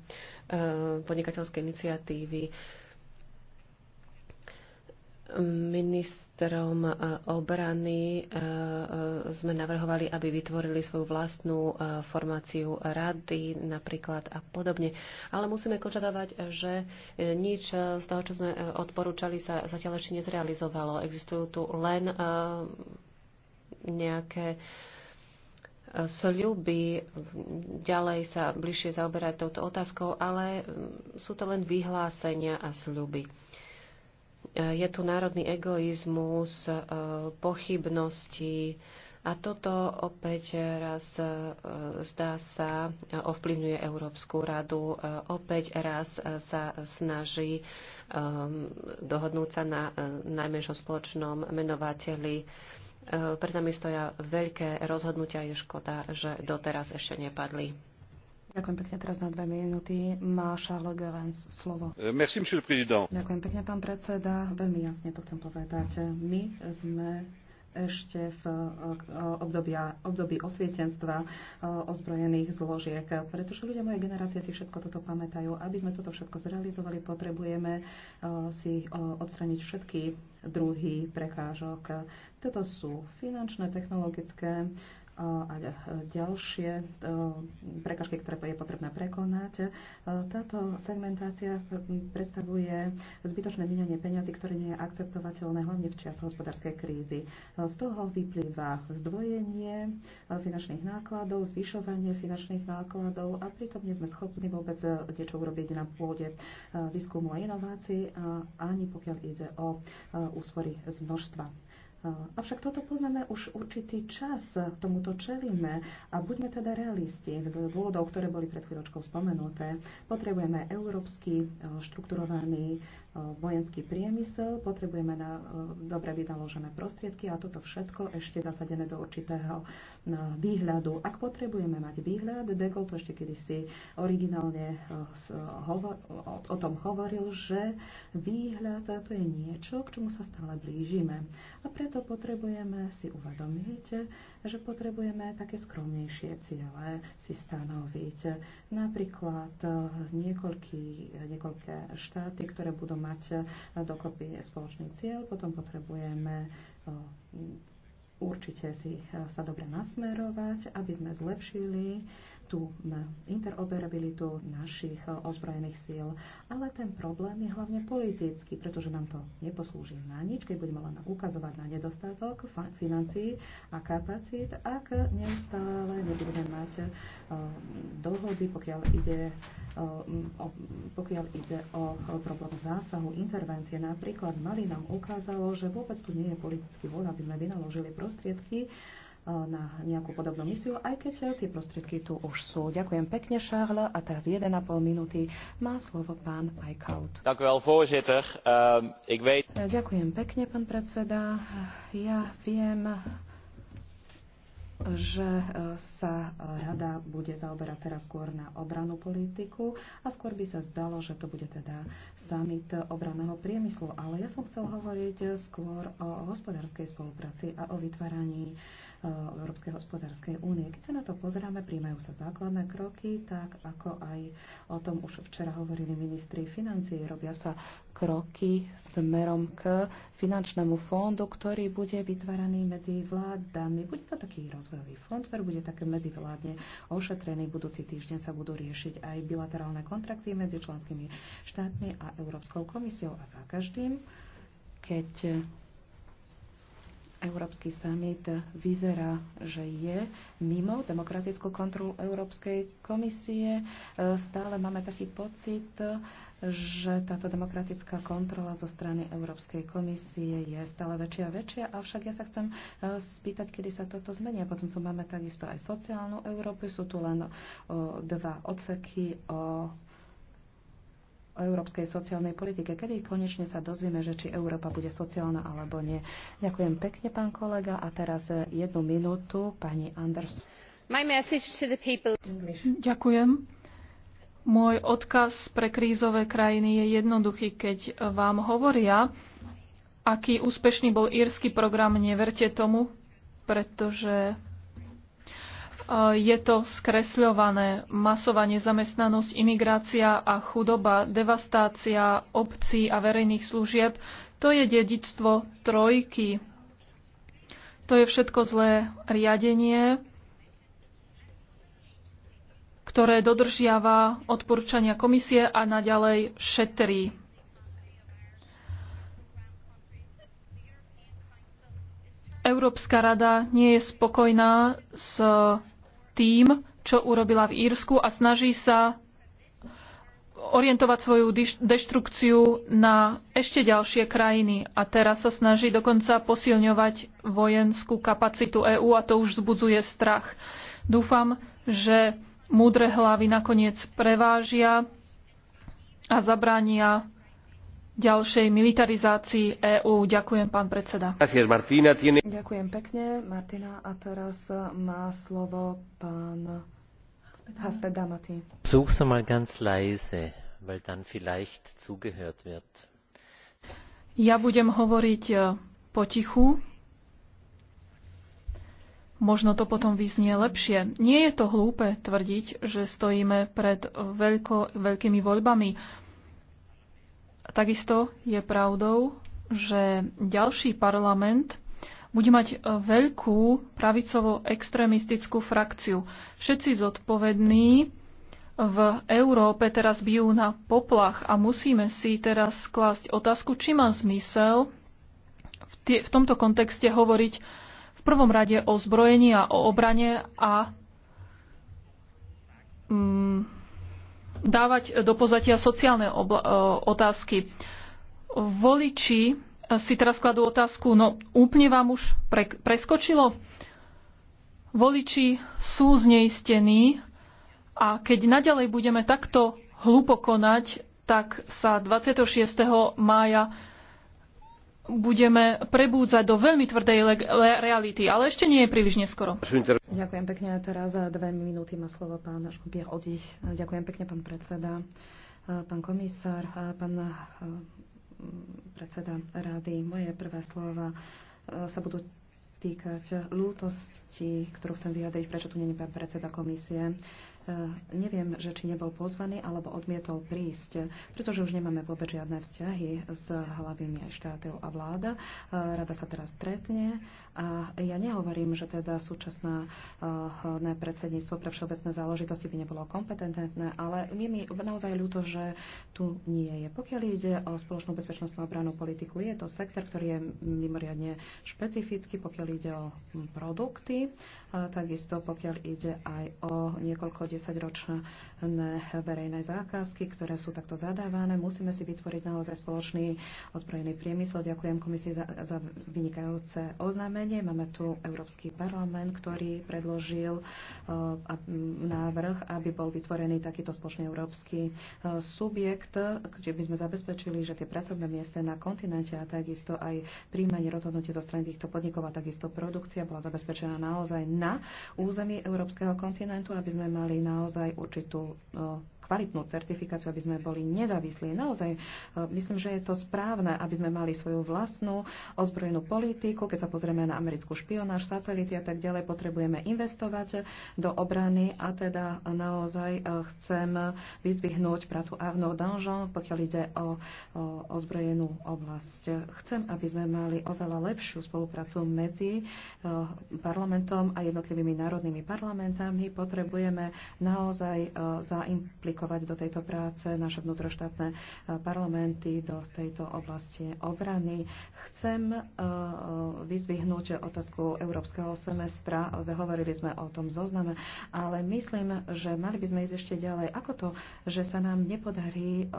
podnikateľské iniciatívy. Minister ministrom e, obrany e, e, sme navrhovali, aby vytvorili svoju vlastnú formáciu rady napríklad a podobne. Ale musíme konštatovať, že nič z toho, čo sme odporúčali, sa zatiaľ ešte nezrealizovalo. Existujú tu len nejaké sľuby, ďalej sa bližšie zaoberať touto otázkou, ale sú to len vyhlásenia a sľuby. Je tu národný egoizmus, e, pochybnosti a toto opäť raz e, zdá sa ovplyvňuje Európsku radu, e, opäť raz sa snaží dohodnúť sa na najmenšom spoločnom menovateli. Pred nami stoja veľké rozhodnutia, je škoda, že doteraz ešte nepadli. Ďakujem pekne teraz na dve minúty. Má Charles Gavens slovo. Eh, merci, monsieur le président. Ďakujem pekne, pán predseda. Veľmi jasne to chcem povedať. My sme ešte v eh, obdobia, období osvietenstva eh, ozbrojených zložiek. Pretože ľudia mojej generácie si všetko toto pamätajú. Aby sme toto všetko zrealizovali, potrebujeme si odstraniť všetky druhy prekážok. Toto sú finančné, technologické, a ďalšie e, prekažky, ktoré je potrebné prekonať. E, táto segmentácia predstavuje zbytočné minenie peňazí, ktoré nie je akceptovateľné hlavne v čas hospodárskej krízy. E, z toho vyplýva zdvojenie finančných nákladov, zvyšovanie finančných nákladov a pritom nie sme schopní vôbec niečo urobiť na pôde výskumu a inovácií, ani pokiaľ ide o úspory z množstva. Avšak toto poznáme už určitý čas, tomuto čelíme a buďme teda realisti z dôvodov, ktoré boli pred chvíľočkou spomenuté. Potrebujeme európsky e, štrukturovaný E, vojenský priemysel, potrebujeme na e, dobre vynaložené prostriedky a toto všetko ešte zasadené do určitého e, výhľadu. Ak potrebujeme mať výhľad, De Gaulle to ešte kedysi originálne o tom hovoril, že výhľad to je niečo, k čomu sa stále blížime. A preto potrebujeme si uvedomiť, že potrebujeme také skromnejšie ciele si stanoviť. Napríklad eh, niekoľký, niekoľké štáty, ktoré budú mať eh, dokopy spoločný cieľ, potom potrebujeme eh, určite si sa dobre nasmerovať, aby sme zlepšili tu na interoperabilitu našich eh, ozbrojených síl. Ale ten problém je hlavne politický, pretože nám to neposlúži na nič, keď budeme len ukazovať na nedostatok financií a kapacít, ak neustále nebudeme mať eh, dohody, pokiaľ ide eh, o, pokiaľ ide o problém zásahu, intervencie. Napríklad Mali nám ukázalo, že vôbec tu nie je politický vôľ, aby sme vynaložili prostriedky Eh, na nejakú podobnú misiu, aj keď eh, tie prostriedky tu už sú. Ďakujem pekne, Charles. A teraz 1,5 minúty má slovo pán Eichhout. Ehm, eh, ďakujem pekne, pán predseda. Ja viem, že sa rada bude zaoberať teraz skôr na obranú politiku a skôr by sa zdalo, že to bude teda summit obraného priemyslu. Ale ja som chcel hovoriť skôr o hospodárskej spolupráci a o vytváraní uh, Eh, Európskej hospodárskej únie. Keď sa na to pozeráme, príjmajú sa základné kroky, tak ako aj o tom už včera hovorili ministri financií, robia sa kroky smerom k finančnému fondu, ktorý bude vytváraný medzi vládami. Bude to taký rozvojový fond, ktorý bude také medzivládne ošetrený. Budúci týždeň sa budú riešiť aj bilaterálne kontrakty medzi členskými štátmi a Európskou komisiou a za každým, keď Európsky summit vyzerá, že je mimo demokratickú kontrolu Európskej komisie. E, stále máme taký pocit, že táto demokratická kontrola zo strany Európskej komisie je stále väčšia a väčšia, avšak ja sa chcem e, spýtať, kedy sa toto zmenia. Potom tu máme takisto aj sociálnu Európu, sú tu len dva odseky o o európskej sociálnej politike. Kedy konečne sa dozvieme, že či Európa bude sociálna alebo nie. Ďakujem pekne, pán kolega. A teraz eh, jednu minútu, pani Anders. My message to the people. Ďakujem. Môj odkaz pre krízové krajiny je jednoduchý. Keď eh, vám hovoria, aký úspešný bol írsky program, neverte tomu, pretože je to skresľované. Masová nezamestnanosť, imigrácia a chudoba, devastácia obcí a verejných služieb, to je dedičstvo trojky. To je všetko zlé riadenie, ktoré dodržiava odporúčania komisie a naďalej šetrí. Európska rada nie je spokojná s tým, čo urobila v Írsku a snaží sa orientovať svoju deštrukciu na ešte ďalšie krajiny a teraz sa snaží dokonca posilňovať vojenskú kapacitu EÚ a to už zbudzuje strach. Dúfam, že múdre hlavy nakoniec prevážia a zabránia ďalšej militarizácii EÚ. Ďakujem, pán predseda. Ďakujem pekne, Martina. A teraz má slovo pán Hasped Damati. mal ganz leise, weil dann vielleicht zugehört wird. Ja budem hovoriť e, potichu. Možno to potom vyznie lepšie. Nie je to hlúpe tvrdiť, že stojíme pred veľko, veľkými voľbami Takisto je pravdou, že ďalší parlament bude mať veľkú pravicovo extremistickú frakciu. Všetci zodpovední v Európe teraz bijú na poplach a musíme si teraz klásť otázku, či má zmysel v, tie, v tomto kontexte hovoriť v prvom rade o zbrojení a o obrane a mm, dávať do pozatia sociálne e, otázky. Voliči si teraz kladú otázku, no úplne vám už pre- preskočilo? Voliči sú zneistení a keď naďalej budeme takto hlupo konať, tak sa 26. mája budeme prebúdzať do veľmi tvrdej reality, ale ešte nie je príliš neskoro. Ďakujem pekne. Teraz za dve minúty má slovo pán Škubier Odich. Ďakujem pekne, pán predseda, pán komisár, pán predseda rady. Moje prvé slova sa budú týkať lútosti, ktorú chcem vyjadriť, prečo tu nie je predseda komisie. E, neviem, že či nebol pozvaný alebo odmietol prísť, pretože už nemáme vôbec žiadne vzťahy s hlavami štátov a vláda. E, rada sa teraz stretne a ja nehovorím, že teda súčasné uh, eh, predsedníctvo pre všeobecné záležitosti by nebolo kompetentné, ale je mi naozaj ľúto, že tu nie je. Pokiaľ ide o spoločnú bezpečnostnú obranú politiku, je to sektor, ktorý je mimoriadne špecifický, pokiaľ ide o produkty, uh, takisto pokiaľ ide aj o niekoľko desaťročné verejné zákazky, ktoré sú takto zadávané. Musíme si vytvoriť naozaj spoločný ozbrojený priemysel. Ďakujem komisii za, za vynikajúce oznámenie strane máme tu Európsky parlament, ktorý predložil e, návrh, aby bol vytvorený takýto spoločný európsky e, subjekt, kde by sme zabezpečili, že tie pracovné miesta na kontinente a takisto aj príjmanie rozhodnutie zo strany týchto podnikov a takisto produkcia bola zabezpečená naozaj na území európskeho kontinentu, aby sme mali naozaj určitú e, kvalitnú certifikáciu, aby sme boli nezávislí. Naozaj e, myslím, že je to správne, aby sme mali svoju vlastnú ozbrojenú politiku. Keď sa pozrieme na americkú špionáž, satelity a tak ďalej, potrebujeme investovať do obrany a teda naozaj e, chcem vyzdvihnúť prácu Arnaud Danjon, pokiaľ ide o, o ozbrojenú oblasť. Chcem, aby sme mali oveľa lepšiu spoluprácu medzi e, parlamentom a jednotlivými národnými parlamentami. Potrebujeme naozaj zaimplikovať aplikovať do tejto práce naše vnútroštátne e, parlamenty do tejto oblasti obrany. Chcem e, e, vyzdvihnúť otázku európskeho semestra. Hovorili sme o tom zozname, ale myslím, že mali by sme ísť ešte ďalej. Ako to, že sa nám nepodarí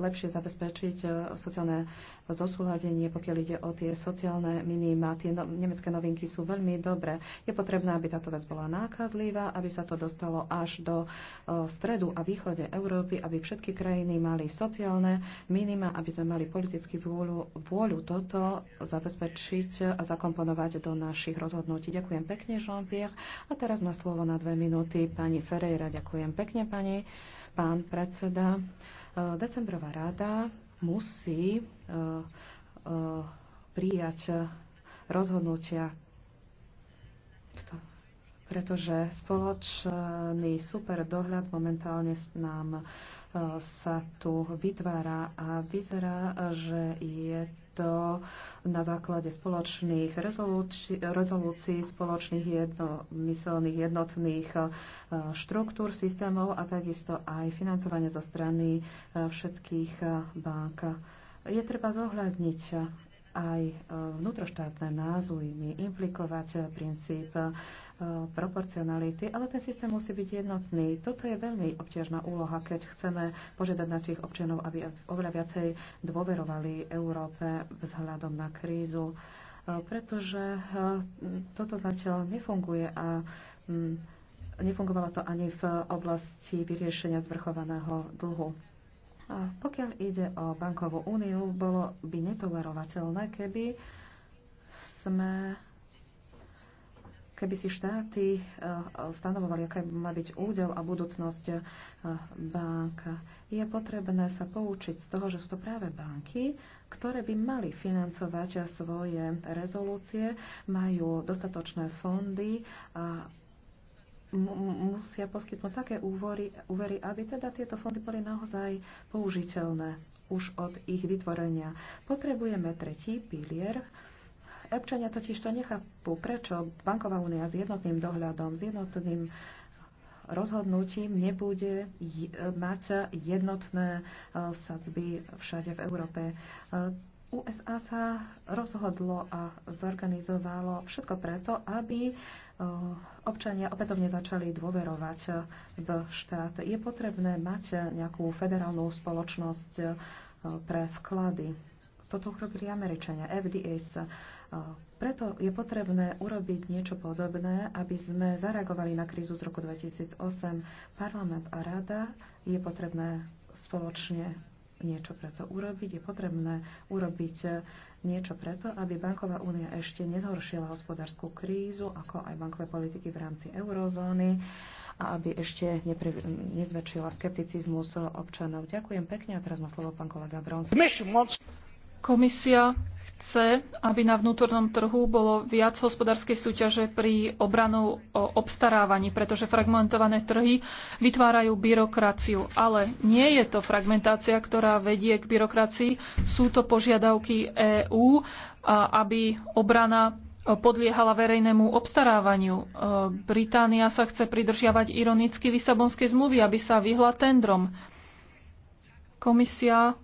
lepšie zabezpečiť sociálne zosúladenie, pokiaľ ide o tie sociálne minima. Tie no, nemecké novinky sú veľmi dobré. Je potrebné, aby táto vec bola nákazlivá, aby sa to dostalo až do stredu a východe Európy, aby všetky krajiny mali sociálne minima, aby sme mali politický vôľu, vôľu toto zabezpečiť a zakomponovať do našich rozhodnutí. Ďakujem pekne, Jean-Pierre. A teraz má slovo na dve minúty pani Ferreira. Ďakujem pekne, pani, pán predseda. E, decembrová rada musí e, e, prijať rozhodnutia pretože spoločný super dohľad momentálne nám e, sa tu vytvára a vyzerá, že je to na základe spoločných rezolúcií, rezolúcií, spoločných jednomyselných jednotných e, štruktúr, systémov a takisto aj financovanie zo strany e, všetkých bank. Je treba zohľadniť aj vnútroštátne názvy, implikovať princíp Eh, proporcionality, ale ten systém musí byť jednotný. Toto je veľmi obťažná úloha, keď chceme požiadať našich občanov, aby oveľa viacej dôverovali Európe vzhľadom na krízu, eh, pretože eh, toto zatiaľ nefunguje a mm, nefungovalo to ani v oblasti vyriešenia zvrchovaného dlhu. A pokiaľ ide o bankovú úniu, bolo by netolerovateľné, keby sme Keby si štáty eh, stanovovali, aká má byť údel a budúcnosť eh, banka, je potrebné sa poučiť z toho, že sú to práve banky, ktoré by mali financovať svoje rezolúcie, majú dostatočné fondy a musia poskytnúť také úvory, úvery, aby teda tieto fondy boli naozaj použiteľné už od ich vytvorenia. Potrebujeme tretí pilier, Občania totiž to nechápu, prečo Banková únia s jednotným dohľadom, s jednotným rozhodnutím nebude mať jednotné e, sadzby všade v Európe. E, USA sa rozhodlo a zorganizovalo všetko preto, aby e, občania opätovne začali dôverovať v štát. Je potrebné mať nejakú federálnu spoločnosť pre vklady. Toto urobili Američania, FDS preto je potrebné urobiť niečo podobné, aby sme zareagovali na krízu z roku 2008. Parlament a rada je potrebné spoločne niečo preto urobiť. Je potrebné urobiť niečo preto, aby banková únia ešte nezhoršila hospodárskú krízu, ako aj bankové politiky v rámci eurozóny a aby ešte nezväčšila skepticizmus občanov. Ďakujem pekne a teraz má slovo pán kolega Brons. Komisia chce, aby na vnútornom trhu bolo viac hospodárskej súťaže pri obranu o obstarávaní, pretože fragmentované trhy vytvárajú byrokraciu. Ale nie je to fragmentácia, ktorá vedie k byrokracii. Sú to požiadavky EÚ, aby obrana podliehala verejnému obstarávaniu. E, Británia sa chce pridržiavať ironicky Lisabonskej zmluvy, aby sa vyhla tendrom. Komisia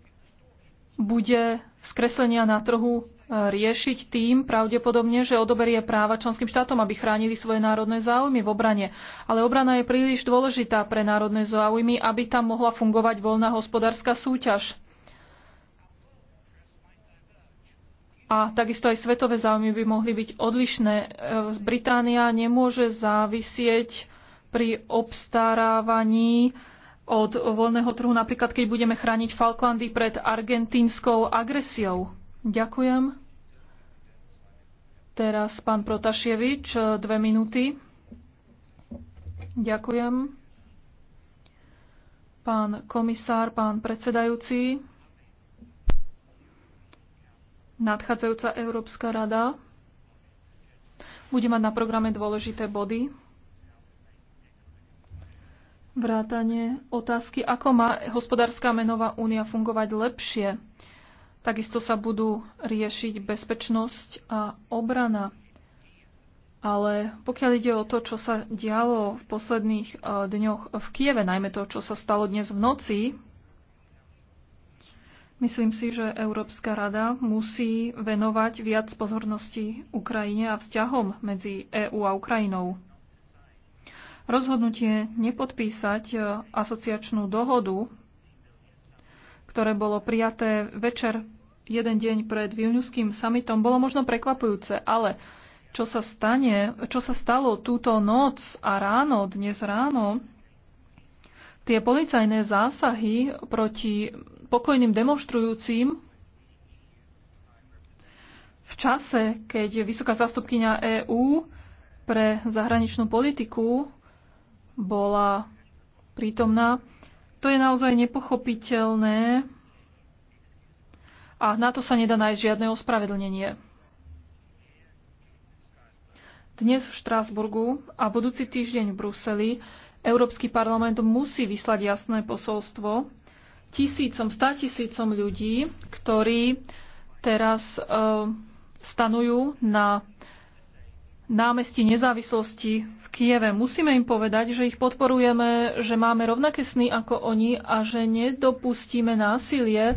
bude skreslenia na trhu e, riešiť tým pravdepodobne, že odoberie práva členským štátom, aby chránili svoje národné záujmy v obrane. Ale obrana je príliš dôležitá pre národné záujmy, aby tam mohla fungovať voľná hospodárska súťaž. A takisto aj svetové záujmy by mohli byť odlišné. E, Británia nemôže závisieť pri obstarávaní od voľného trhu, napríklad keď budeme chrániť Falklandy pred argentínskou agresiou. Ďakujem. Teraz pán Protaševič, dve minúty. Ďakujem. Pán komisár, pán predsedajúci, nadchádzajúca Európska rada bude mať na programe dôležité body. Vrátanie otázky, ako má hospodárska menová únia fungovať lepšie. Takisto sa budú riešiť bezpečnosť a obrana. Ale pokiaľ ide o to, čo sa dialo v posledných e, dňoch v Kieve, najmä to, čo sa stalo dnes v noci, myslím si, že Európska rada musí venovať viac pozornosti Ukrajine a vzťahom medzi EÚ a Ukrajinou. Rozhodnutie nepodpísať e, asociačnú dohodu, ktoré bolo prijaté večer jeden deň pred Vilniuským samitom, bolo možno prekvapujúce, ale čo sa, stane, čo sa stalo túto noc a ráno, dnes ráno, tie policajné zásahy proti pokojným demonstrujúcim v čase, keď vysoká zastupkynia EÚ pre zahraničnú politiku bola prítomná. To je naozaj nepochopiteľné a na to sa nedá nájsť žiadne ospravedlnenie. Dnes v Štrásburgu a budúci týždeň v Bruseli Európsky parlament musí vyslať jasné posolstvo tisícom, statisícom ľudí, ktorí teraz e, stanujú na námestí nezávislosti v Kieve. Musíme im povedať, že ich podporujeme, že máme rovnaké sny ako oni a že nedopustíme násilie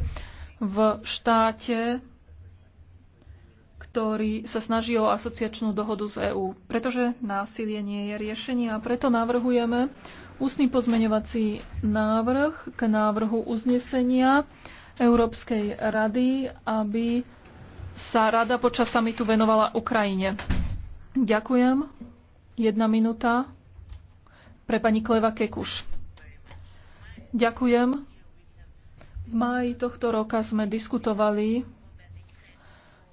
v štáte, ktorý sa snaží o asociačnú dohodu z EÚ, pretože násilie nie je riešenie a preto navrhujeme ústny pozmeňovací návrh k návrhu uznesenia Európskej rady, aby sa rada počas samitu venovala Ukrajine. Ďakujem. Jedna minúta pre pani Kleva Kekuš. Ďakujem. V máji tohto roka sme diskutovali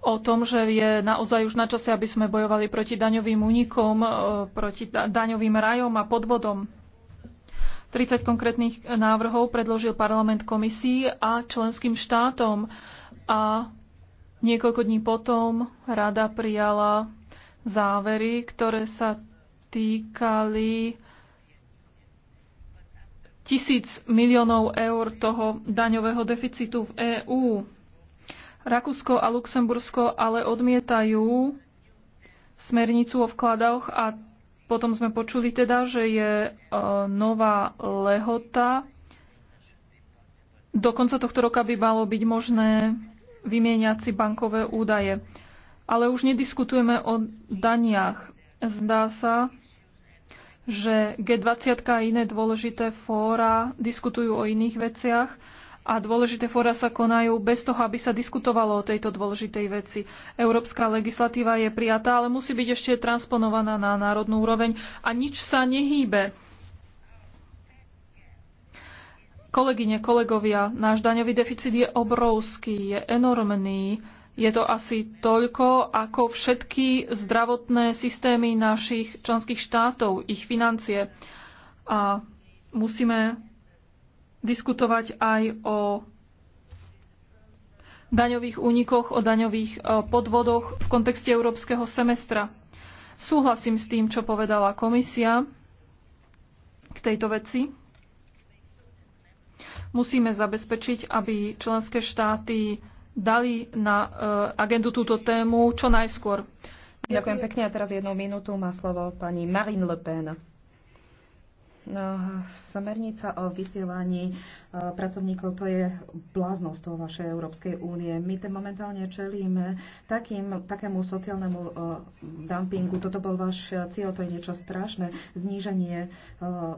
o tom, že je naozaj už na čase, aby sme bojovali proti daňovým únikom, e, proti daňovým rajom a podvodom. 30 konkrétnych návrhov predložil parlament komisii a členským štátom a niekoľko dní potom rada prijala závery, ktoré sa týkali tisíc miliónov eur toho daňového deficitu v EÚ. Rakúsko a Luxembursko ale odmietajú smernicu o vkladoch a potom sme počuli teda, že je e, nová lehota. Do konca tohto roka by malo byť možné vymieňať si bankové údaje. Ale už nediskutujeme o daniach. Zdá sa, že G20 a iné dôležité fóra diskutujú o iných veciach a dôležité fóra sa konajú bez toho, aby sa diskutovalo o tejto dôležitej veci. Európska legislatíva je prijatá, ale musí byť ešte transponovaná na národnú úroveň a nič sa nehýbe. Kolegyne, kolegovia, náš daňový deficit je obrovský, je enormný. Je to asi toľko ako všetky zdravotné systémy našich členských štátov, ich financie. A musíme diskutovať aj o daňových únikoch, o daňových e, podvodoch v kontexte európskeho semestra. Súhlasím s tým, čo povedala komisia k tejto veci. Musíme zabezpečiť, aby členské štáty dali na eh, agendu túto tému čo najskôr. Ďakujem pekne a teraz jednu minútu má slovo pani Marine Le Pen. No, smernica o vysielaní E, pracovníkov, to je bláznost toho vašej Európskej únie. My ten momentálne čelíme takým, takému sociálnemu e, dumpingu. Toto bol váš cieľ, to je niečo strašné. Zníženie e,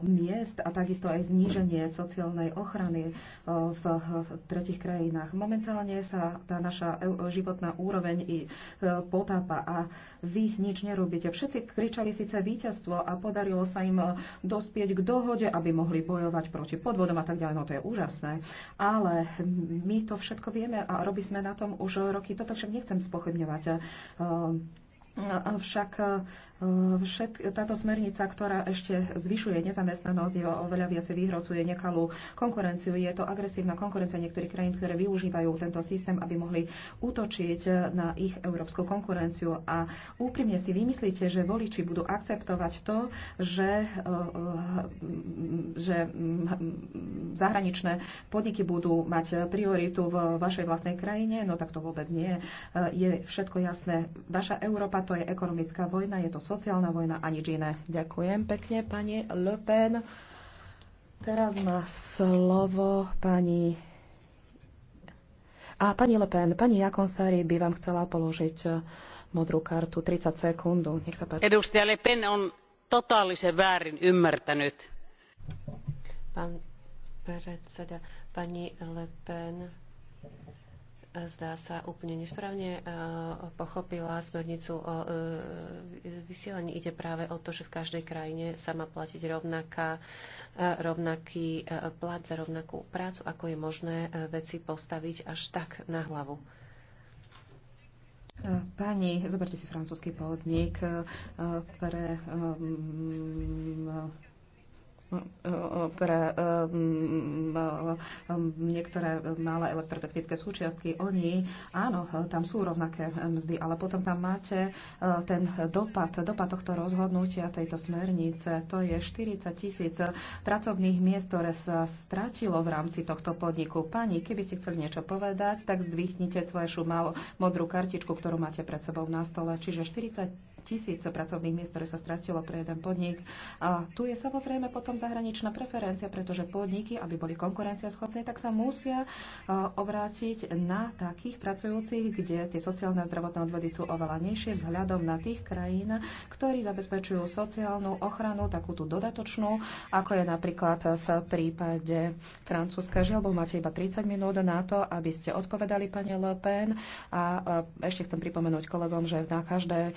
miest a takisto aj zníženie sociálnej ochrany v tretich krajinách. Momentálne sa tá naša životná úroveň i potápa a vy nič nerobíte. Všetci kričali síce víťazstvo a podarilo sa im dospieť k dohode, aby mohli bojovať proti podvodom a tak ďalej. No to je úžasné, ale my to všetko vieme a robí sme na tom už roky. Toto však nechcem spochybňovať. Ehm, však Všet, táto smernica, ktorá ešte zvyšuje nezamestnanosť, je oveľa viacej vyhrocuje nekalú konkurenciu. Je to agresívna konkurencia niektorých krajín, ktoré využívajú tento systém, aby mohli útočiť na ich európsku konkurenciu. A úprimne si vymyslíte, že voliči budú akceptovať to, že, eh, že hm, zahraničné podniky budú mať prioritu v vašej vlastnej krajine? No tak to vôbec nie. Eh, je všetko jasné. Vaša Európa to je ekonomická vojna, je to sociálna vojna a nič iné. Ďakujem pekne, pani Le Pen. Teraz má slovo pani... A pani Le Pen, pani Jakonsari by vám chcela položiť e, modrú kartu 30 sekúnd. Nech sa páči. Edustia Le Pen on totálise väärin ymmärtänyt. Pán predseda, pani Le Pen zdá sa, úplne nesprávne e, pochopila smernicu o e, vysielaní. Ide práve o to, že v každej krajine sa má platiť rovnaká, e, rovnaký plat za rovnakú prácu, ako je možné veci postaviť až tak na hlavu. Pani, zoberte si francúzsky pôvodník pre um, pre um, um, niektoré malé elektrotechnické súčiastky, oni, áno, tam sú rovnaké mzdy, ale potom tam máte uh, ten dopad, dopad tohto rozhodnutia, tejto smernice, to je 40 tisíc pracovných miest, ktoré sa stratilo v rámci tohto podniku. Pani, keby ste chceli niečo povedať, tak zdvihnite svoju modrú kartičku, ktorú máte pred sebou na stole, čiže 40 tisíce pracovných miest, ktoré sa stratilo pre jeden podnik. A tu je samozrejme potom zahraničná preferencia, pretože podniky, aby boli konkurencieschopné, tak sa musia obrátiť na takých pracujúcich, kde tie sociálne a zdravotné odvody sú oveľa nižšie vzhľadom na tých krajín, ktorí zabezpečujú sociálnu ochranu, takú tú dodatočnú, ako je napríklad v prípade Francúzska. Žiaľ, bo máte iba 30 minút na to, aby ste odpovedali, pani Le Pen. A ešte chcem pripomenúť kolegom, že na každé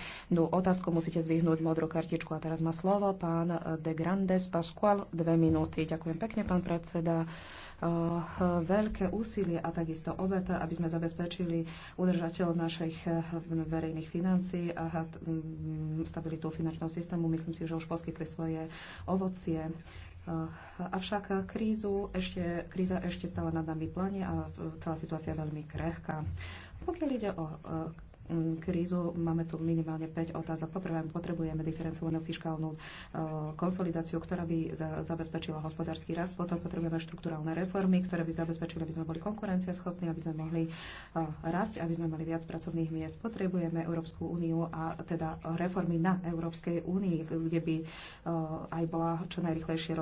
otázku, musíte zvyhnúť modrú kartičku. A teraz má slovo pán eh, De Grandes Pascual, dve minúty. Ďakujem pekne, pán predseda eh, veľké úsilie a takisto obeta, aby sme zabezpečili udržateľ našich eh, verejných financií a hm, stabilitu finančného systému. Myslím si, že už poskytli svoje ovocie. Avšak krízu ešte, kríza ešte stále nad nami plane a celá situácia je veľmi krehká. Pokiaľ ide o krízu. Máme tu minimálne 5 otázok. Poprvé, potrebujeme diferencovanú fiskálnu e, konsolidáciu, ktorá by zabezpečila hospodársky rast. Potom potrebujeme štruktúralne reformy, ktoré by zabezpečili, aby sme boli konkurencieschopní, aby sme mohli e, rásť, aby sme mali viac pracovných miest. Potrebujeme Európsku úniu a teda reformy na Európskej únii, kde by e, aj bola čo najrychlejšie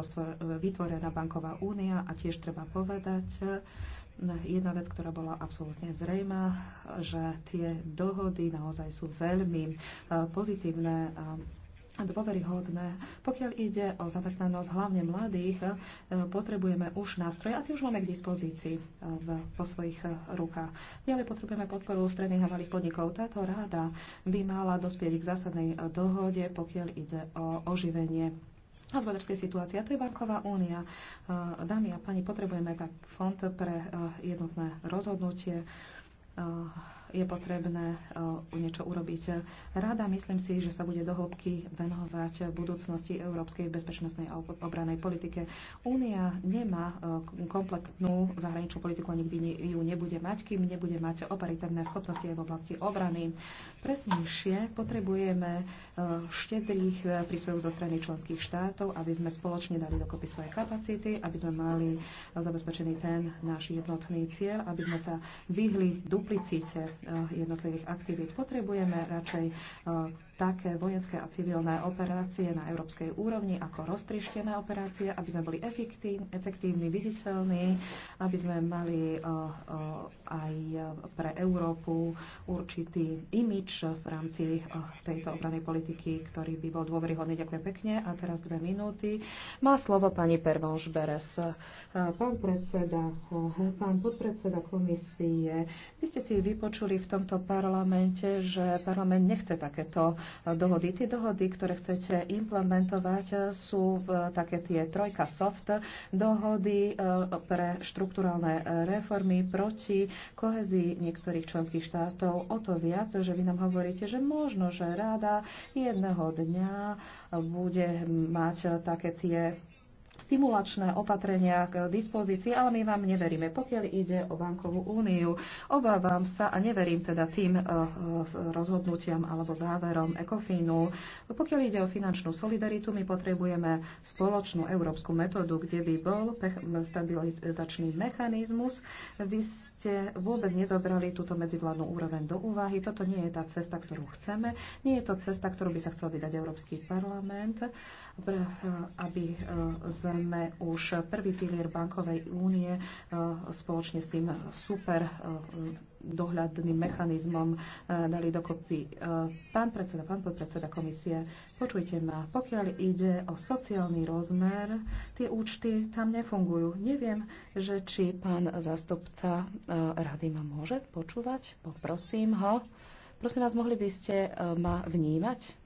vytvorená banková únia. A tiež treba povedať, jedna vec, ktorá bola absolútne zrejmá, že tie dohody naozaj sú veľmi e, pozitívne a dôveryhodné. Pokiaľ ide o zamestnanosť hlavne mladých, e, potrebujeme už nástroje a tie už máme k dispozícii e, v, vo svojich rukách. Ďalej potrebujeme podporu stredných a malých podnikov. Táto rada by mala dospieť k zásadnej dohode, pokiaľ ide o oživenie hospodárskej situácii. A to je Banková únia. E, dámy a pani, potrebujeme tak fond pre e, jednotné rozhodnutie e, je potrebné e, niečo urobiť. Rada, myslím si, že sa bude dohlbky venovať v budúcnosti európskej bezpečnostnej a obranej politike. Únia nemá e, kompletnú zahraničnú politiku a nikdy ju nebude mať, kým nebude mať operatívne schopnosti aj v oblasti obrany. Presnejšie potrebujeme e, štedrých príspevok zo strany členských štátov, aby sme spoločne dali dokopy svoje kapacity, aby sme mali zabezpečený ten náš jednotný cieľ, aby sme sa vyhli duplicite jednotlivých aktivít. Potrebujeme radšej také vojenské a civilné operácie na európskej úrovni ako roztrištené operácie, aby sme boli efektívni, efektívni viditeľní, aby sme mali eh, eh, aj pre Európu určitý imič v rámci eh, tejto obranej politiky, ktorý by bol dôveryhodný. Ďakujem pekne. A teraz dve minúty. Má slovo pani Pervonš Beres. Pán predseda, pán podpredseda komisie, vy ste si vypočuli v tomto parlamente, že parlament nechce takéto dohody. Tie dohody, ktoré chcete implementovať, sú také tie trojka soft dohody e, pre štruktúralne reformy proti kohezii niektorých členských štátov. O to viac, že vy nám hovoríte, že možno, že rada jedného dňa bude mať také tie stimulačné opatrenia k dispozícii, ale my vám neveríme, pokiaľ ide o bankovú úniu. Obávam sa a neverím teda tým eh, eh, rozhodnutiam alebo záverom ECOFINu. Pokiaľ ide o finančnú solidaritu, my potrebujeme spoločnú európsku metódu, kde by bol stabilizačný mechanizmus, vys- ste vôbec nezobrali túto medzivládnu úroveň do úvahy. Toto nie je tá cesta, ktorú chceme. Nie je to cesta, ktorú by sa chcel vydať Európsky parlament, eh, aby eh, sme už prvý pilier bankovej únie eh, spoločne s tým super dohľadným mechanizmom e, dali dokopy. E, pán predseda, pán podpredseda komisie, počujte ma, pokiaľ ide o sociálny rozmer, tie účty tam nefungujú. Neviem, že či pán zastupca e, rady ma môže počúvať. Poprosím ho. Prosím vás, mohli by ste ma vnímať?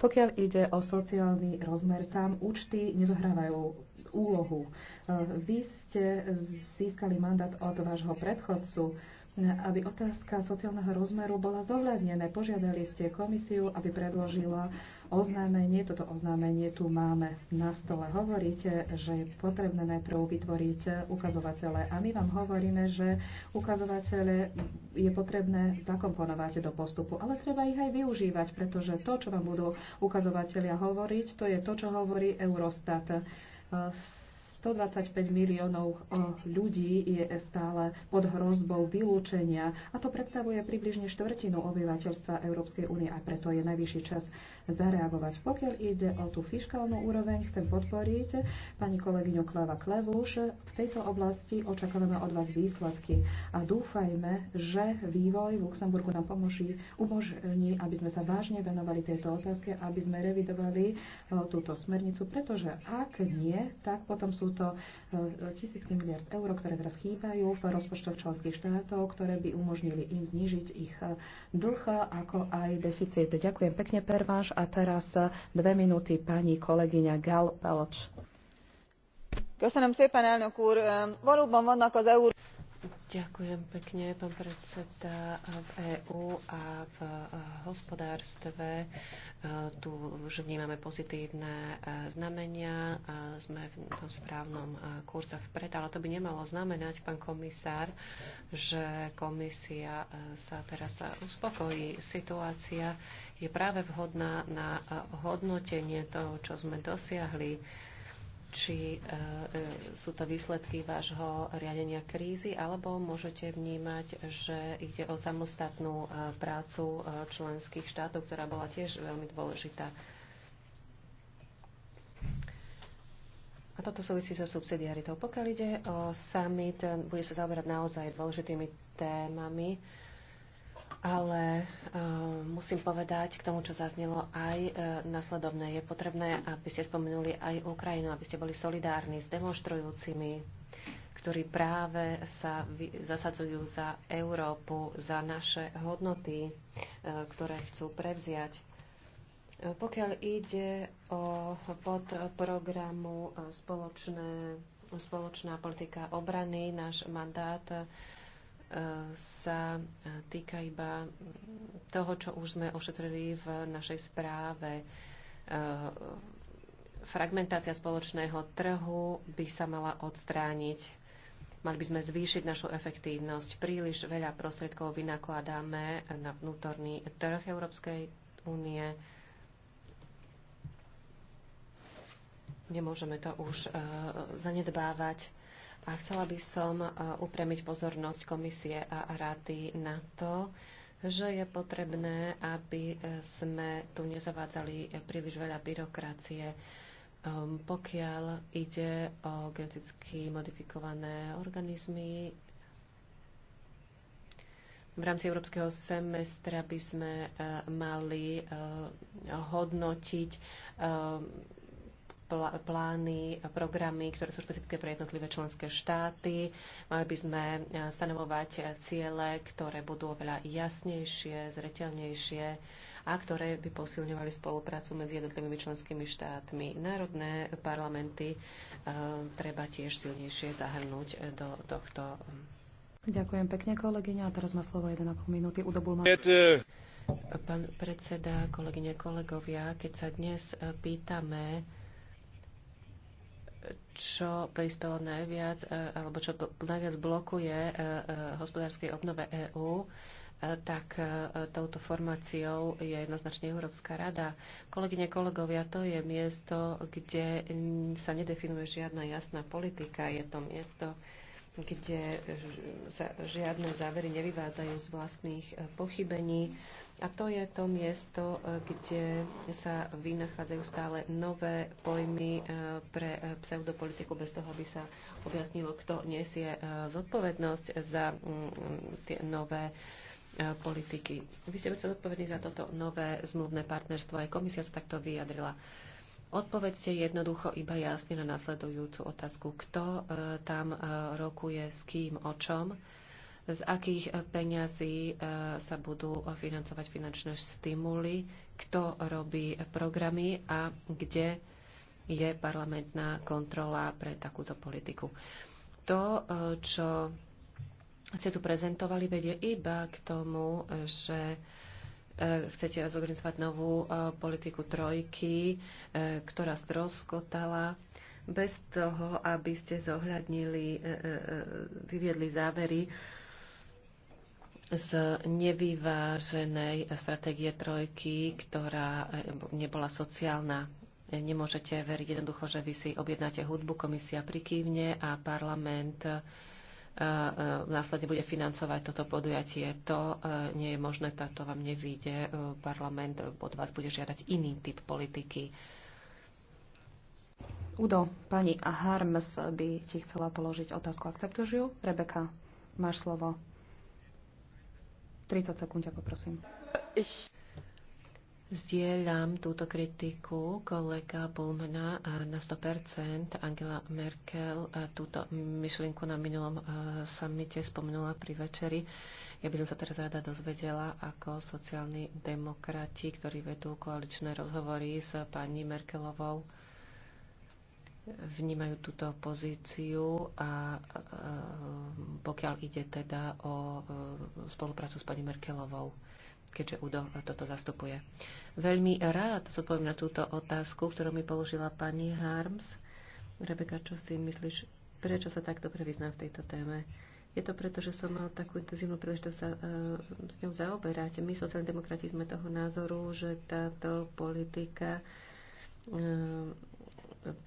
Pokiaľ ide o sociálny rozmer, tam účty nezohrávajú úlohu. Vy ste získali mandát od vášho predchodcu aby otázka sociálneho rozmeru bola zohľadnená. Požiadali ste komisiu, aby predložila oznámenie. Toto oznámenie tu máme na stole. Hovoríte, že je potrebné najprv vytvoriť ukazovatele a my vám hovoríme, že ukazovatele je potrebné zakomponovať do postupu, ale treba ich aj využívať, pretože to, čo vám budú ukazovateľia hovoriť, to je to, čo hovorí Eurostat 125 miliónov eh, ľudí je stále pod hrozbou vylúčenia a to predstavuje približne štvrtinu obyvateľstva Európskej únie a preto je najvyšší čas zareagovať. Pokiaľ ide o tú fiskálnu úroveň, chcem podporiť pani kolegyňu Kleva Klevuš. V tejto oblasti očakávame od vás výsledky a dúfajme, že vývoj v Luxemburgu nám pomôže umožní, aby sme sa vážne venovali tejto otázke, aby sme revidovali eh, túto smernicu, pretože ak nie, tak potom sú to e, tisícky miliard eur, ktoré teraz chýbajú v rozpočtoch členských štátov, ktoré by umožnili im znížiť ich e, dlh, ako aj deficit. Ďakujem pekne, Perváš. A teraz e, dve minúty pani kolegyňa Gal Peloč. Köszönöm szépen, elnök úr. Valóban vannak az EU... Ďakujem pekne, pán predseda. V EÚ a v e, hospodárstve e, tu už vnímame pozitívne e, znamenia, sme v tom správnom kurze vpred, ale to by nemalo znamenať, pán komisár, že komisia sa teraz uspokojí. Situácia je práve vhodná na hodnotenie toho, čo sme dosiahli či e, e, sú to výsledky vášho riadenia krízy, alebo môžete vnímať, že ide o samostatnú e, prácu členských štátov, ktorá bola tiež veľmi dôležitá. A toto súvisí so subsidiaritou. Pokiaľ ide o summit, bude sa zaoberať naozaj dôležitými témami ale uh, musím povedať k tomu, čo zaznelo aj uh, nasledovné. Je potrebné, aby ste spomenuli aj Ukrajinu, aby ste boli solidárni s demonstrujúcimi, ktorí práve sa vy, zasadzujú za Európu, za naše hodnoty, uh, ktoré chcú prevziať. pokiaľ ide o podprogramu spoločné, spoločná politika obrany, náš mandát uh, sa e, týka iba toho, čo už sme ošetrili v našej správe. E, fragmentácia spoločného trhu by sa mala odstrániť. Mali by sme zvýšiť našu efektívnosť. Príliš veľa prostriedkov vynakladáme na vnútorný trh Európskej únie. Nemôžeme to už e, zanedbávať a chcela by som e, upremiť pozornosť komisie a rady na to, že je potrebné, aby e, sme tu nezavádzali príliš veľa byrokracie, e, pokiaľ ide o geneticky modifikované organizmy. V rámci európskeho semestra by sme mali hodnotiť plány, programy, ktoré sú špecifické pre jednotlivé členské štáty. Mali by sme e, stanovovať ciele, ktoré budú oveľa jasnejšie, zreteľnejšie a ktoré by posilňovali spoluprácu medzi jednotlivými členskými štátmi. Národné parlamenty e, treba tiež silnejšie zahrnúť do tohto. Ďakujem pekne, kolegyňa. A teraz má slovo 1,5 minúty. Udo Bulman. Pán predseda, kolegyne, kolegovia, keď sa dnes e, pýtame, čo prispelo najviac, e, alebo čo najviac blokuje e, e, hospodárskej obnove EÚ, tak touto formáciou je jednoznačne Európska rada. Kolegyne, kolegovia, to je miesto, kde sa nedefinuje žiadna jasná politika. Je to miesto, kde sa žiadne závery nevyvádzajú z vlastných pochybení. A to je to miesto, e, kde sa vynachádzajú stále nové pojmy e, pre e, pseudopolitiku, bez toho, aby sa objasnilo, kto nesie zodpovednosť za mm, mm, tie nové politiky. Vy ste sa zodpovední za toto nové zmluvné partnerstvo. Aj komisia sa takto vyjadrila. Odpovedzte jednoducho iba jasne na nasledujúcu otázku. Kto tam rokuje, s kým, o čom? z akých eh, peňazí eh, sa budú financovať finančné stimuly, kto robí programy a kde je parlamentná kontrola pre takúto politiku. To, eh, čo ste tu prezentovali, vedie iba k tomu, že chcete zorganizovať novú politiku trojky, ktorá stroskotala bez toho, aby ste zohľadnili, vyviedli závery z nevyváženej stratégie trojky, ktorá eh, nebola sociálna. Eh, nemôžete veriť jednoducho, že vy si objednáte hudbu, komisia prikývne a parlament eh, následne bude financovať toto podujatie. To nie je možné, to vám nevíde. Parlament od vás bude žiadať iný typ politiky. Udo, pani Harms by ti chcela položiť otázku. Akceptuješ ju? Rebeka, máš slovo. 30 sekúnd, ja poprosím. Zdieľam túto kritiku kolega Bulmana eh, na 100%. Angela Merkel eh, túto myšlienku na minulom eh, samite spomenula pri večeri. Ja by som sa teraz rada dozvedela, ako sociálni demokrati, ktorí vedú koaličné rozhovory s pani Merkelovou, vnímajú túto pozíciu a pokiaľ ide teda o spoluprácu s pani Merkelovou keďže Udo toto zastupuje. Veľmi rád zodpoviem na túto otázku, ktorú mi položila pani Harms. Rebeka, čo si myslíš, prečo sa tak dobre vyznám v tejto téme? Je to preto, že som mal takú intenzívnu príležitosť sa e, s ňou zaoberať. My, sociálni demokrati, sme toho názoru, že táto politika e,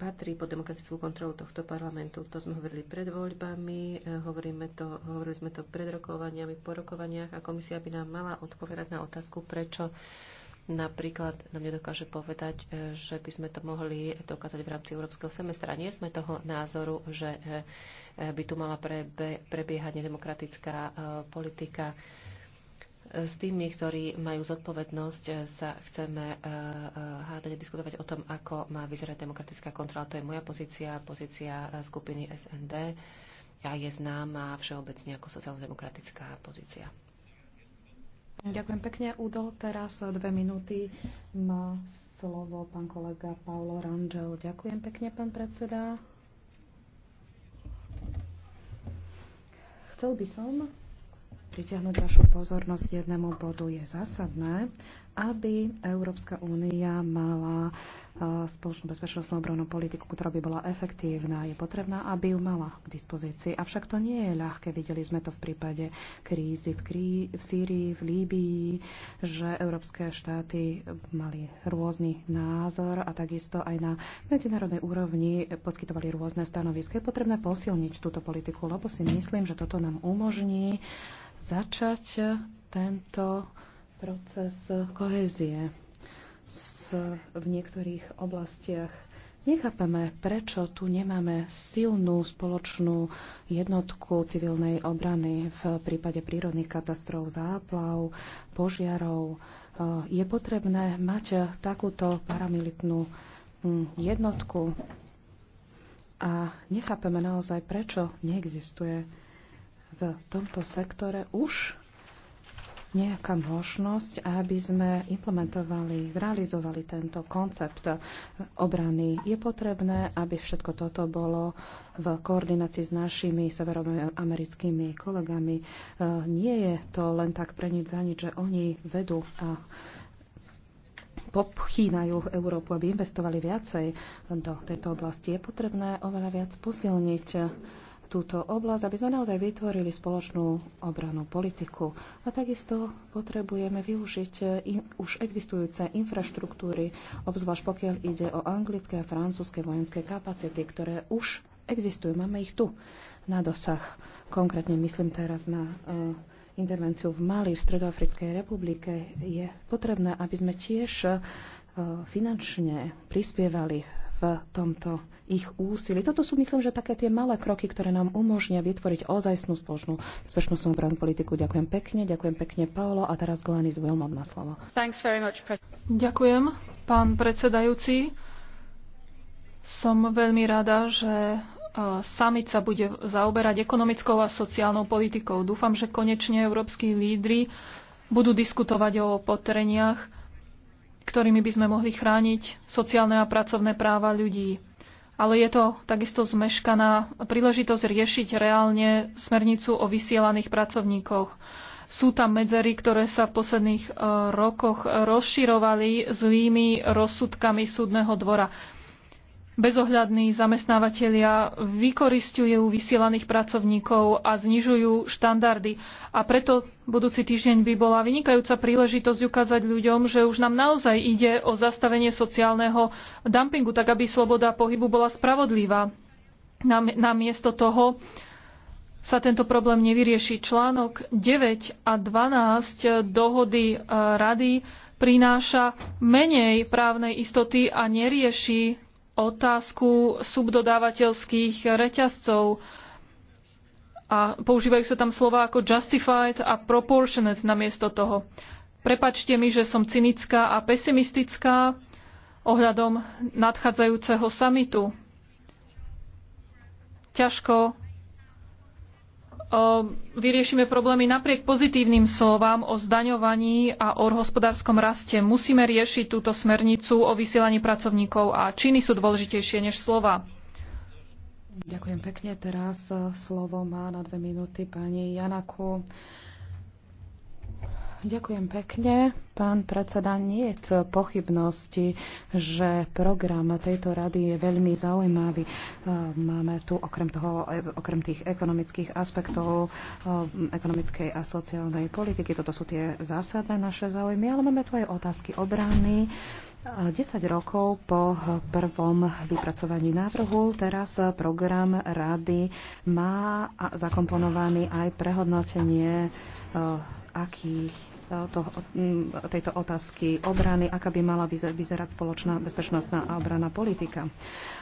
patrí pod demokratickú kontrolu tohto parlamentu. To sme hovorili pred voľbami, e, hovoríme to, hovorili sme to pred rokovaniami, po rokovaniach a komisia by nám mala odpovedať na otázku, prečo napríklad nám nedokáže povedať, e, že by sme to mohli dokázať v rámci európskeho semestra. Nie sme toho názoru, že e, by tu mala prebiehať nedemokratická politika s tými, ktorí majú zodpovednosť, e, sa chceme e, e, hádať a diskutovať o tom, ako má vyzerať demokratická kontrola. To je moja pozícia, pozícia skupiny SND. Ja je známa všeobecne ako sociálno-demokratická pozícia. Ďakujem pekne, Udo. Teraz dve minúty má slovo pán kolega Paolo Rangel. Ďakujem pekne, pán predseda. Chcel by som pritiahnuť vašu pozornosť k jednému bodu. Je zásadné, aby Európska únia mala e, spoločnú bezpečnostnú obrannú politiku, ktorá by bola efektívna. Je potrebná, aby ju mala k dispozícii. Avšak to nie je ľahké. Videli sme to v prípade krízy v, krí... v Sýrii, v Líbii, že európske štáty mali rôzny názor a takisto aj na medzinárodnej úrovni poskytovali rôzne stanoviska. Je potrebné posilniť túto politiku, lebo si myslím, že toto nám umožní začať tento proces kohézie s, v niektorých oblastiach. Nechápame, prečo tu nemáme silnú spoločnú jednotku civilnej obrany v prípade prírodných katastrof, záplav, požiarov. Eh, je potrebné mať takúto paramilitnú hm, jednotku a nechápeme naozaj, prečo neexistuje v tomto sektore už nejaká možnosť, aby sme implementovali, zrealizovali tento koncept obrany. Je potrebné, aby všetko toto bolo v koordinácii s našimi severoamerickými kolegami. E, nie je to len tak pre nič za nič, že oni vedú a popchýnajú Európu, aby investovali viacej do tejto oblasti. Je potrebné oveľa viac posilniť túto oblasť, aby sme naozaj vytvorili spoločnú obranú politiku. A takisto potrebujeme využiť eh, in, už existujúce infraštruktúry, obzvlášť pokiaľ ide o anglické a francúzske vojenské kapacity, ktoré už existujú. Máme ich tu na dosah. Konkrétne myslím teraz na uh, intervenciu v Mali, v Stredoafrickej republike. Je potrebné, aby sme tiež eh, finančne prispievali v tomto ich úsilí. Toto sú, myslím, že také tie malé kroky, ktoré nám umožnia vytvoriť ozajstnú spoločnú bezpečnostnú právnu politiku. Ďakujem pekne, ďakujem pekne Paolo a teraz Glenis Wilmot má slovo. Much, ďakujem, pán predsedajúci. Som veľmi rada, že summit sa bude zaoberať ekonomickou a sociálnou politikou. Dúfam, že konečne európsky lídry budú diskutovať o potreniach, ktorými by sme mohli chrániť sociálne a pracovné práva ľudí. Ale je to takisto zmeškaná príležitosť riešiť reálne smernicu o vysielaných pracovníkoch. Sú tam medzery, ktoré sa v posledných eh, rokoch rozširovali zlými rozsudkami súdneho dvora bezohľadní zamestnávateľia vykoristujú vysielaných pracovníkov a znižujú štandardy. A preto budúci týždeň by bola vynikajúca príležitosť ukázať ľuďom, že už nám naozaj ide o zastavenie sociálneho dumpingu, tak aby sloboda pohybu bola spravodlivá. Namiesto toho sa tento problém nevyrieši. Článok 9 a 12 dohody eh, rady prináša menej právnej istoty a nerieši otázku subdodávateľských reťazcov a používajú sa tam slova ako justified a proportionate namiesto toho. Prepačte mi, že som cynická a pesimistická ohľadom nadchádzajúceho samitu. Ťažko vyriešime problémy napriek pozitívnym slovám o zdaňovaní a o hospodárskom raste. Musíme riešiť túto smernicu o vysielaní pracovníkov a činy sú dôležitejšie než slova. Ďakujem pekne. Teraz slovo má na dve minúty pani Janaku. Ďakujem pekne. Pán predseda, nie je pochybnosti, že program tejto rady je veľmi zaujímavý. E, máme tu okrem, toho, e, okrem tých ekonomických aspektov e, ekonomickej a sociálnej politiky, toto sú tie zásadné naše záujmy, ale máme tu aj otázky obrany. 10 rokov po prvom vypracovaní návrhu teraz program rady má zakomponovaný aj prehodnotenie aký to, mm, tejto otázky obrany, aká by mala vyzerať spoločná bezpečnostná a obranná politika,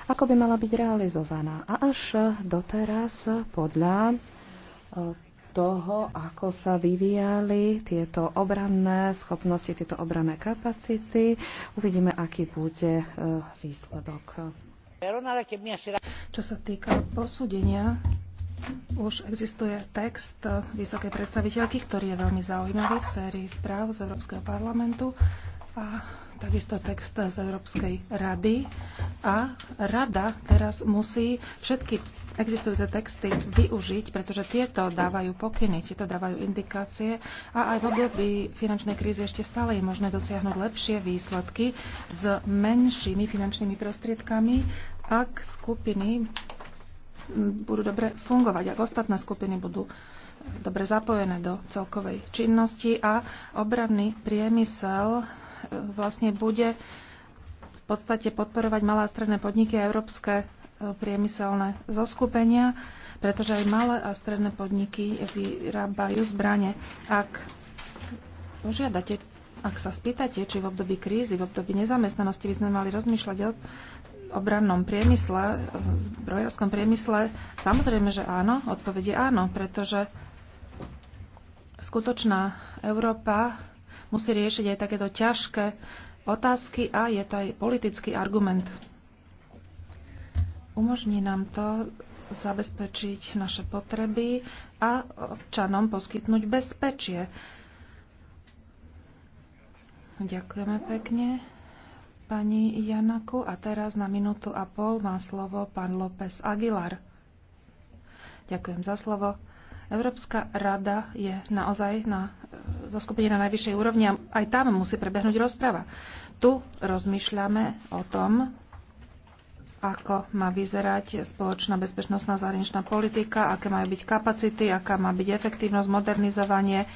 ako by mala byť realizovaná. A až doteraz podľa e, toho, ako sa vyvíjali tieto obranné schopnosti, tieto obranné kapacity. Uvidíme, aký bude e, výsledok. Čo sa týka posúdenia už existuje text vysokej predstaviteľky, ktorý je veľmi zaujímavý v sérii správ z Európskeho parlamentu a takisto text z Európskej rady. A rada teraz musí všetky existujúce texty využiť, pretože tieto dávajú pokyny, tieto dávajú indikácie a aj v období finančnej krízy ešte stále je možné dosiahnuť lepšie výsledky s menšími finančnými prostriedkami, ak skupiny budú dobre fungovať, ak ostatné skupiny budú dobre zapojené do celkovej činnosti a obranný priemysel e, vlastne bude v podstate podporovať malé a stredné podniky a európske e, priemyselné zoskupenia, pretože aj malé a stredné podniky vyrábajú zbranie. Ak požiadate, ak sa spýtate, či v období krízy, v období nezamestnanosti by sme mali rozmýšľať o obrannom priemysle, zbrojárskom priemysle? Samozrejme, že áno. Odpovedie áno, pretože skutočná Európa musí riešiť aj takéto ťažké otázky a je to aj politický argument. Umožní nám to zabezpečiť naše potreby a občanom poskytnúť bezpečie. Ďakujeme pekne pani Janaku a teraz na minútu a pol má slovo pán López Aguilar. Ďakujem za slovo. Európska rada je naozaj na, zoskupenie na najvyššej úrovni a aj tam musí prebehnúť rozprava. Tu rozmýšľame o tom, ako má vyzerať spoločná bezpečnostná zahraničná politika, aké majú byť kapacity, aká má byť efektívnosť, modernizovanie,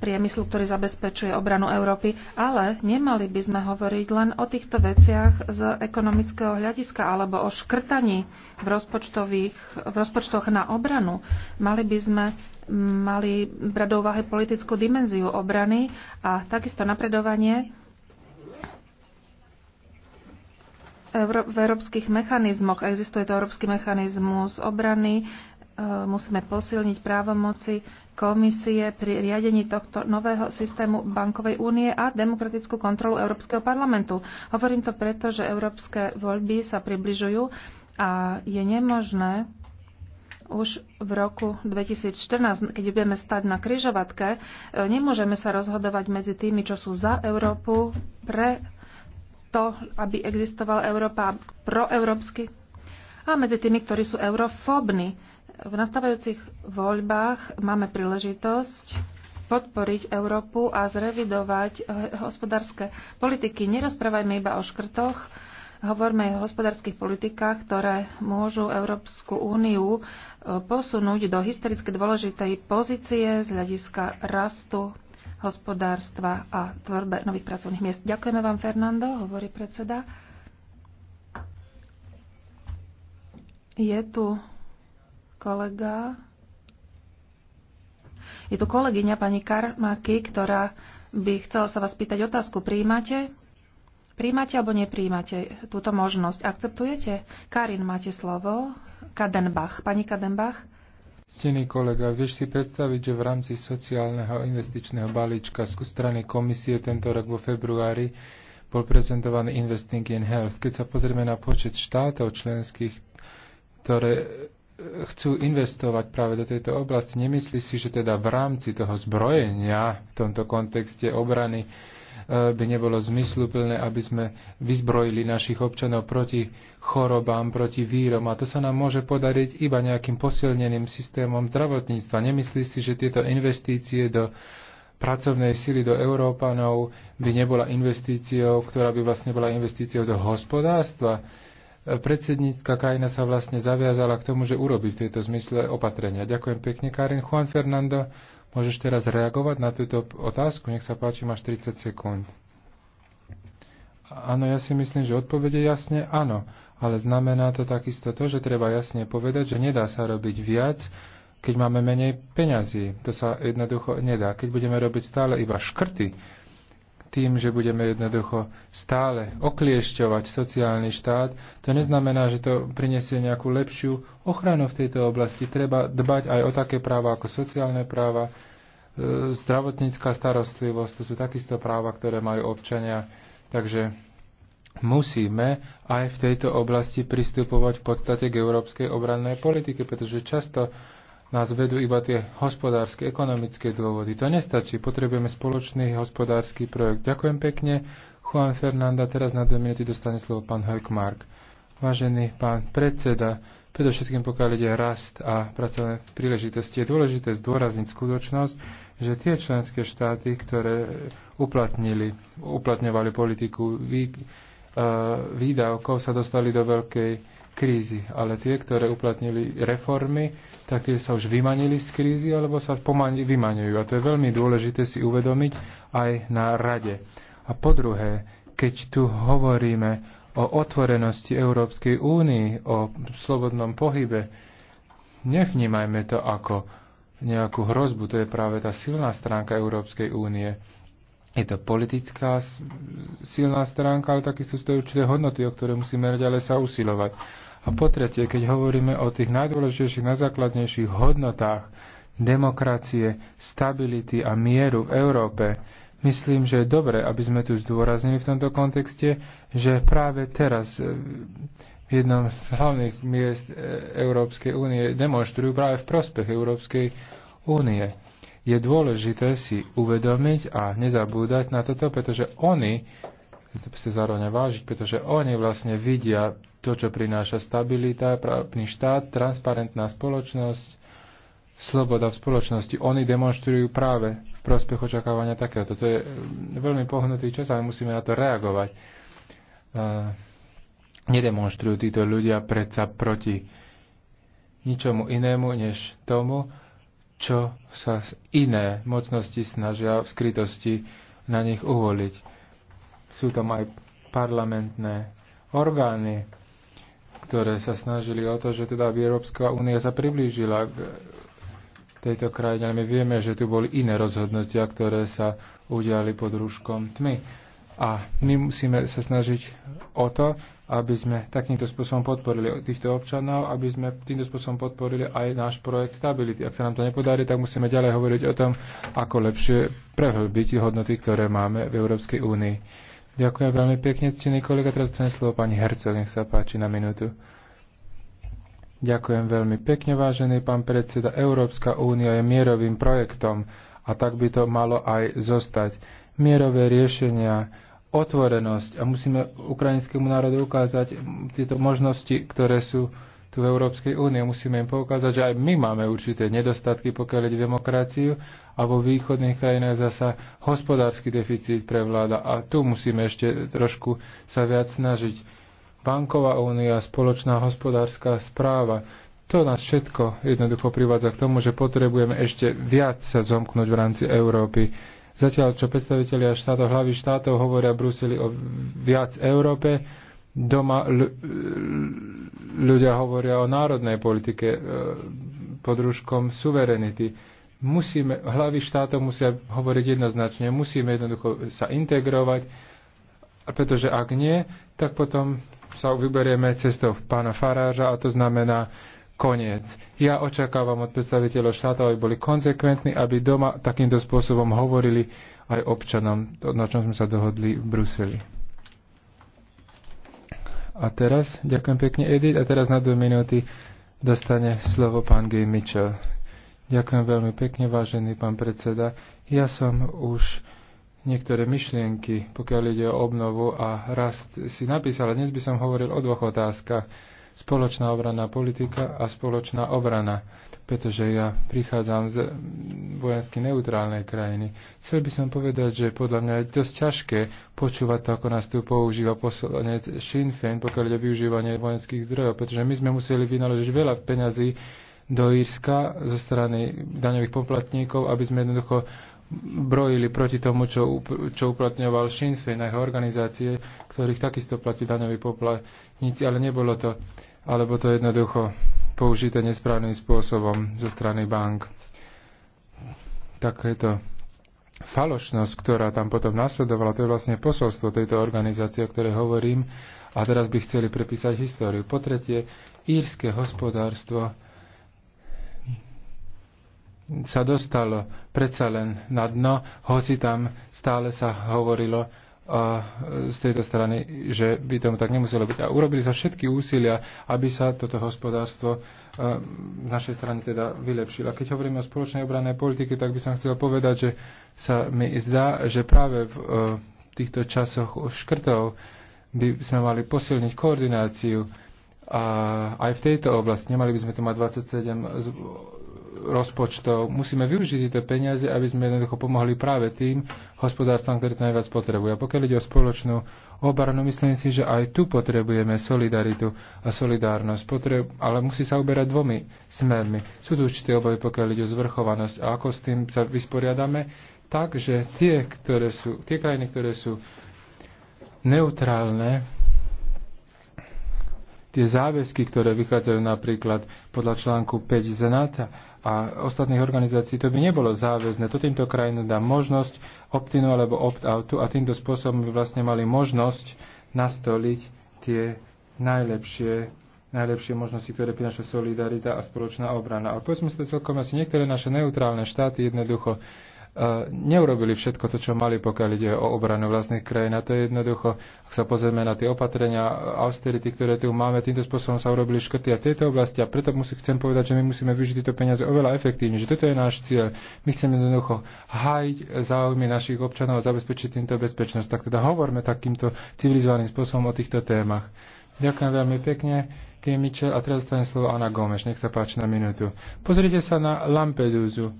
priemyslu, ktorý zabezpečuje obranu Európy, ale nemali by sme hovoriť len o týchto veciach z ekonomického hľadiska alebo o škrtaní v, v rozpočtoch na obranu. Mali by sme mali brať do úvahy politickú dimenziu obrany a takisto napredovanie v európskych mechanizmoch. Existuje to európsky mechanizmus obrany, E, musíme posilniť právomoci komisie pri riadení tohto nového systému bankovej únie a demokratickú kontrolu Európskeho parlamentu. Hovorím to preto, že európske voľby sa približujú a je nemožné už v roku 2014, keď budeme stať na kryžovatke, e, nemôžeme sa rozhodovať medzi tými, čo sú za Európu, pre to, aby existovala Európa proeurópsky a medzi tými, ktorí sú eurofóbni. V nastávajúcich voľbách máme príležitosť podporiť Európu a zrevidovať eh, hospodárske politiky. Nerozprávajme iba o škrtoch, hovorme o hospodárskych politikách, ktoré môžu Európsku úniu eh, posunúť do historicky dôležitej pozície z hľadiska rastu hospodárstva a tvorbe nových pracovných miest. Ďakujeme vám, Fernando, hovorí predseda. Je tu kolega. Je tu kolegyňa pani Karmaky, ktorá by chcela sa vás pýtať otázku. Príjmate? Príjmate alebo nepríjmate túto možnosť? Akceptujete? Karin, máte slovo. Kadenbach. Pani Kadenbach. Stený kolega, vieš si predstaviť, že v rámci sociálneho investičného balíčka z strany komisie tento rok vo februári bol prezentovaný Investing in Health. Keď sa pozrieme na počet štátov členských, ktoré chcú investovať práve do tejto oblasti. Nemyslí si, že teda v rámci toho zbrojenia v tomto kontexte obrany e, by nebolo zmysluplné, aby sme vyzbrojili našich občanov proti chorobám, proti vírom. A to sa nám môže podariť iba nejakým posilneným systémom zdravotníctva. Nemyslí si, že tieto investície do pracovnej sily do Európanov by nebola investíciou, ktorá by vlastne bola investíciou do hospodárstva predsednícka krajina sa vlastne zaviazala k tomu, že urobí v tejto zmysle opatrenia. Ďakujem pekne, Karin. Juan Fernando, môžeš teraz reagovať na túto otázku? Nech sa páči, máš 30 sekúnd. Áno, ja si myslím, že odpovede jasne áno, ale znamená to takisto to, že treba jasne povedať, že nedá sa robiť viac, keď máme menej peňazí. To sa jednoducho nedá. Keď budeme robiť stále iba škrty, tým, že budeme jednoducho stále okliešťovať sociálny štát, to neznamená, že to prinesie nejakú lepšiu ochranu v tejto oblasti. Treba dbať aj o také práva ako sociálne práva, e, zdravotnícká starostlivosť, to sú takisto práva, ktoré majú občania. Takže musíme aj v tejto oblasti pristupovať v podstate k európskej obrannej politike, pretože často nás vedú iba tie hospodárske, ekonomické dôvody. To nestačí. Potrebujeme spoločný hospodársky projekt. Ďakujem pekne. Juan Fernanda, teraz na dve minúty dostane slovo pán Hökmark. Vážený pán predseda, predovšetkým pokiaľ ide rast a pracovné príležitosti, je dôležité zdôrazniť skutočnosť, že tie členské štáty, ktoré uplatnili, uplatňovali politiku vý, e, výdavkov, sa dostali do veľkej krízy, ale tie, ktoré uplatnili reformy, tak tie sa už vymanili z krízy alebo sa pomani- vymaňujú. A to je veľmi dôležité si uvedomiť aj na rade. A po druhé, keď tu hovoríme o otvorenosti Európskej únii, o slobodnom pohybe, nevnímajme to ako nejakú hrozbu, to je práve tá silná stránka Európskej únie je to politická silná stránka, ale takisto sú to určité hodnoty, o ktoré musíme ďalej sa usilovať. A po tretie, keď hovoríme o tých najdôležitejších, najzákladnejších hodnotách demokracie, stability a mieru v Európe, myslím, že je dobre, aby sme tu zdôraznili v tomto kontexte, že práve teraz e, v jednom z hlavných miest e, Európskej únie demonstrujú práve v prospech Európskej únie je dôležité si uvedomiť a nezabúdať na toto, pretože oni, to si zároveň vážiť, pretože oni vlastne vidia to, čo prináša stabilita, právny štát, transparentná spoločnosť, sloboda v spoločnosti. Oni demonstrujú práve v prospech očakávania takého. Toto je mm, veľmi pohnutý čas, ale musíme na to reagovať. Uh, nedemonstrujú títo ľudia predsa proti ničomu inému, než tomu, čo sa iné mocnosti snažia v skrytosti na nich uvoliť. Sú tam aj parlamentné orgány, ktoré sa snažili o to, že teda by Európska únia sa priblížila k tejto krajine, ale my vieme, že tu boli iné rozhodnutia, ktoré sa udiali pod rúškom tmy. A my musíme sa snažiť o to, aby sme takýmto spôsobom podporili týchto občanov, aby sme týmto spôsobom podporili aj náš projekt stability. Ak sa nám to nepodarí, tak musíme ďalej hovoriť o tom, ako lepšie prehlbiť hodnoty, ktoré máme v Európskej únii. Ďakujem veľmi pekne, ctený kolega. Teraz dostane slovo pani Hercel, nech sa páči na minútu. Ďakujem veľmi pekne, vážený pán predseda. Európska únia je mierovým projektom a tak by to malo aj zostať. Mierové riešenia otvorenosť a musíme ukrajinskému národu ukázať tieto možnosti, ktoré sú tu v Európskej únie. Musíme im poukázať, že aj my máme určité nedostatky, pokiaľ ide demokraciu a vo východných krajinách zasa hospodársky deficit prevláda a tu musíme ešte trošku sa viac snažiť. Banková únia, spoločná hospodárska správa, to nás všetko jednoducho privádza k tomu, že potrebujeme ešte viac sa zomknúť v rámci Európy. Zatiaľ, čo predstavitelia štátov, hlavy štátov hovoria Bruseli o viac Európe, doma ľudia hovoria o národnej politike e, pod rúškom suverenity. Musíme, hlavy štátov musia hovoriť jednoznačne, musíme jednoducho sa integrovať, pretože ak nie, tak potom sa vyberieme cestou pána Faráža a to znamená, koniec. Ja očakávam od predstaviteľov štátov, aby boli konzekventní, aby doma takýmto spôsobom hovorili aj občanom, na čom sme sa dohodli v Bruseli. A teraz, ďakujem pekne Edith, a teraz na dve minúty dostane slovo pán Gay Mitchell. Ďakujem veľmi pekne, vážený pán predseda. Ja som už niektoré myšlienky, pokiaľ ide o obnovu a rast, si napísal. Dnes by som hovoril o dvoch otázkach spoločná obranná politika a spoločná obrana, pretože ja prichádzam z vojensky neutrálnej krajiny. Chcel by som povedať, že podľa mňa je dosť ťažké počúvať to, ako nás tu používa poslanec Sinn Féin, pokiaľ ide využívanie vojenských zdrojov, pretože my sme museli vynaložiť veľa peňazí do Írska zo strany daňových poplatníkov, aby sme jednoducho brojili proti tomu, čo, čo uplatňoval Sinn Féin a jeho organizácie, ktorých takisto platí daňoví poplatníci, ale nebolo to alebo to je jednoducho použité nesprávnym spôsobom zo strany bank. Takéto falošnosť, ktorá tam potom nasledovala, to je vlastne posolstvo tejto organizácie, o ktorej hovorím, a teraz by chceli prepísať históriu. Po tretie, írske hospodárstvo sa dostalo predsa len na dno, hoci tam stále sa hovorilo a z tejto strany, že by tomu tak nemuselo byť. A urobili sa všetky úsilia, aby sa toto hospodárstvo e, z našej strany teda vylepšilo. A keď hovoríme o spoločnej obranej politike, tak by som chcel povedať, že sa mi zdá, že práve v e, týchto časoch škrtov by sme mali posilniť koordináciu a aj v tejto oblasti nemali by sme tu mať 27 rozpočtov. Musíme využiť tieto peniaze, aby sme jednoducho pomohli práve tým hospodárstvom, ktoré to najviac potrebujú. A pokiaľ ide o spoločnú obranu, myslím si, že aj tu potrebujeme solidaritu a solidárnosť, Potreb, ale musí sa uberať dvomi smermi. Sú tu určité obavy, pokiaľ ide o zvrchovanosť a ako s tým sa vysporiadame, takže tie, ktoré sú, tie krajiny, ktoré sú neutrálne, tie záväzky, ktoré vychádzajú napríklad podľa článku 5 z NATO, a ostatných organizácií, to by nebolo záväzné. To týmto krajinám dá možnosť opt-inu alebo opt-outu a týmto spôsobom by vlastne mali možnosť nastoliť tie najlepšie najlepšie možnosti, ktoré naša solidarita a spoločná obrana. Ale povedzme si to celkom asi, niektoré naše neutrálne štáty jednoducho neurobili všetko to, čo mali, pokiaľ ide o obranu vlastných krajín. A to je jednoducho, ak sa pozrieme na tie opatrenia austerity, ktoré tu máme, týmto spôsobom sa urobili škrty a v tejto oblasti a preto musím, chcem povedať, že my musíme využiť tieto peniaze oveľa efektívne, že toto je náš cieľ. My chceme jednoducho hájiť záujmy našich občanov a zabezpečiť týmto bezpečnosť. Tak teda hovorme takýmto civilizovaným spôsobom o týchto témach. Ďakujem veľmi pekne. Kej a teraz dostane slovo Ana Gomeš. Nech sa páči na minútu. Pozrite sa na Lampedúzu.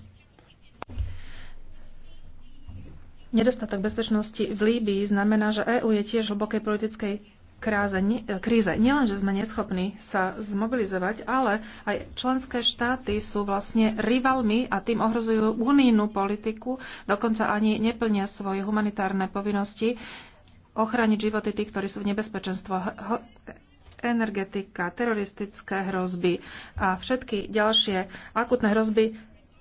Nedostatok bezpečnosti v Líbii znamená, že EÚ je tiež v hlbokej politickej kráze, e, kríze. Nielen, že sme neschopní sa zmobilizovať, ale aj členské štáty sú vlastne rivalmi a tým ohrozujú unijnú politiku, dokonca ani neplnia svoje humanitárne povinnosti ochraniť životy tých, ktorí sú v nebezpečenstve energetika, teroristické hrozby a všetky ďalšie akutné hrozby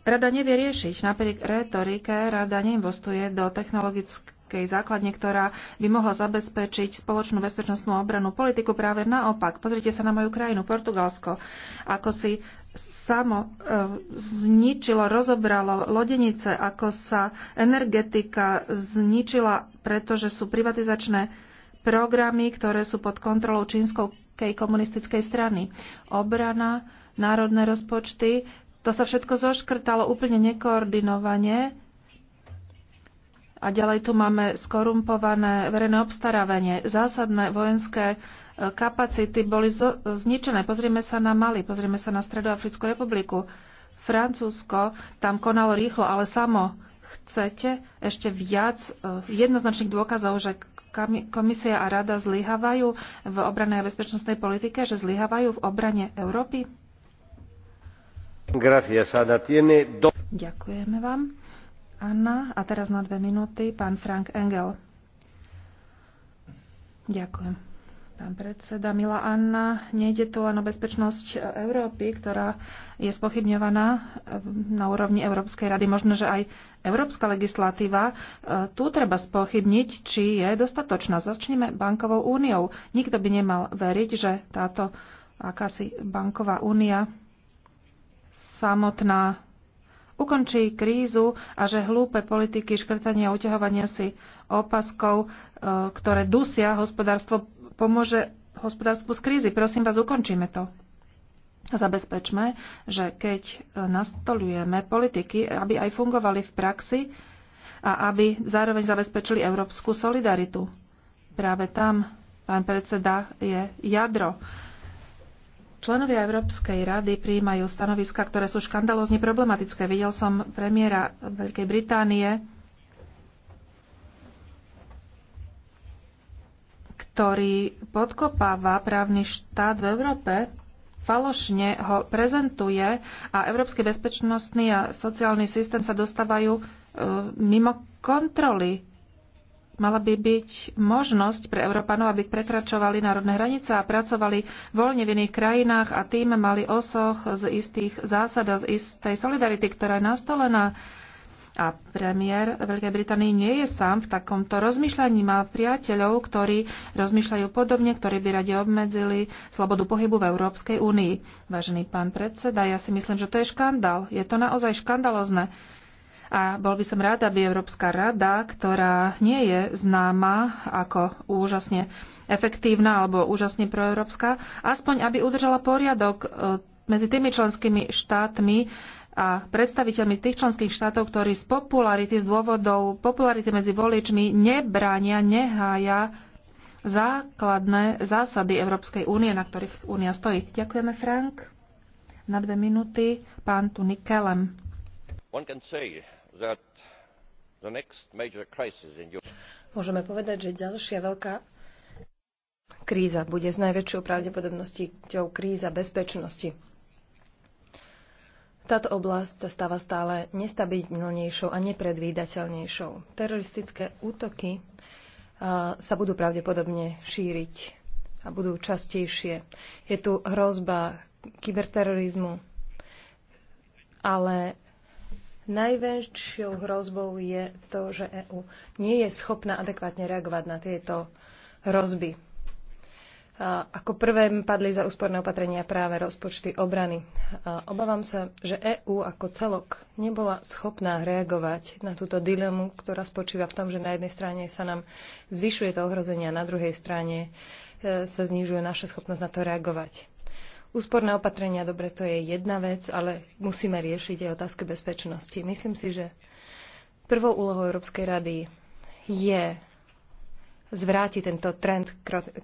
Rada nevie riešiť. Napriek retorike rada neinvestuje do technologickej základne, ktorá by mohla zabezpečiť spoločnú bezpečnostnú obranu politiku. Práve naopak, pozrite sa na moju krajinu, Portugalsko, ako si samo eh, zničilo, rozobralo lodenice, ako sa energetika zničila, pretože sú privatizačné programy, ktoré sú pod kontrolou čínskej komunistickej strany. Obrana, národné rozpočty, to sa všetko zoškrtalo úplne nekoordinovane. A ďalej tu máme skorumpované verejné obstarávanie. Zásadné vojenské e, kapacity boli e, zničené. Pozrieme sa na Mali, pozrieme sa na Stredoafrickú republiku. Francúzsko tam konalo rýchlo, ale samo chcete ešte viac e, jednoznačných dôkazov, že komisia a rada zlyhávajú v obranej a bezpečnostnej politike, že zlyhávajú v obrane Európy? Ďakujeme vám. Anna, a teraz na dve minúty pán Frank Engel. Ďakujem. Pán predseda, milá Anna, nejde tu len o bezpečnosť Európy, ktorá je spochybňovaná ehm, na úrovni Európskej rady. Možno, že aj európska legislatíva e, tu treba spochybniť, či je dostatočná. Začneme bankovou úniou. Nikto by nemal veriť, že táto akási banková únia samotná ukončí krízu a že hlúpe politiky škrtania a uťahovania si opaskov, e, ktoré dusia hospodárstvo, pomôže hospodárstvu z krízy. Prosím vás, ukončíme to. Zabezpečme, že keď nastolujeme politiky, aby aj fungovali v praxi a aby zároveň zabezpečili európsku solidaritu. Práve tam, pán predseda, je jadro Členovia Európskej rady prijímajú stanoviska, ktoré sú škandalozne problematické. Videl som premiéra Veľkej Británie, ktorý podkopáva právny štát v Európe, falošne ho prezentuje a európsky bezpečnostný a sociálny systém sa dostávajú e, mimo kontroly Mala by byť možnosť pre Európanov, aby prekračovali národné hranice a pracovali voľne v iných krajinách a tým mali osoch z istých zásad a z istej solidarity, ktorá je nastolená. A premiér Veľkej Británii nie je sám v takomto rozmýšľaní. Má priateľov, ktorí rozmýšľajú podobne, ktorí by radi obmedzili slobodu pohybu v Európskej únii. Vážený pán predseda, ja si myslím, že to je škandál. Je to naozaj škandalozne. A bol by som rád, aby Európska rada, ktorá nie je známa ako úžasne efektívna alebo úžasne proeurópska, aspoň aby udržala poriadok e, medzi tými členskými štátmi a predstaviteľmi tých členských štátov, ktorí z popularity, z dôvodov popularity medzi voličmi nebránia, nehája základné zásady Európskej únie, na ktorých únia stojí. Ďakujeme, Frank. Na dve minúty pán Tunikelem. One can say Môžeme povedať, že ďalšia veľká kríza bude s najväčšou pravdepodobnosťou kríza bezpečnosti. Táto oblasť sa stáva stále nestabilnejšou a nepredvídateľnejšou. Teroristické útoky sa budú pravdepodobne šíriť a budú častejšie. Je tu hrozba kyberterorizmu, ale Najväčšou hrozbou je to, že EÚ nie je schopná adekvátne reagovať na tieto hrozby. Ako prvé padli za úsporné opatrenia práve rozpočty obrany. Obávam sa, že EÚ ako celok nebola schopná reagovať na túto dilemu, ktorá spočíva v tom, že na jednej strane sa nám zvyšuje to ohrozenie a na druhej strane e, sa znižuje naša schopnosť na to reagovať. Úsporné opatrenia, dobre, to je jedna vec, ale musíme riešiť aj otázky bezpečnosti. Myslím si, že prvou úlohou Európskej rady je zvrátiť tento trend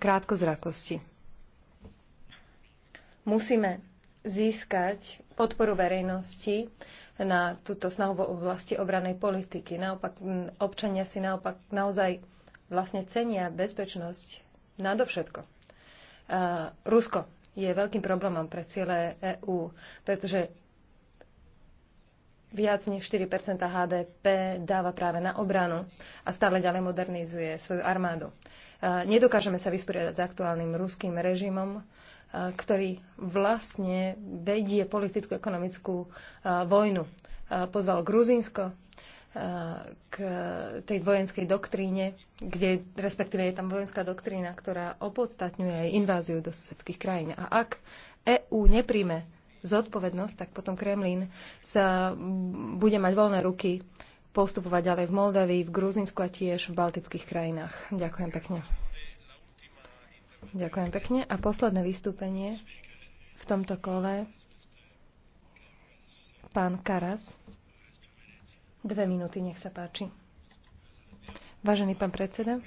krátkozrakosti. Musíme získať podporu verejnosti na túto snahu v oblasti obranej politiky. Naopak, občania si naopak naozaj vlastne cenia bezpečnosť nadovšetko. Uh, Rusko je veľkým problémom pre ciele EÚ, pretože viac než 4 HDP dáva práve na obranu a stále ďalej modernizuje svoju armádu. E, nedokážeme sa vysporiadať s aktuálnym ruským režimom, e, ktorý vlastne vedie politickú ekonomickú e, vojnu. Pozval Gruzínsko, k tej vojenskej doktríne, kde respektíve je tam vojenská doktrína, ktorá opodstatňuje aj inváziu do susedských krajín. A ak EÚ nepríjme zodpovednosť, tak potom Kremlín sa bude mať voľné ruky postupovať ďalej v Moldavii, v Gruzinsku a tiež v baltických krajinách. Ďakujem pekne. Ďakujem pekne. A posledné vystúpenie v tomto kole. Pán Karas. Dve minúty, nech sa páči. Vážený pán predseda,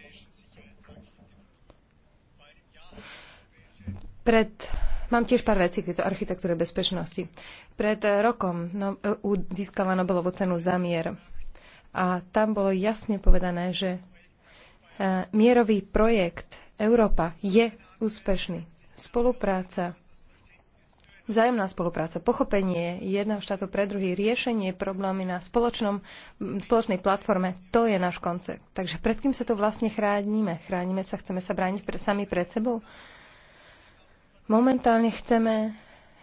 pred Mám tiež pár vecí k tejto architektúre bezpečnosti. Pred rokom no, EU získala Nobelovú cenu za mier. A tam bolo jasne povedané, že e, mierový projekt Európa je úspešný. Spolupráca vzájomná spolupráca, pochopenie jedného štátu pre druhý, riešenie problémy na spoločnom, spoločnej platforme, to je náš koncept. Takže pred kým sa to vlastne chránime? Chránime sa, chceme sa brániť pre, sami pred sebou? Momentálne chceme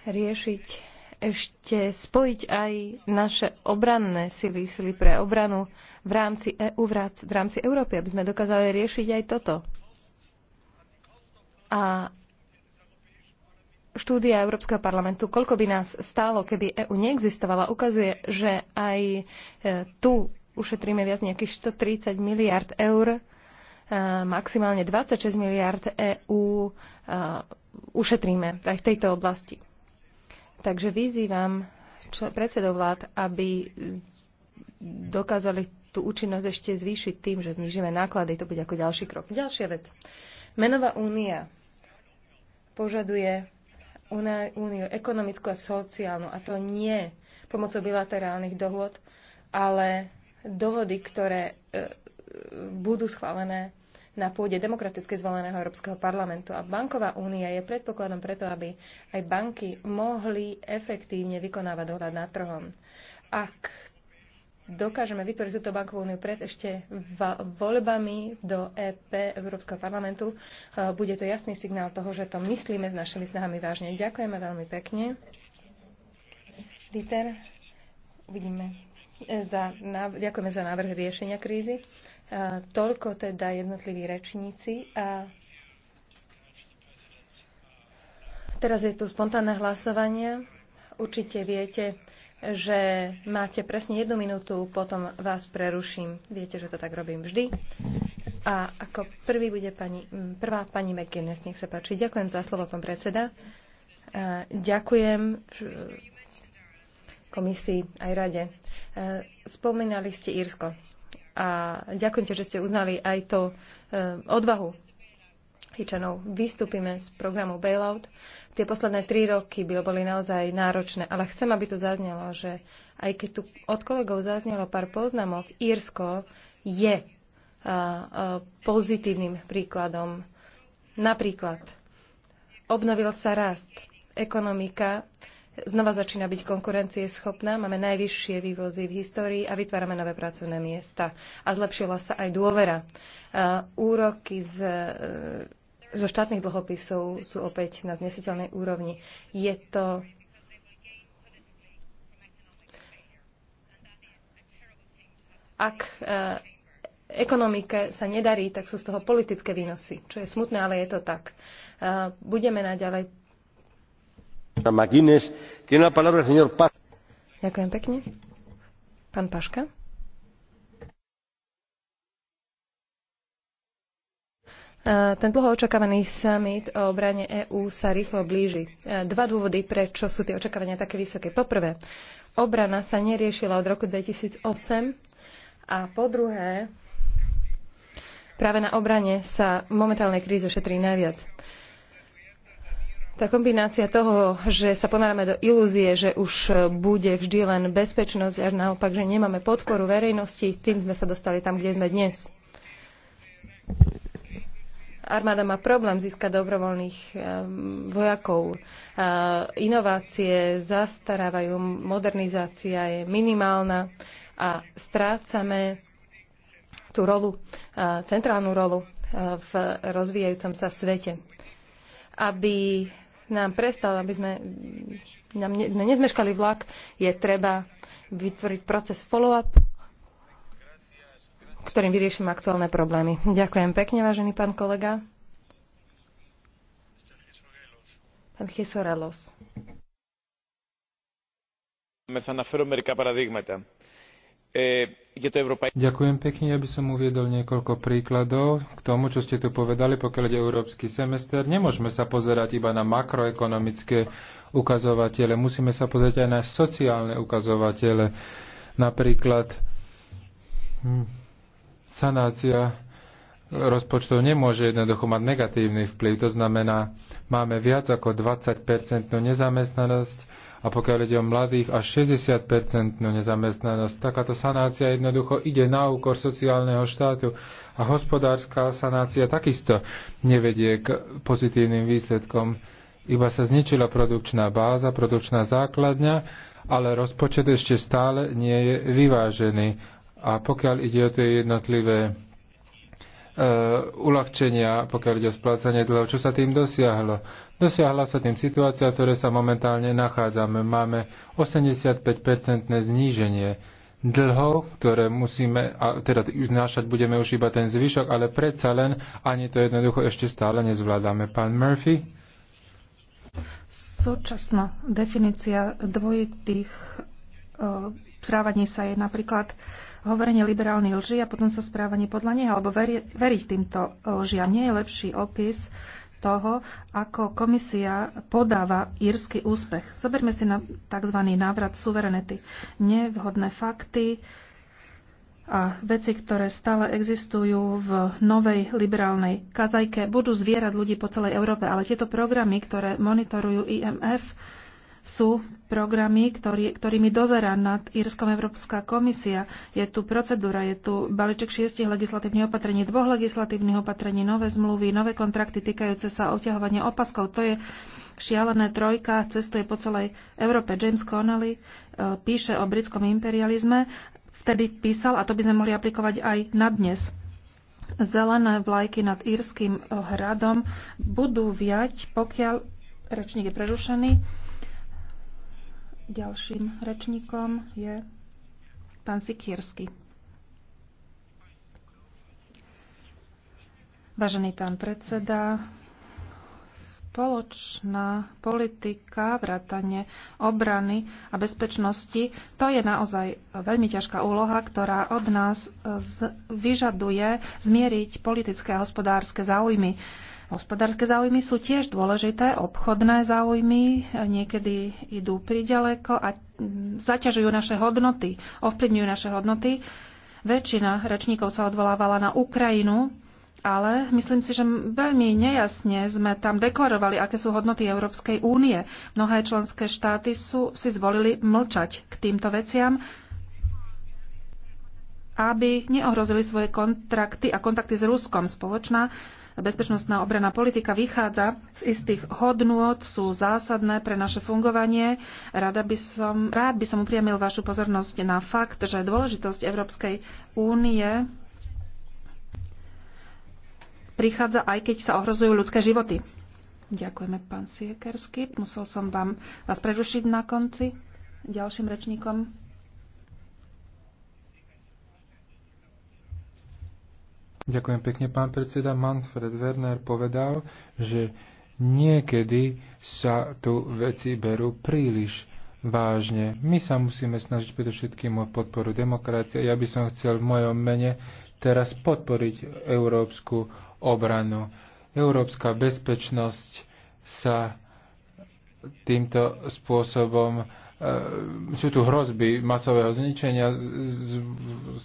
riešiť ešte spojiť aj naše obranné sily, sily pre obranu v rámci EU, v rámci Európy, aby sme dokázali riešiť aj toto. A štúdia Európskeho parlamentu, koľko by nás stálo, keby EÚ neexistovala, ukazuje, že aj e, tu ušetríme viac nejakých 130 miliard eur, e, maximálne 26 miliard EÚ e, ušetríme aj v tejto oblasti. Takže vyzývam predsedov vlád, aby dokázali tú účinnosť ešte zvýšiť tým, že znižíme náklady. To bude ako ďalší krok. Ďalšia vec. Menová únia požaduje úniu ekonomickú a sociálnu. A to nie pomocou bilaterálnych dohod, ale dohody, ktoré e, budú schválené na pôde demokraticky zvoleného Európskeho parlamentu. A banková únia je predpokladom preto, aby aj banky mohli efektívne vykonávať dohľad nad trhom. Ak dokážeme vytvoriť túto bankovú úniu pred ešte voľbami do EP Európskeho parlamentu, e, bude to jasný signál toho, že to myslíme s našimi snahami vážne. Ďakujeme veľmi pekne. Dieter, vidíme. E, za, na, ďakujeme za návrh riešenia krízy. A, e, toľko teda jednotliví rečníci a teraz je tu spontánne hlasovanie. Určite viete, že máte presne jednu minútu, potom vás preruším. Viete, že to tak robím vždy. A ako prvý bude pani, prvá pani McGuinness, nech sa páči. Ďakujem za slovo, pán predseda. E, ďakujem komisii aj rade. E, spomínali ste Írsko. A ďakujem že ste uznali aj to e, odvahu Hičanov. Vystúpime z programu Bailout tie posledné tri roky by boli naozaj náročné. Ale chcem, aby to zaznelo, že aj keď tu od kolegov zaznelo pár poznámok, Írsko je pozitívnym príkladom. Napríklad obnovil sa rast, ekonomika znova začína byť konkurencieschopná, máme najvyššie vývozy v histórii a vytvárame nové pracovné miesta. A zlepšila sa aj dôvera. Uh, úroky z uh, zo štátnych dlhopisov sú opäť na znesiteľnej úrovni. Je to ak e, ekonomike sa nedarí, tak sú z toho politické výnosy, čo je smutné, ale je to tak. E, budeme naďalej. Ďakujem pekne. Pán Paška. Eh, ten dlho očakávaný summit o obrane EÚ sa rýchlo blíži. Eh, dva dôvody, prečo sú tie očakávania také vysoké. Poprvé, obrana sa neriešila od roku 2008 a po druhé, práve na obrane sa momentálnej kríze šetrí najviac. Tá kombinácia toho, že sa ponárame do ilúzie, že už eh, bude vždy len bezpečnosť, až naopak, že nemáme podporu verejnosti, tým sme sa dostali tam, kde sme dnes armáda má problém získať dobrovoľných eh, vojakov. Eh, inovácie zastarávajú, modernizácia je minimálna a strácame tú rolu, eh, centrálnu rolu v rozvíjajúcom sa svete. Aby nám prestal, aby sme nám ne, nezmeškali vlak, je treba vytvoriť proces follow-up ktorým vyriešim aktuálne problémy. Ďakujem pekne, vážený pán kolega. Pán Chisorelos. Eh, Ďakujem pekne, ja by som uviedol niekoľko príkladov k tomu, čo ste tu povedali, pokiaľ ide európsky semester. Nemôžeme sa pozerať iba na makroekonomické ukazovatele, musíme sa pozrieť aj na sociálne ukazovatele. Napríklad hm sanácia rozpočtov nemôže jednoducho mať negatívny vplyv. To znamená, máme viac ako 20-percentnú nezamestnanosť a pokiaľ ide o mladých až 60-percentnú nezamestnanosť, takáto sanácia jednoducho ide na úkor sociálneho štátu a hospodárska sanácia takisto nevedie k pozitívnym výsledkom. Iba sa zničila produkčná báza, produkčná základňa, ale rozpočet ešte stále nie je vyvážený a pokiaľ ide o tie jednotlivé e, uľahčenia, pokiaľ ide o splácanie dlhov, čo sa tým dosiahlo? Dosiahla sa tým situácia, ktoré sa momentálne nachádzame. Máme 85-percentné zníženie dlhov, ktoré musíme, a teda znášať budeme už iba ten zvyšok, ale predsa len ani to jednoducho ešte stále nezvládame. Pán Murphy? Súčasná definícia dvojitých správaní e, sa je napríklad hovorenie liberálnej lži a potom sa správanie podľa nej, alebo veri, veriť týmto lžiam. Nie je lepší opis toho, ako komisia podáva írsky úspech. Zoberme si na tzv. návrat suverenity. Nevhodné fakty a veci, ktoré stále existujú v novej liberálnej kazajke, budú zvierať ľudí po celej Európe. Ale tieto programy, ktoré monitorujú IMF, sú programy, ktorý, ktorými dozera nad Írskom Európska komisia. Je tu procedúra, je tu balíček šiestich legislatívnych opatrení, dvoch legislatívnych opatrení, nové zmluvy, nové kontrakty týkajúce sa obťahovania opaskov. To je šialené trojka, cestuje po celej Európe. James Connolly e, píše o britskom imperializme, vtedy písal, a to by sme mohli aplikovať aj na dnes. Zelené vlajky nad Írským e, hradom budú viať, pokiaľ rečník je prerušený, Ďalším rečníkom je pán Sikiersky. Vážený pán predseda, spoločná politika, vrátanie obrany a bezpečnosti, to je naozaj veľmi ťažká úloha, ktorá od nás vyžaduje zmieriť politické a hospodárske záujmy. Hospodárske záujmy sú tiež dôležité, obchodné záujmy niekedy idú priďaleko a mm, zaťažujú naše hodnoty, ovplyvňujú naše hodnoty. Väčšina rečníkov sa odvolávala na Ukrajinu, ale myslím si, že veľmi nejasne sme tam deklarovali, aké sú hodnoty Európskej únie. Mnohé členské štáty sú, si zvolili mlčať k týmto veciam, aby neohrozili svoje kontrakty a kontakty s Ruskom. Spoločná bezpečnostná obraná politika vychádza z istých hodnôt, sú zásadné pre naše fungovanie. Rada by som, rád by som upriamil vašu pozornosť na fakt, že dôležitosť Európskej únie prichádza aj keď sa ohrozujú ľudské životy. Ďakujeme, pán Siekersky. Musel som vám vás prerušiť na konci. Ďalším rečníkom Ďakujem pekne, pán predseda. Manfred Werner povedal, že niekedy sa tu veci berú príliš vážne. My sa musíme snažiť predovšetkým o podporu demokracie. Ja by som chcel v mojom mene teraz podporiť európsku obranu. Európska bezpečnosť sa týmto spôsobom E, sú tu hrozby masového zničenia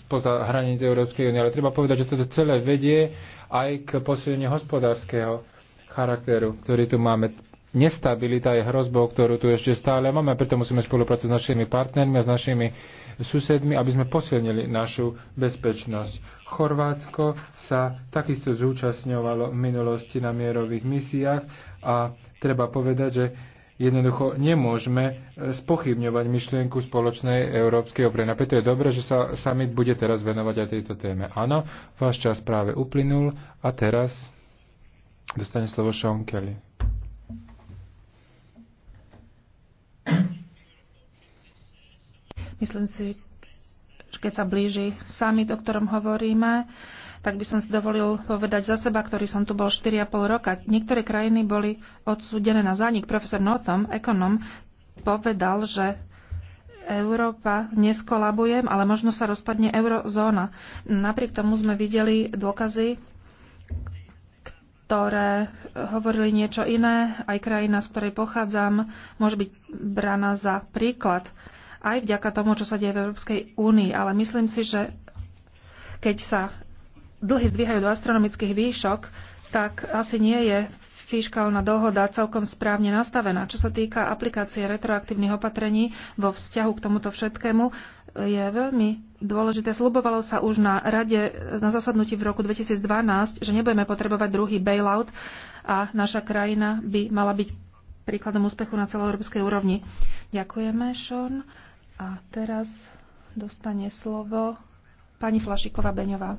spoza hraníc Európskej únie, ale treba povedať, že toto celé vedie aj k posilneniu hospodárskeho charakteru, ktorý tu máme. Nestabilita je hrozbou, ktorú tu ešte stále máme, a preto musíme spolupracovať s našimi partnermi a s našimi susedmi, aby sme posilnili našu bezpečnosť. Chorvátsko sa takisto zúčastňovalo v minulosti na mierových misiách a treba povedať, že Jednoducho nemôžeme e, spochybňovať myšlienku spoločnej európskej obrany. Preto je dobré, že sa summit bude teraz venovať aj tejto téme. Áno, váš čas práve uplynul a teraz dostane slovo Sean Kelly. Myslím si, keď sa blíži summit, o ktorom hovoríme, tak by som si dovolil povedať za seba, ktorý som tu bol 4,5 roka. Niektoré krajiny boli odsúdené na zánik. Profesor Notom, ekonom, povedal, že Európa neskolabuje, ale možno sa rozpadne eurozóna. Napriek tomu sme videli dôkazy, ktoré hovorili niečo iné. Aj krajina, z ktorej pochádzam, môže byť braná za príklad. Aj vďaka tomu, čo sa deje v Európskej únii. Ale myslím si, že keď sa dlhy zdvíhajú do astronomických výšok, tak asi nie je fiškálna dohoda celkom správne nastavená. Čo sa týka aplikácie retroaktívnych opatrení vo vzťahu k tomuto všetkému, je veľmi dôležité. Slubovalo sa už na rade na zasadnutí v roku 2012, že nebudeme potrebovať druhý bailout a naša krajina by mala byť príkladom úspechu na celoeurópskej úrovni. Ďakujeme, Šon. A teraz dostane slovo pani Flašiková-Beňová.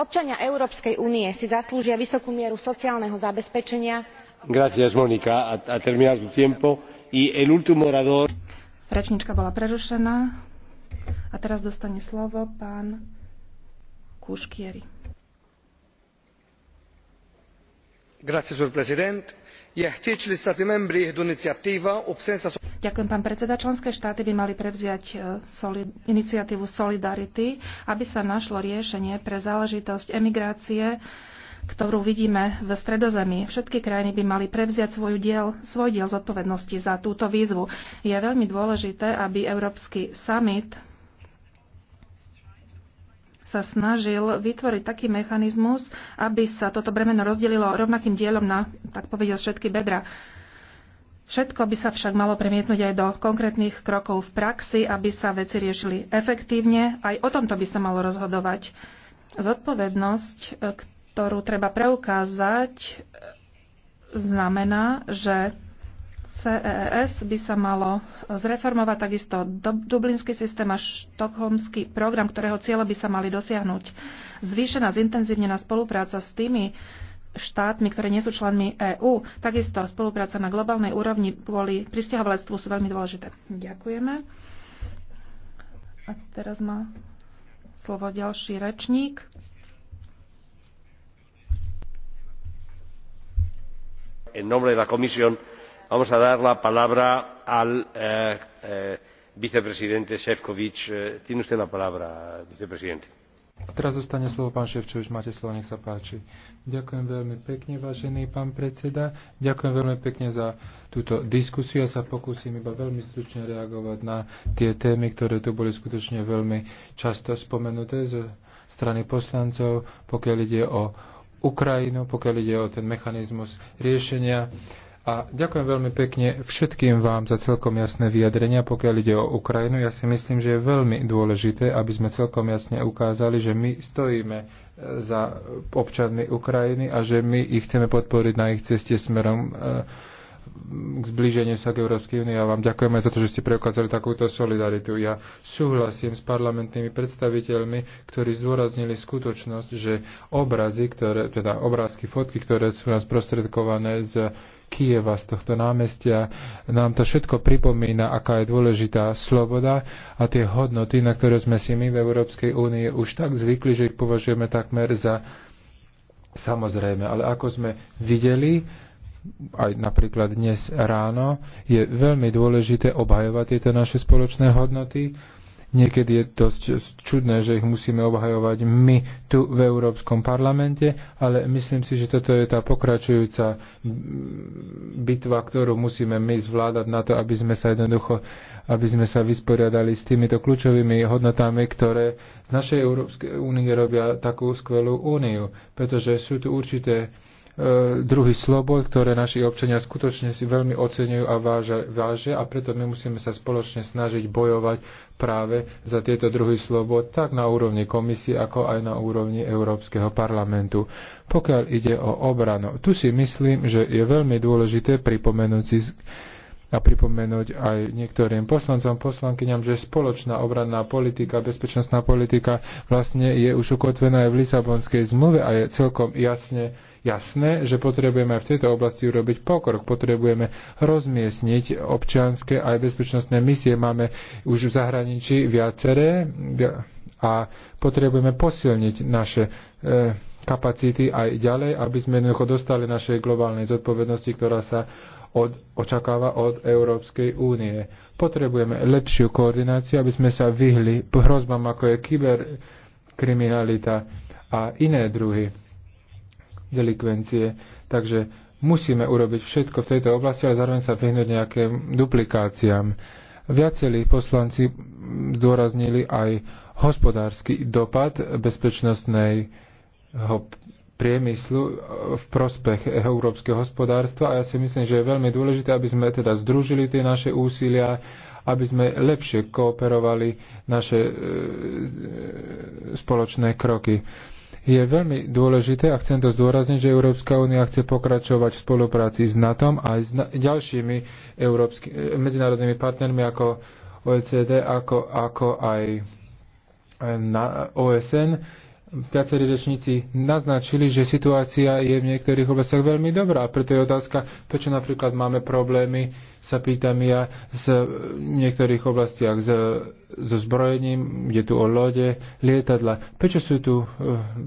občania európskej únie si zaslúžia vysokú mieru sociálneho zabezpečenia rečníčka bola prerušená a teraz dostane slovo pán Ďakujem, pán predseda. Členské štáty by mali prevziať e, iniciatívu Solidarity, aby sa našlo riešenie pre záležitosť emigrácie, ktorú vidíme v stredozemí. Všetky krajiny by mali prevziať svoj diel, svoj diel zodpovednosti za túto výzvu. Je veľmi dôležité, aby Európsky summit sa snažil vytvoriť taký mechanizmus, aby sa toto bremeno rozdelilo rovnakým dielom na, tak povedia, všetky bedra. Všetko by sa však malo premietnúť aj do konkrétnych krokov v praxi, aby sa veci riešili efektívne. Aj o tomto by sa malo rozhodovať. Zodpovednosť, ktorú treba preukázať, znamená, že CES e by sa malo zreformovať takisto dublinský systém a štokholmský program, ktorého cieľe by sa mali dosiahnuť. Zvýšená zintenzívnená spolupráca s tými štátmi, ktoré nie sú členmi EÚ. Takisto spolupráca na globálnej úrovni kvôli pristahovalectvu sú veľmi dôležité. Ďakujeme. A teraz má slovo ďalší rečník. En nombre de la Comisión vamos a dar la palabra al eh, eh, vicepresidente efovi. Eh, tiene usted la palabra vicepresidente. Teraz dostane slovo pán Ševčovič, máte slovo, nech sa páči. Ďakujem veľmi pekne, vážený pán predseda. Ďakujem veľmi pekne za túto diskusiu. Ja sa pokúsim iba veľmi stručne reagovať na tie témy, ktoré tu boli skutočne veľmi často spomenuté zo strany poslancov, pokiaľ ide o Ukrajinu, pokiaľ ide o ten mechanizmus riešenia a ďakujem veľmi pekne všetkým vám za celkom jasné vyjadrenia, pokiaľ ide o Ukrajinu. Ja si myslím, že je veľmi dôležité, aby sme celkom jasne ukázali, že my stojíme e, za občanmi Ukrajiny a že my ich chceme podporiť na ich ceste smerom e, k zblíženiu sa k Európskej únii. Ja vám ďakujem aj za to, že ste preukázali takúto solidaritu. Ja súhlasím s parlamentnými predstaviteľmi, ktorí zdôraznili skutočnosť, že obrazy, ktoré, teda obrázky, fotky, ktoré sú nás prostredkované z Kieva, z tohto námestia. Nám to všetko pripomína, aká je dôležitá sloboda a tie hodnoty, na ktoré sme si my v Európskej únie už tak zvykli, že ich považujeme takmer za samozrejme. Ale ako sme videli, aj napríklad dnes ráno, je veľmi dôležité obhajovať tieto naše spoločné hodnoty Niekedy je dosť čudné, že ich musíme obhajovať my tu v Európskom parlamente, ale myslím si, že toto je tá pokračujúca bitva, ktorú musíme my zvládať na to, aby sme sa jednoducho aby sme sa vysporiadali s týmito kľúčovými hodnotami, ktoré z našej Európskej únie robia takú skvelú úniu, pretože sú tu určité E, druhy slobod, ktoré naši občania skutočne si veľmi oceňujú a vážia, vážia a preto my musíme sa spoločne snažiť bojovať práve za tieto druhy slobod, tak na úrovni komisie, ako aj na úrovni Európskeho parlamentu. Pokiaľ ide o obranu, tu si myslím, že je veľmi dôležité pripomenúť si a pripomenúť aj niektorým poslancom, poslankyňam, že spoločná obranná politika, bezpečnostná politika vlastne je už ukotvená aj v Lisabonskej zmluve a je celkom jasne jasné, že potrebujeme aj v tejto oblasti urobiť pokrok. Potrebujeme rozmiestniť občianské aj bezpečnostné misie. Máme už v zahraničí viaceré a potrebujeme posilniť naše e, kapacity aj ďalej, aby sme jednoducho dostali našej globálnej zodpovednosti, ktorá sa od, očakáva od Európskej únie. Potrebujeme lepšiu koordináciu, aby sme sa vyhli hrozbám, ako je kyberkriminalita a iné druhy delikvencie. Takže musíme urobiť všetko v tejto oblasti, ale zároveň sa vyhnúť nejakým duplikáciám. Viacerí poslanci zdôraznili aj hospodársky dopad bezpečnostného priemyslu v prospech európskeho hospodárstva a ja si myslím, že je veľmi dôležité, aby sme teda združili tie naše úsilia, aby sme lepšie kooperovali naše e, spoločné kroky. Je veľmi dôležité a chcem to zdôrazniť, že Európska únia chce pokračovať v spolupráci s NATO a aj s ďalšími európsky, e, medzinárodnými partnermi ako OECD, ako, ako aj na OSN viacerí rečníci naznačili, že situácia je v niektorých oblastiach veľmi dobrá. Preto je otázka, prečo napríklad máme problémy, sa pýtam ja, z niektorých oblastiach so zbrojením, je tu o lode, lietadla. Prečo sú tu eh,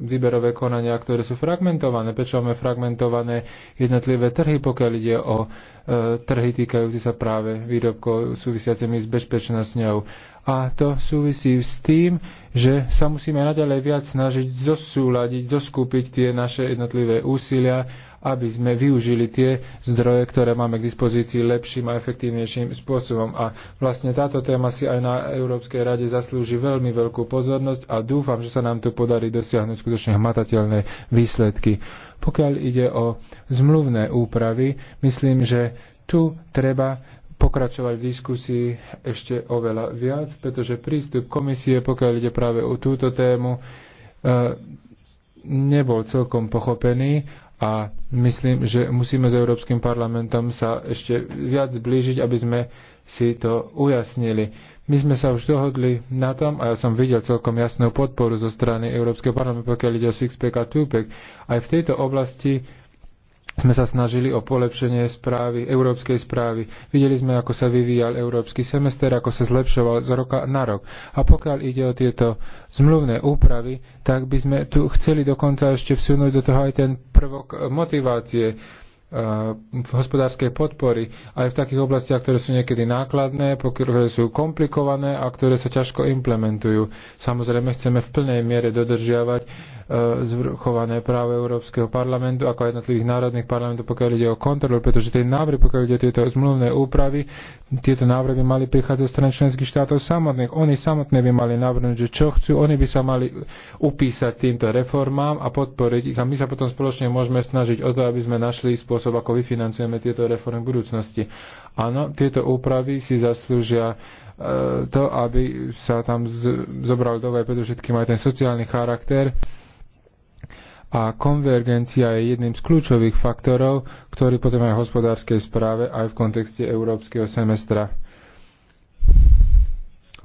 výberové konania, ktoré sú fragmentované? Prečo máme fragmentované jednotlivé trhy, pokiaľ ide o eh, trhy týkajúci sa práve výrobkov súvisiacimi s bezpečnosťou? a to súvisí s tým, že sa musíme naďalej viac snažiť zosúľadiť, zoskúpiť tie naše jednotlivé úsilia, aby sme využili tie zdroje, ktoré máme k dispozícii lepším a efektívnejším spôsobom. A vlastne táto téma si aj na Európskej rade zaslúži veľmi veľkú pozornosť a dúfam, že sa nám tu podarí dosiahnuť skutočne hmatateľné výsledky. Pokiaľ ide o zmluvné úpravy, myslím, že tu treba pokračovať v diskusii ešte oveľa viac, pretože prístup komisie, pokiaľ ide práve o túto tému, e, nebol celkom pochopený a myslím, že musíme s Európskym parlamentom sa ešte viac zblížiť, aby sme si to ujasnili. My sme sa už dohodli na tom, a ja som videl celkom jasnú podporu zo strany Európskeho parlamentu, pokiaľ ide o Sixpack a Tupac. Aj v tejto oblasti sme sa snažili o polepšenie správy, európskej správy. Videli sme, ako sa vyvíjal európsky semester, ako sa zlepšoval z roka na rok. A pokiaľ ide o tieto zmluvné úpravy, tak by sme tu chceli dokonca ešte vsunúť do toho aj ten prvok motivácie, e, v hospodárskej podpory aj v takých oblastiach, ktoré sú niekedy nákladné, ktoré sú komplikované a ktoré sa ťažko implementujú. Samozrejme chceme v plnej miere dodržiavať E, zvrchované právo Európskeho parlamentu ako jednotlivých národných parlamentov, pokiaľ ide o kontrolu, pretože tie návrhy, pokiaľ ide o tieto zmluvné úpravy, tieto návrhy by mali prichádzať strany členských štátov samotných. Oni samotné by mali navrhnúť, že čo chcú, oni by sa mali upísať týmto reformám a podporiť ich a my sa potom spoločne môžeme snažiť o to, aby sme našli spôsob, ako vyfinancujeme tieto reformy v budúcnosti. Áno, tieto úpravy si zaslúžia e, to, aby sa tam zobral do pretože predovšetkým aj ten sociálny charakter, a konvergencia je jedným z kľúčových faktorov, ktorý aj v hospodárskej správe aj v kontexte európskeho semestra.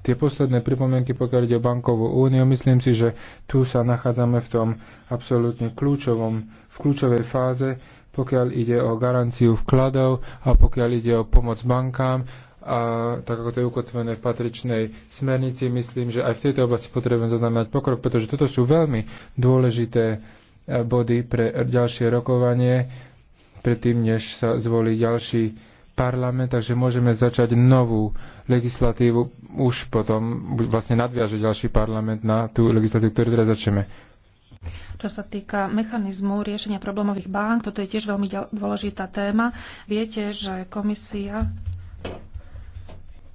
Tie posledné pripomienky, pokiaľ ide o bankovú úniu, myslím si, že tu sa nachádzame v tom absolútne kľúčovom, v kľúčovej fáze, pokiaľ ide o garanciu vkladov a pokiaľ ide o pomoc bankám a tak ako to je ukotvené v patričnej smernici, myslím, že aj v tejto oblasti potrebujem zaznamenať pokrok, pretože toto sú veľmi dôležité body pre ďalšie rokovanie, predtým, než sa zvolí ďalší parlament, takže môžeme začať novú legislatívu už potom, vlastne nadviaže ďalší parlament na tú legislatívu, ktorú teraz začneme. Čo sa týka mechanizmu riešenia problémových bank, toto je tiež veľmi dôležitá téma. Viete, že komisia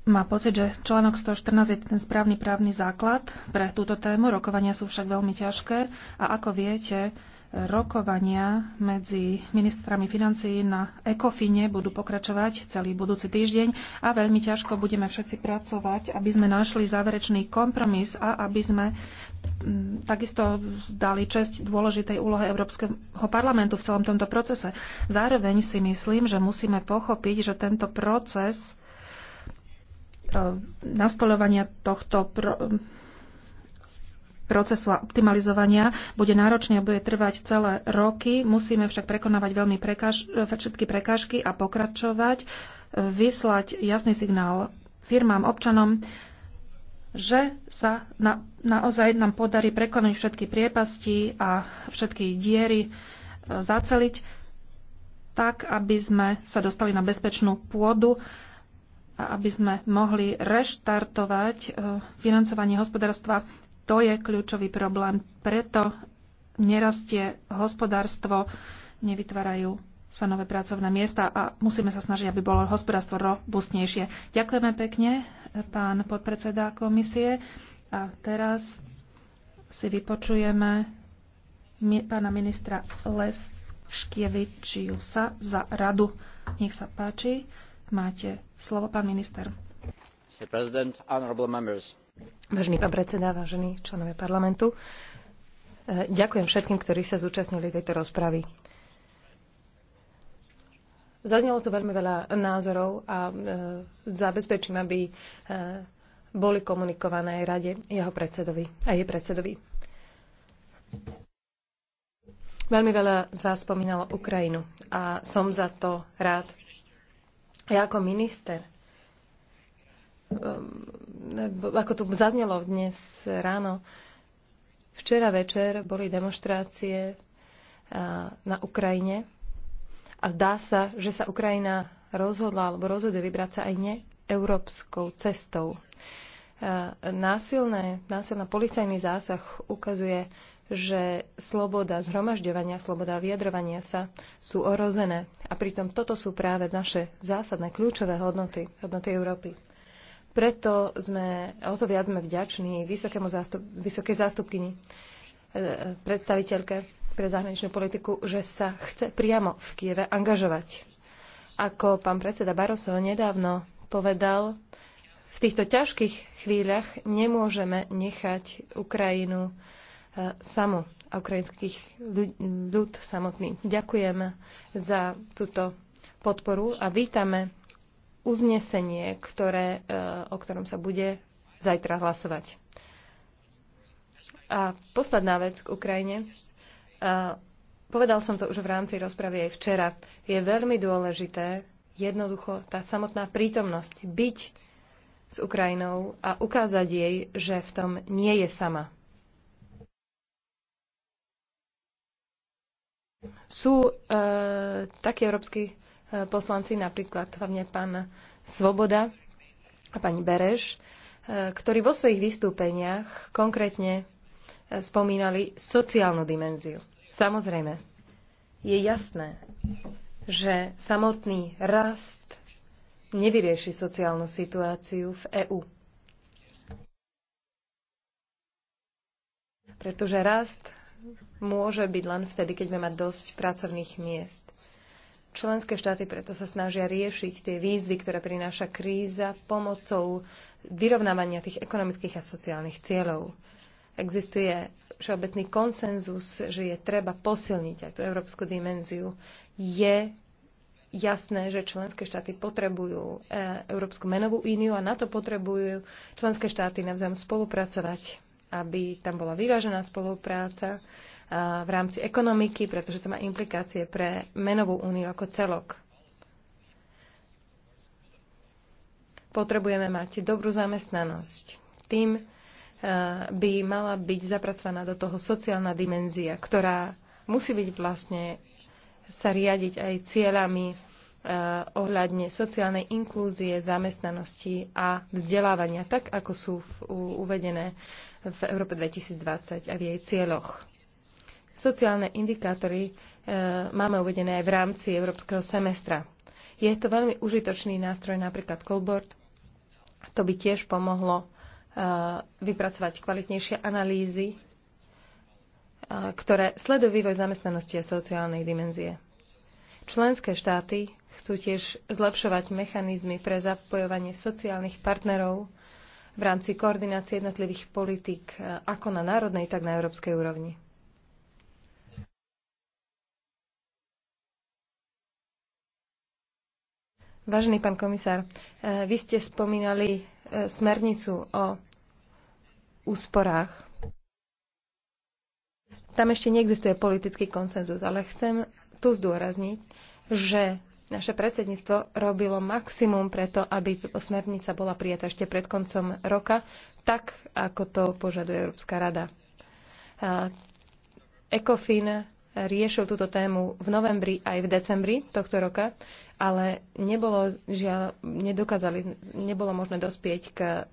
má pocit, že článok 114 je ten správny právny základ pre túto tému. Rokovania sú však veľmi ťažké a ako viete, rokovania medzi ministrami financií na ECOFINE budú pokračovať celý budúci týždeň a veľmi ťažko budeme všetci pracovať, aby sme našli záverečný kompromis a aby sme mm, takisto dali česť dôležitej úlohe Európskeho parlamentu v celom tomto procese. Zároveň si myslím, že musíme pochopiť, že tento proces Eh, nastolovania tohto pro, procesu a optimalizovania bude náročný a bude trvať celé roky. Musíme však prekonávať veľmi prekáž, eh, všetky prekážky a pokračovať, eh, vyslať jasný signál firmám, občanom, že sa na, naozaj nám podarí prekonať všetky priepasti a všetky diery, zaceliť tak, aby sme sa dostali na bezpečnú pôdu a aby sme mohli reštartovať e, financovanie hospodárstva, to je kľúčový problém. Preto nerastie hospodárstvo, nevytvárajú sa nové pracovné miesta a musíme sa snažiť, aby bolo hospodárstvo robustnejšie. Ďakujeme pekne, pán podpredseda komisie. A teraz si vypočujeme pána ministra Leskievičiusa za radu. Nech sa páči. Máte slovo, pán minister. Vážený pán predseda, vážení členovia parlamentu, e, ďakujem všetkým, ktorí sa zúčastnili tejto rozpravy. Zaznelo tu veľmi veľa názorov a e, zabezpečím, aby e, boli komunikované aj rade jeho predsedovi a jej predsedovi. Veľmi veľa z vás spomínalo Ukrajinu a som za to rád. Ja ako minister, um, ako tu zaznelo dnes ráno, včera večer boli demonstrácie uh, na Ukrajine a zdá sa, že sa Ukrajina rozhodla alebo rozhoduje vybrať sa aj neeurópskou cestou. Uh, násilné, násilná policajný zásah ukazuje že sloboda zhromažďovania, sloboda vyjadrovania sa sú orozené. A pritom toto sú práve naše zásadné kľúčové hodnoty, hodnoty Európy. Preto sme, o to viac sme vďační vysokému zástup, vysokej zástupkyni, e, predstaviteľke pre zahraničnú politiku, že sa chce priamo v Kieve angažovať. Ako pán predseda Barroso nedávno povedal, v týchto ťažkých chvíľach nemôžeme nechať Ukrajinu samo a ukrajinských ľud samotný. Ďakujem za túto podporu a vítame uznesenie, ktoré, e, o ktorom sa bude zajtra hlasovať. A posledná vec k Ukrajine. E, povedal som to už v rámci rozpravy aj včera. Je veľmi dôležité jednoducho tá samotná prítomnosť, byť s Ukrajinou a ukázať jej, že v tom nie je sama. Sú e, takí európsky e, poslanci, napríklad hlavne pán Svoboda a pani Bereš, e, ktorí vo svojich vystúpeniach konkrétne e, spomínali sociálnu dimenziu. Samozrejme, je jasné, že samotný rast nevyrieši sociálnu situáciu v EÚ. Pretože rast môže byť len vtedy, keď máme dosť pracovných miest. Členské štáty preto sa snažia riešiť tie výzvy, ktoré prináša kríza pomocou vyrovnávania tých ekonomických a sociálnych cieľov. Existuje všeobecný konsenzus, že je treba posilniť aj tú európsku dimenziu. Je jasné, že členské štáty potrebujú e, Európsku menovú úniu a na to potrebujú členské štáty navzájom spolupracovať, aby tam bola vyvážená spolupráca, v rámci ekonomiky, pretože to má implikácie pre menovú úniu ako celok. Potrebujeme mať dobrú zamestnanosť. Tým by mala byť zapracovaná do toho sociálna dimenzia, ktorá musí byť vlastne sa riadiť aj cieľami ohľadne sociálnej inklúzie, zamestnanosti a vzdelávania, tak ako sú uvedené v Európe 2020 a v jej cieľoch. Sociálne indikátory e, máme uvedené aj v rámci európskeho semestra. Je to veľmi užitočný nástroj, napríklad Colboard. To by tiež pomohlo e, vypracovať kvalitnejšie analýzy, e, ktoré sledujú vývoj zamestnanosti a sociálnej dimenzie. Členské štáty chcú tiež zlepšovať mechanizmy pre zapojovanie sociálnych partnerov v rámci koordinácie jednotlivých politík e, ako na národnej, tak na európskej úrovni. Vážený pán komisár, e, vy ste spomínali e, smernicu o úsporách. Tam ešte neexistuje politický konsenzus, ale chcem tu zdôrazniť, že naše predsedníctvo robilo maximum preto, aby smernica bola prijatá ešte pred koncom roka, tak ako to požaduje Európska rada. E, ECOFIN riešil túto tému v novembri aj v decembri tohto roka ale nebolo, žiaľ, nedokázali, nebolo možné dospieť k e,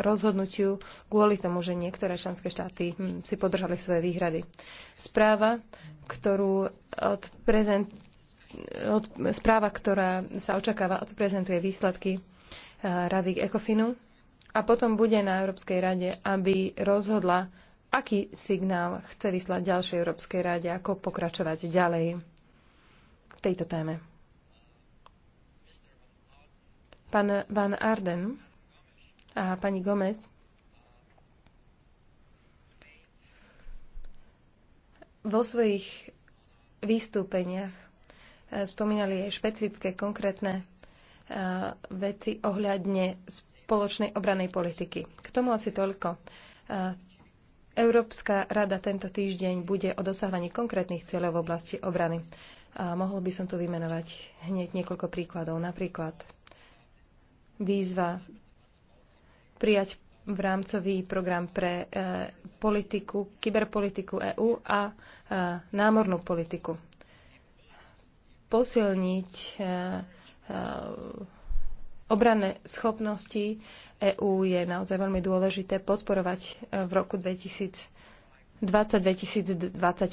rozhodnutiu kvôli tomu, že niektoré členské štáty hm, si podržali svoje výhrady. Správa, ktorú od prezent, od, správa, ktorá sa očakáva, odprezentuje výsledky e, Rady Ekofinu a potom bude na Európskej rade, aby rozhodla, aký signál chce vyslať ďalšej Európskej rade, ako pokračovať ďalej v tejto téme. Pán Van Arden a pani Gomez vo svojich vystúpeniach eh, spomínali aj špecifické konkrétne eh, veci ohľadne spoločnej obranej politiky. K tomu asi toľko. Eh, Európska rada tento týždeň bude o dosahovaní konkrétnych cieľov v oblasti obrany. A mohol by som tu vymenovať hneď niekoľko príkladov. Napríklad výzva prijať v rámcový program pre e, politiku, kyberpolitiku EÚ a e, námornú politiku. Posilniť e, obranné schopnosti EÚ je naozaj veľmi dôležité podporovať v roku 2020-2025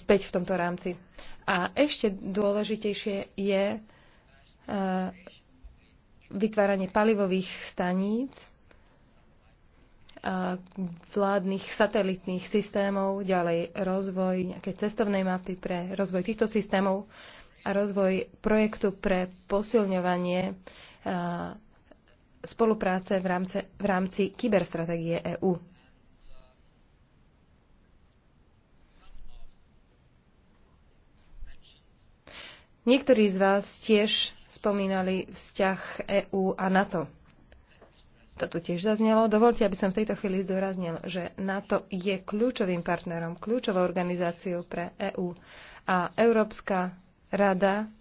v tomto rámci. A ešte dôležitejšie je vytváranie palivových staníc, vládnych satelitných systémov, ďalej rozvoj nejakej cestovnej mapy pre rozvoj týchto systémov a rozvoj projektu pre posilňovanie spolupráce v rámci, v rámci kyberstrategie EÚ. Niektorí z vás tiež spomínali vzťah EÚ a NATO. To tu tiež zaznelo. Dovolte, aby som v tejto chvíli zdôraznil, že NATO je kľúčovým partnerom, kľúčovou organizáciou pre EÚ. A Európska rada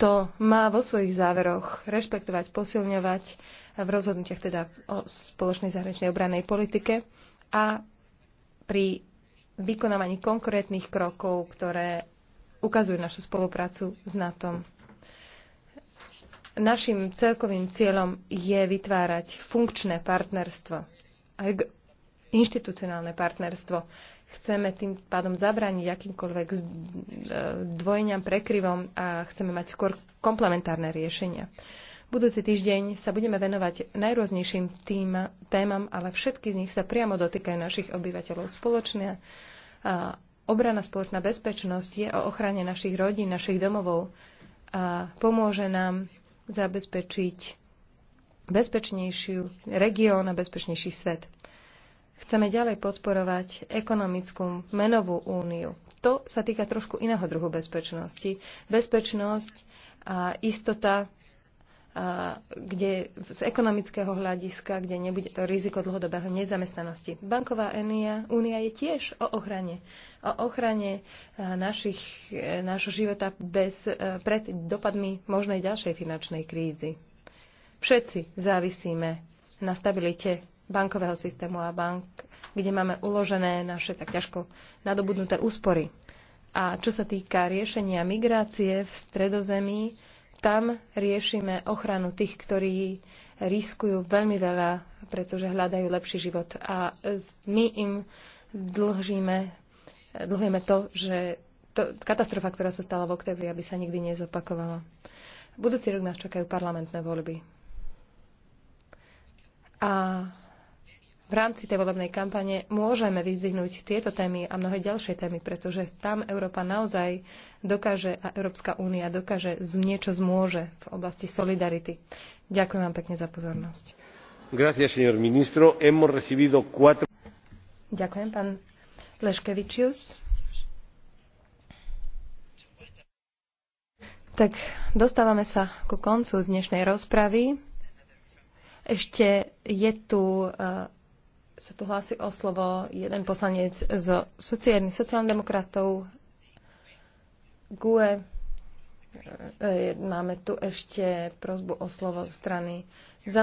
to má vo svojich záveroch rešpektovať, posilňovať v rozhodnutiach teda o spoločnej zahraničnej obranej politike a pri vykonávaní konkrétnych krokov, ktoré ukazujú našu spoluprácu s NATO. Našim celkovým cieľom je vytvárať funkčné partnerstvo, aj inštitucionálne partnerstvo. Chceme tým pádom zabrániť akýmkoľvek e, dvojňam, prekryvom a chceme mať skôr komplementárne riešenia. Budúci týždeň sa budeme venovať najrôznejším tým, témam, ale všetky z nich sa priamo dotýkajú našich obyvateľov. Spoločná obrana, spoločná bezpečnosť je o ochrane našich rodín, našich domovov a pomôže nám zabezpečiť bezpečnejšiu región a bezpečnejší svet. Chceme ďalej podporovať ekonomickú menovú úniu. To sa týka trošku iného druhu bezpečnosti. Bezpečnosť a istota kde z ekonomického hľadiska, kde nebude to riziko dlhodobého nezamestnanosti. Banková enia, únia je tiež o ochrane. O ochrane e, našich, e, našho života bez, e, pred dopadmi možnej ďalšej finančnej krízy. Všetci závisíme na stabilite bankového systému a bank, kde máme uložené naše tak ťažko nadobudnuté úspory. A čo sa týka riešenia migrácie v stredozemí, tam riešime ochranu tých, ktorí riskujú veľmi veľa, pretože hľadajú lepší život. A my im dlžíme, dlhujeme to, že to, katastrofa, ktorá sa stala v oktobri, aby sa nikdy nezopakovala. Budúci rok nás čakajú parlamentné voľby. A v rámci tej volebnej kampane môžeme vyzdvihnúť tieto témy a mnohé ďalšie témy, pretože tam Európa naozaj dokáže a Európska únia dokáže z niečo zmôže v oblasti solidarity. Ďakujem vám pekne za pozornosť. Gracias, señor ministro. Hemos recibido cuatro... Ďakujem, pán Leškevičius. Tak dostávame sa ku koncu dnešnej rozpravy. Ešte je tu uh, sa tu hlási o slovo jeden poslanec z sociálnych sociálnych GUE. E, e, máme tu ešte prozbu o slovo strany zelených.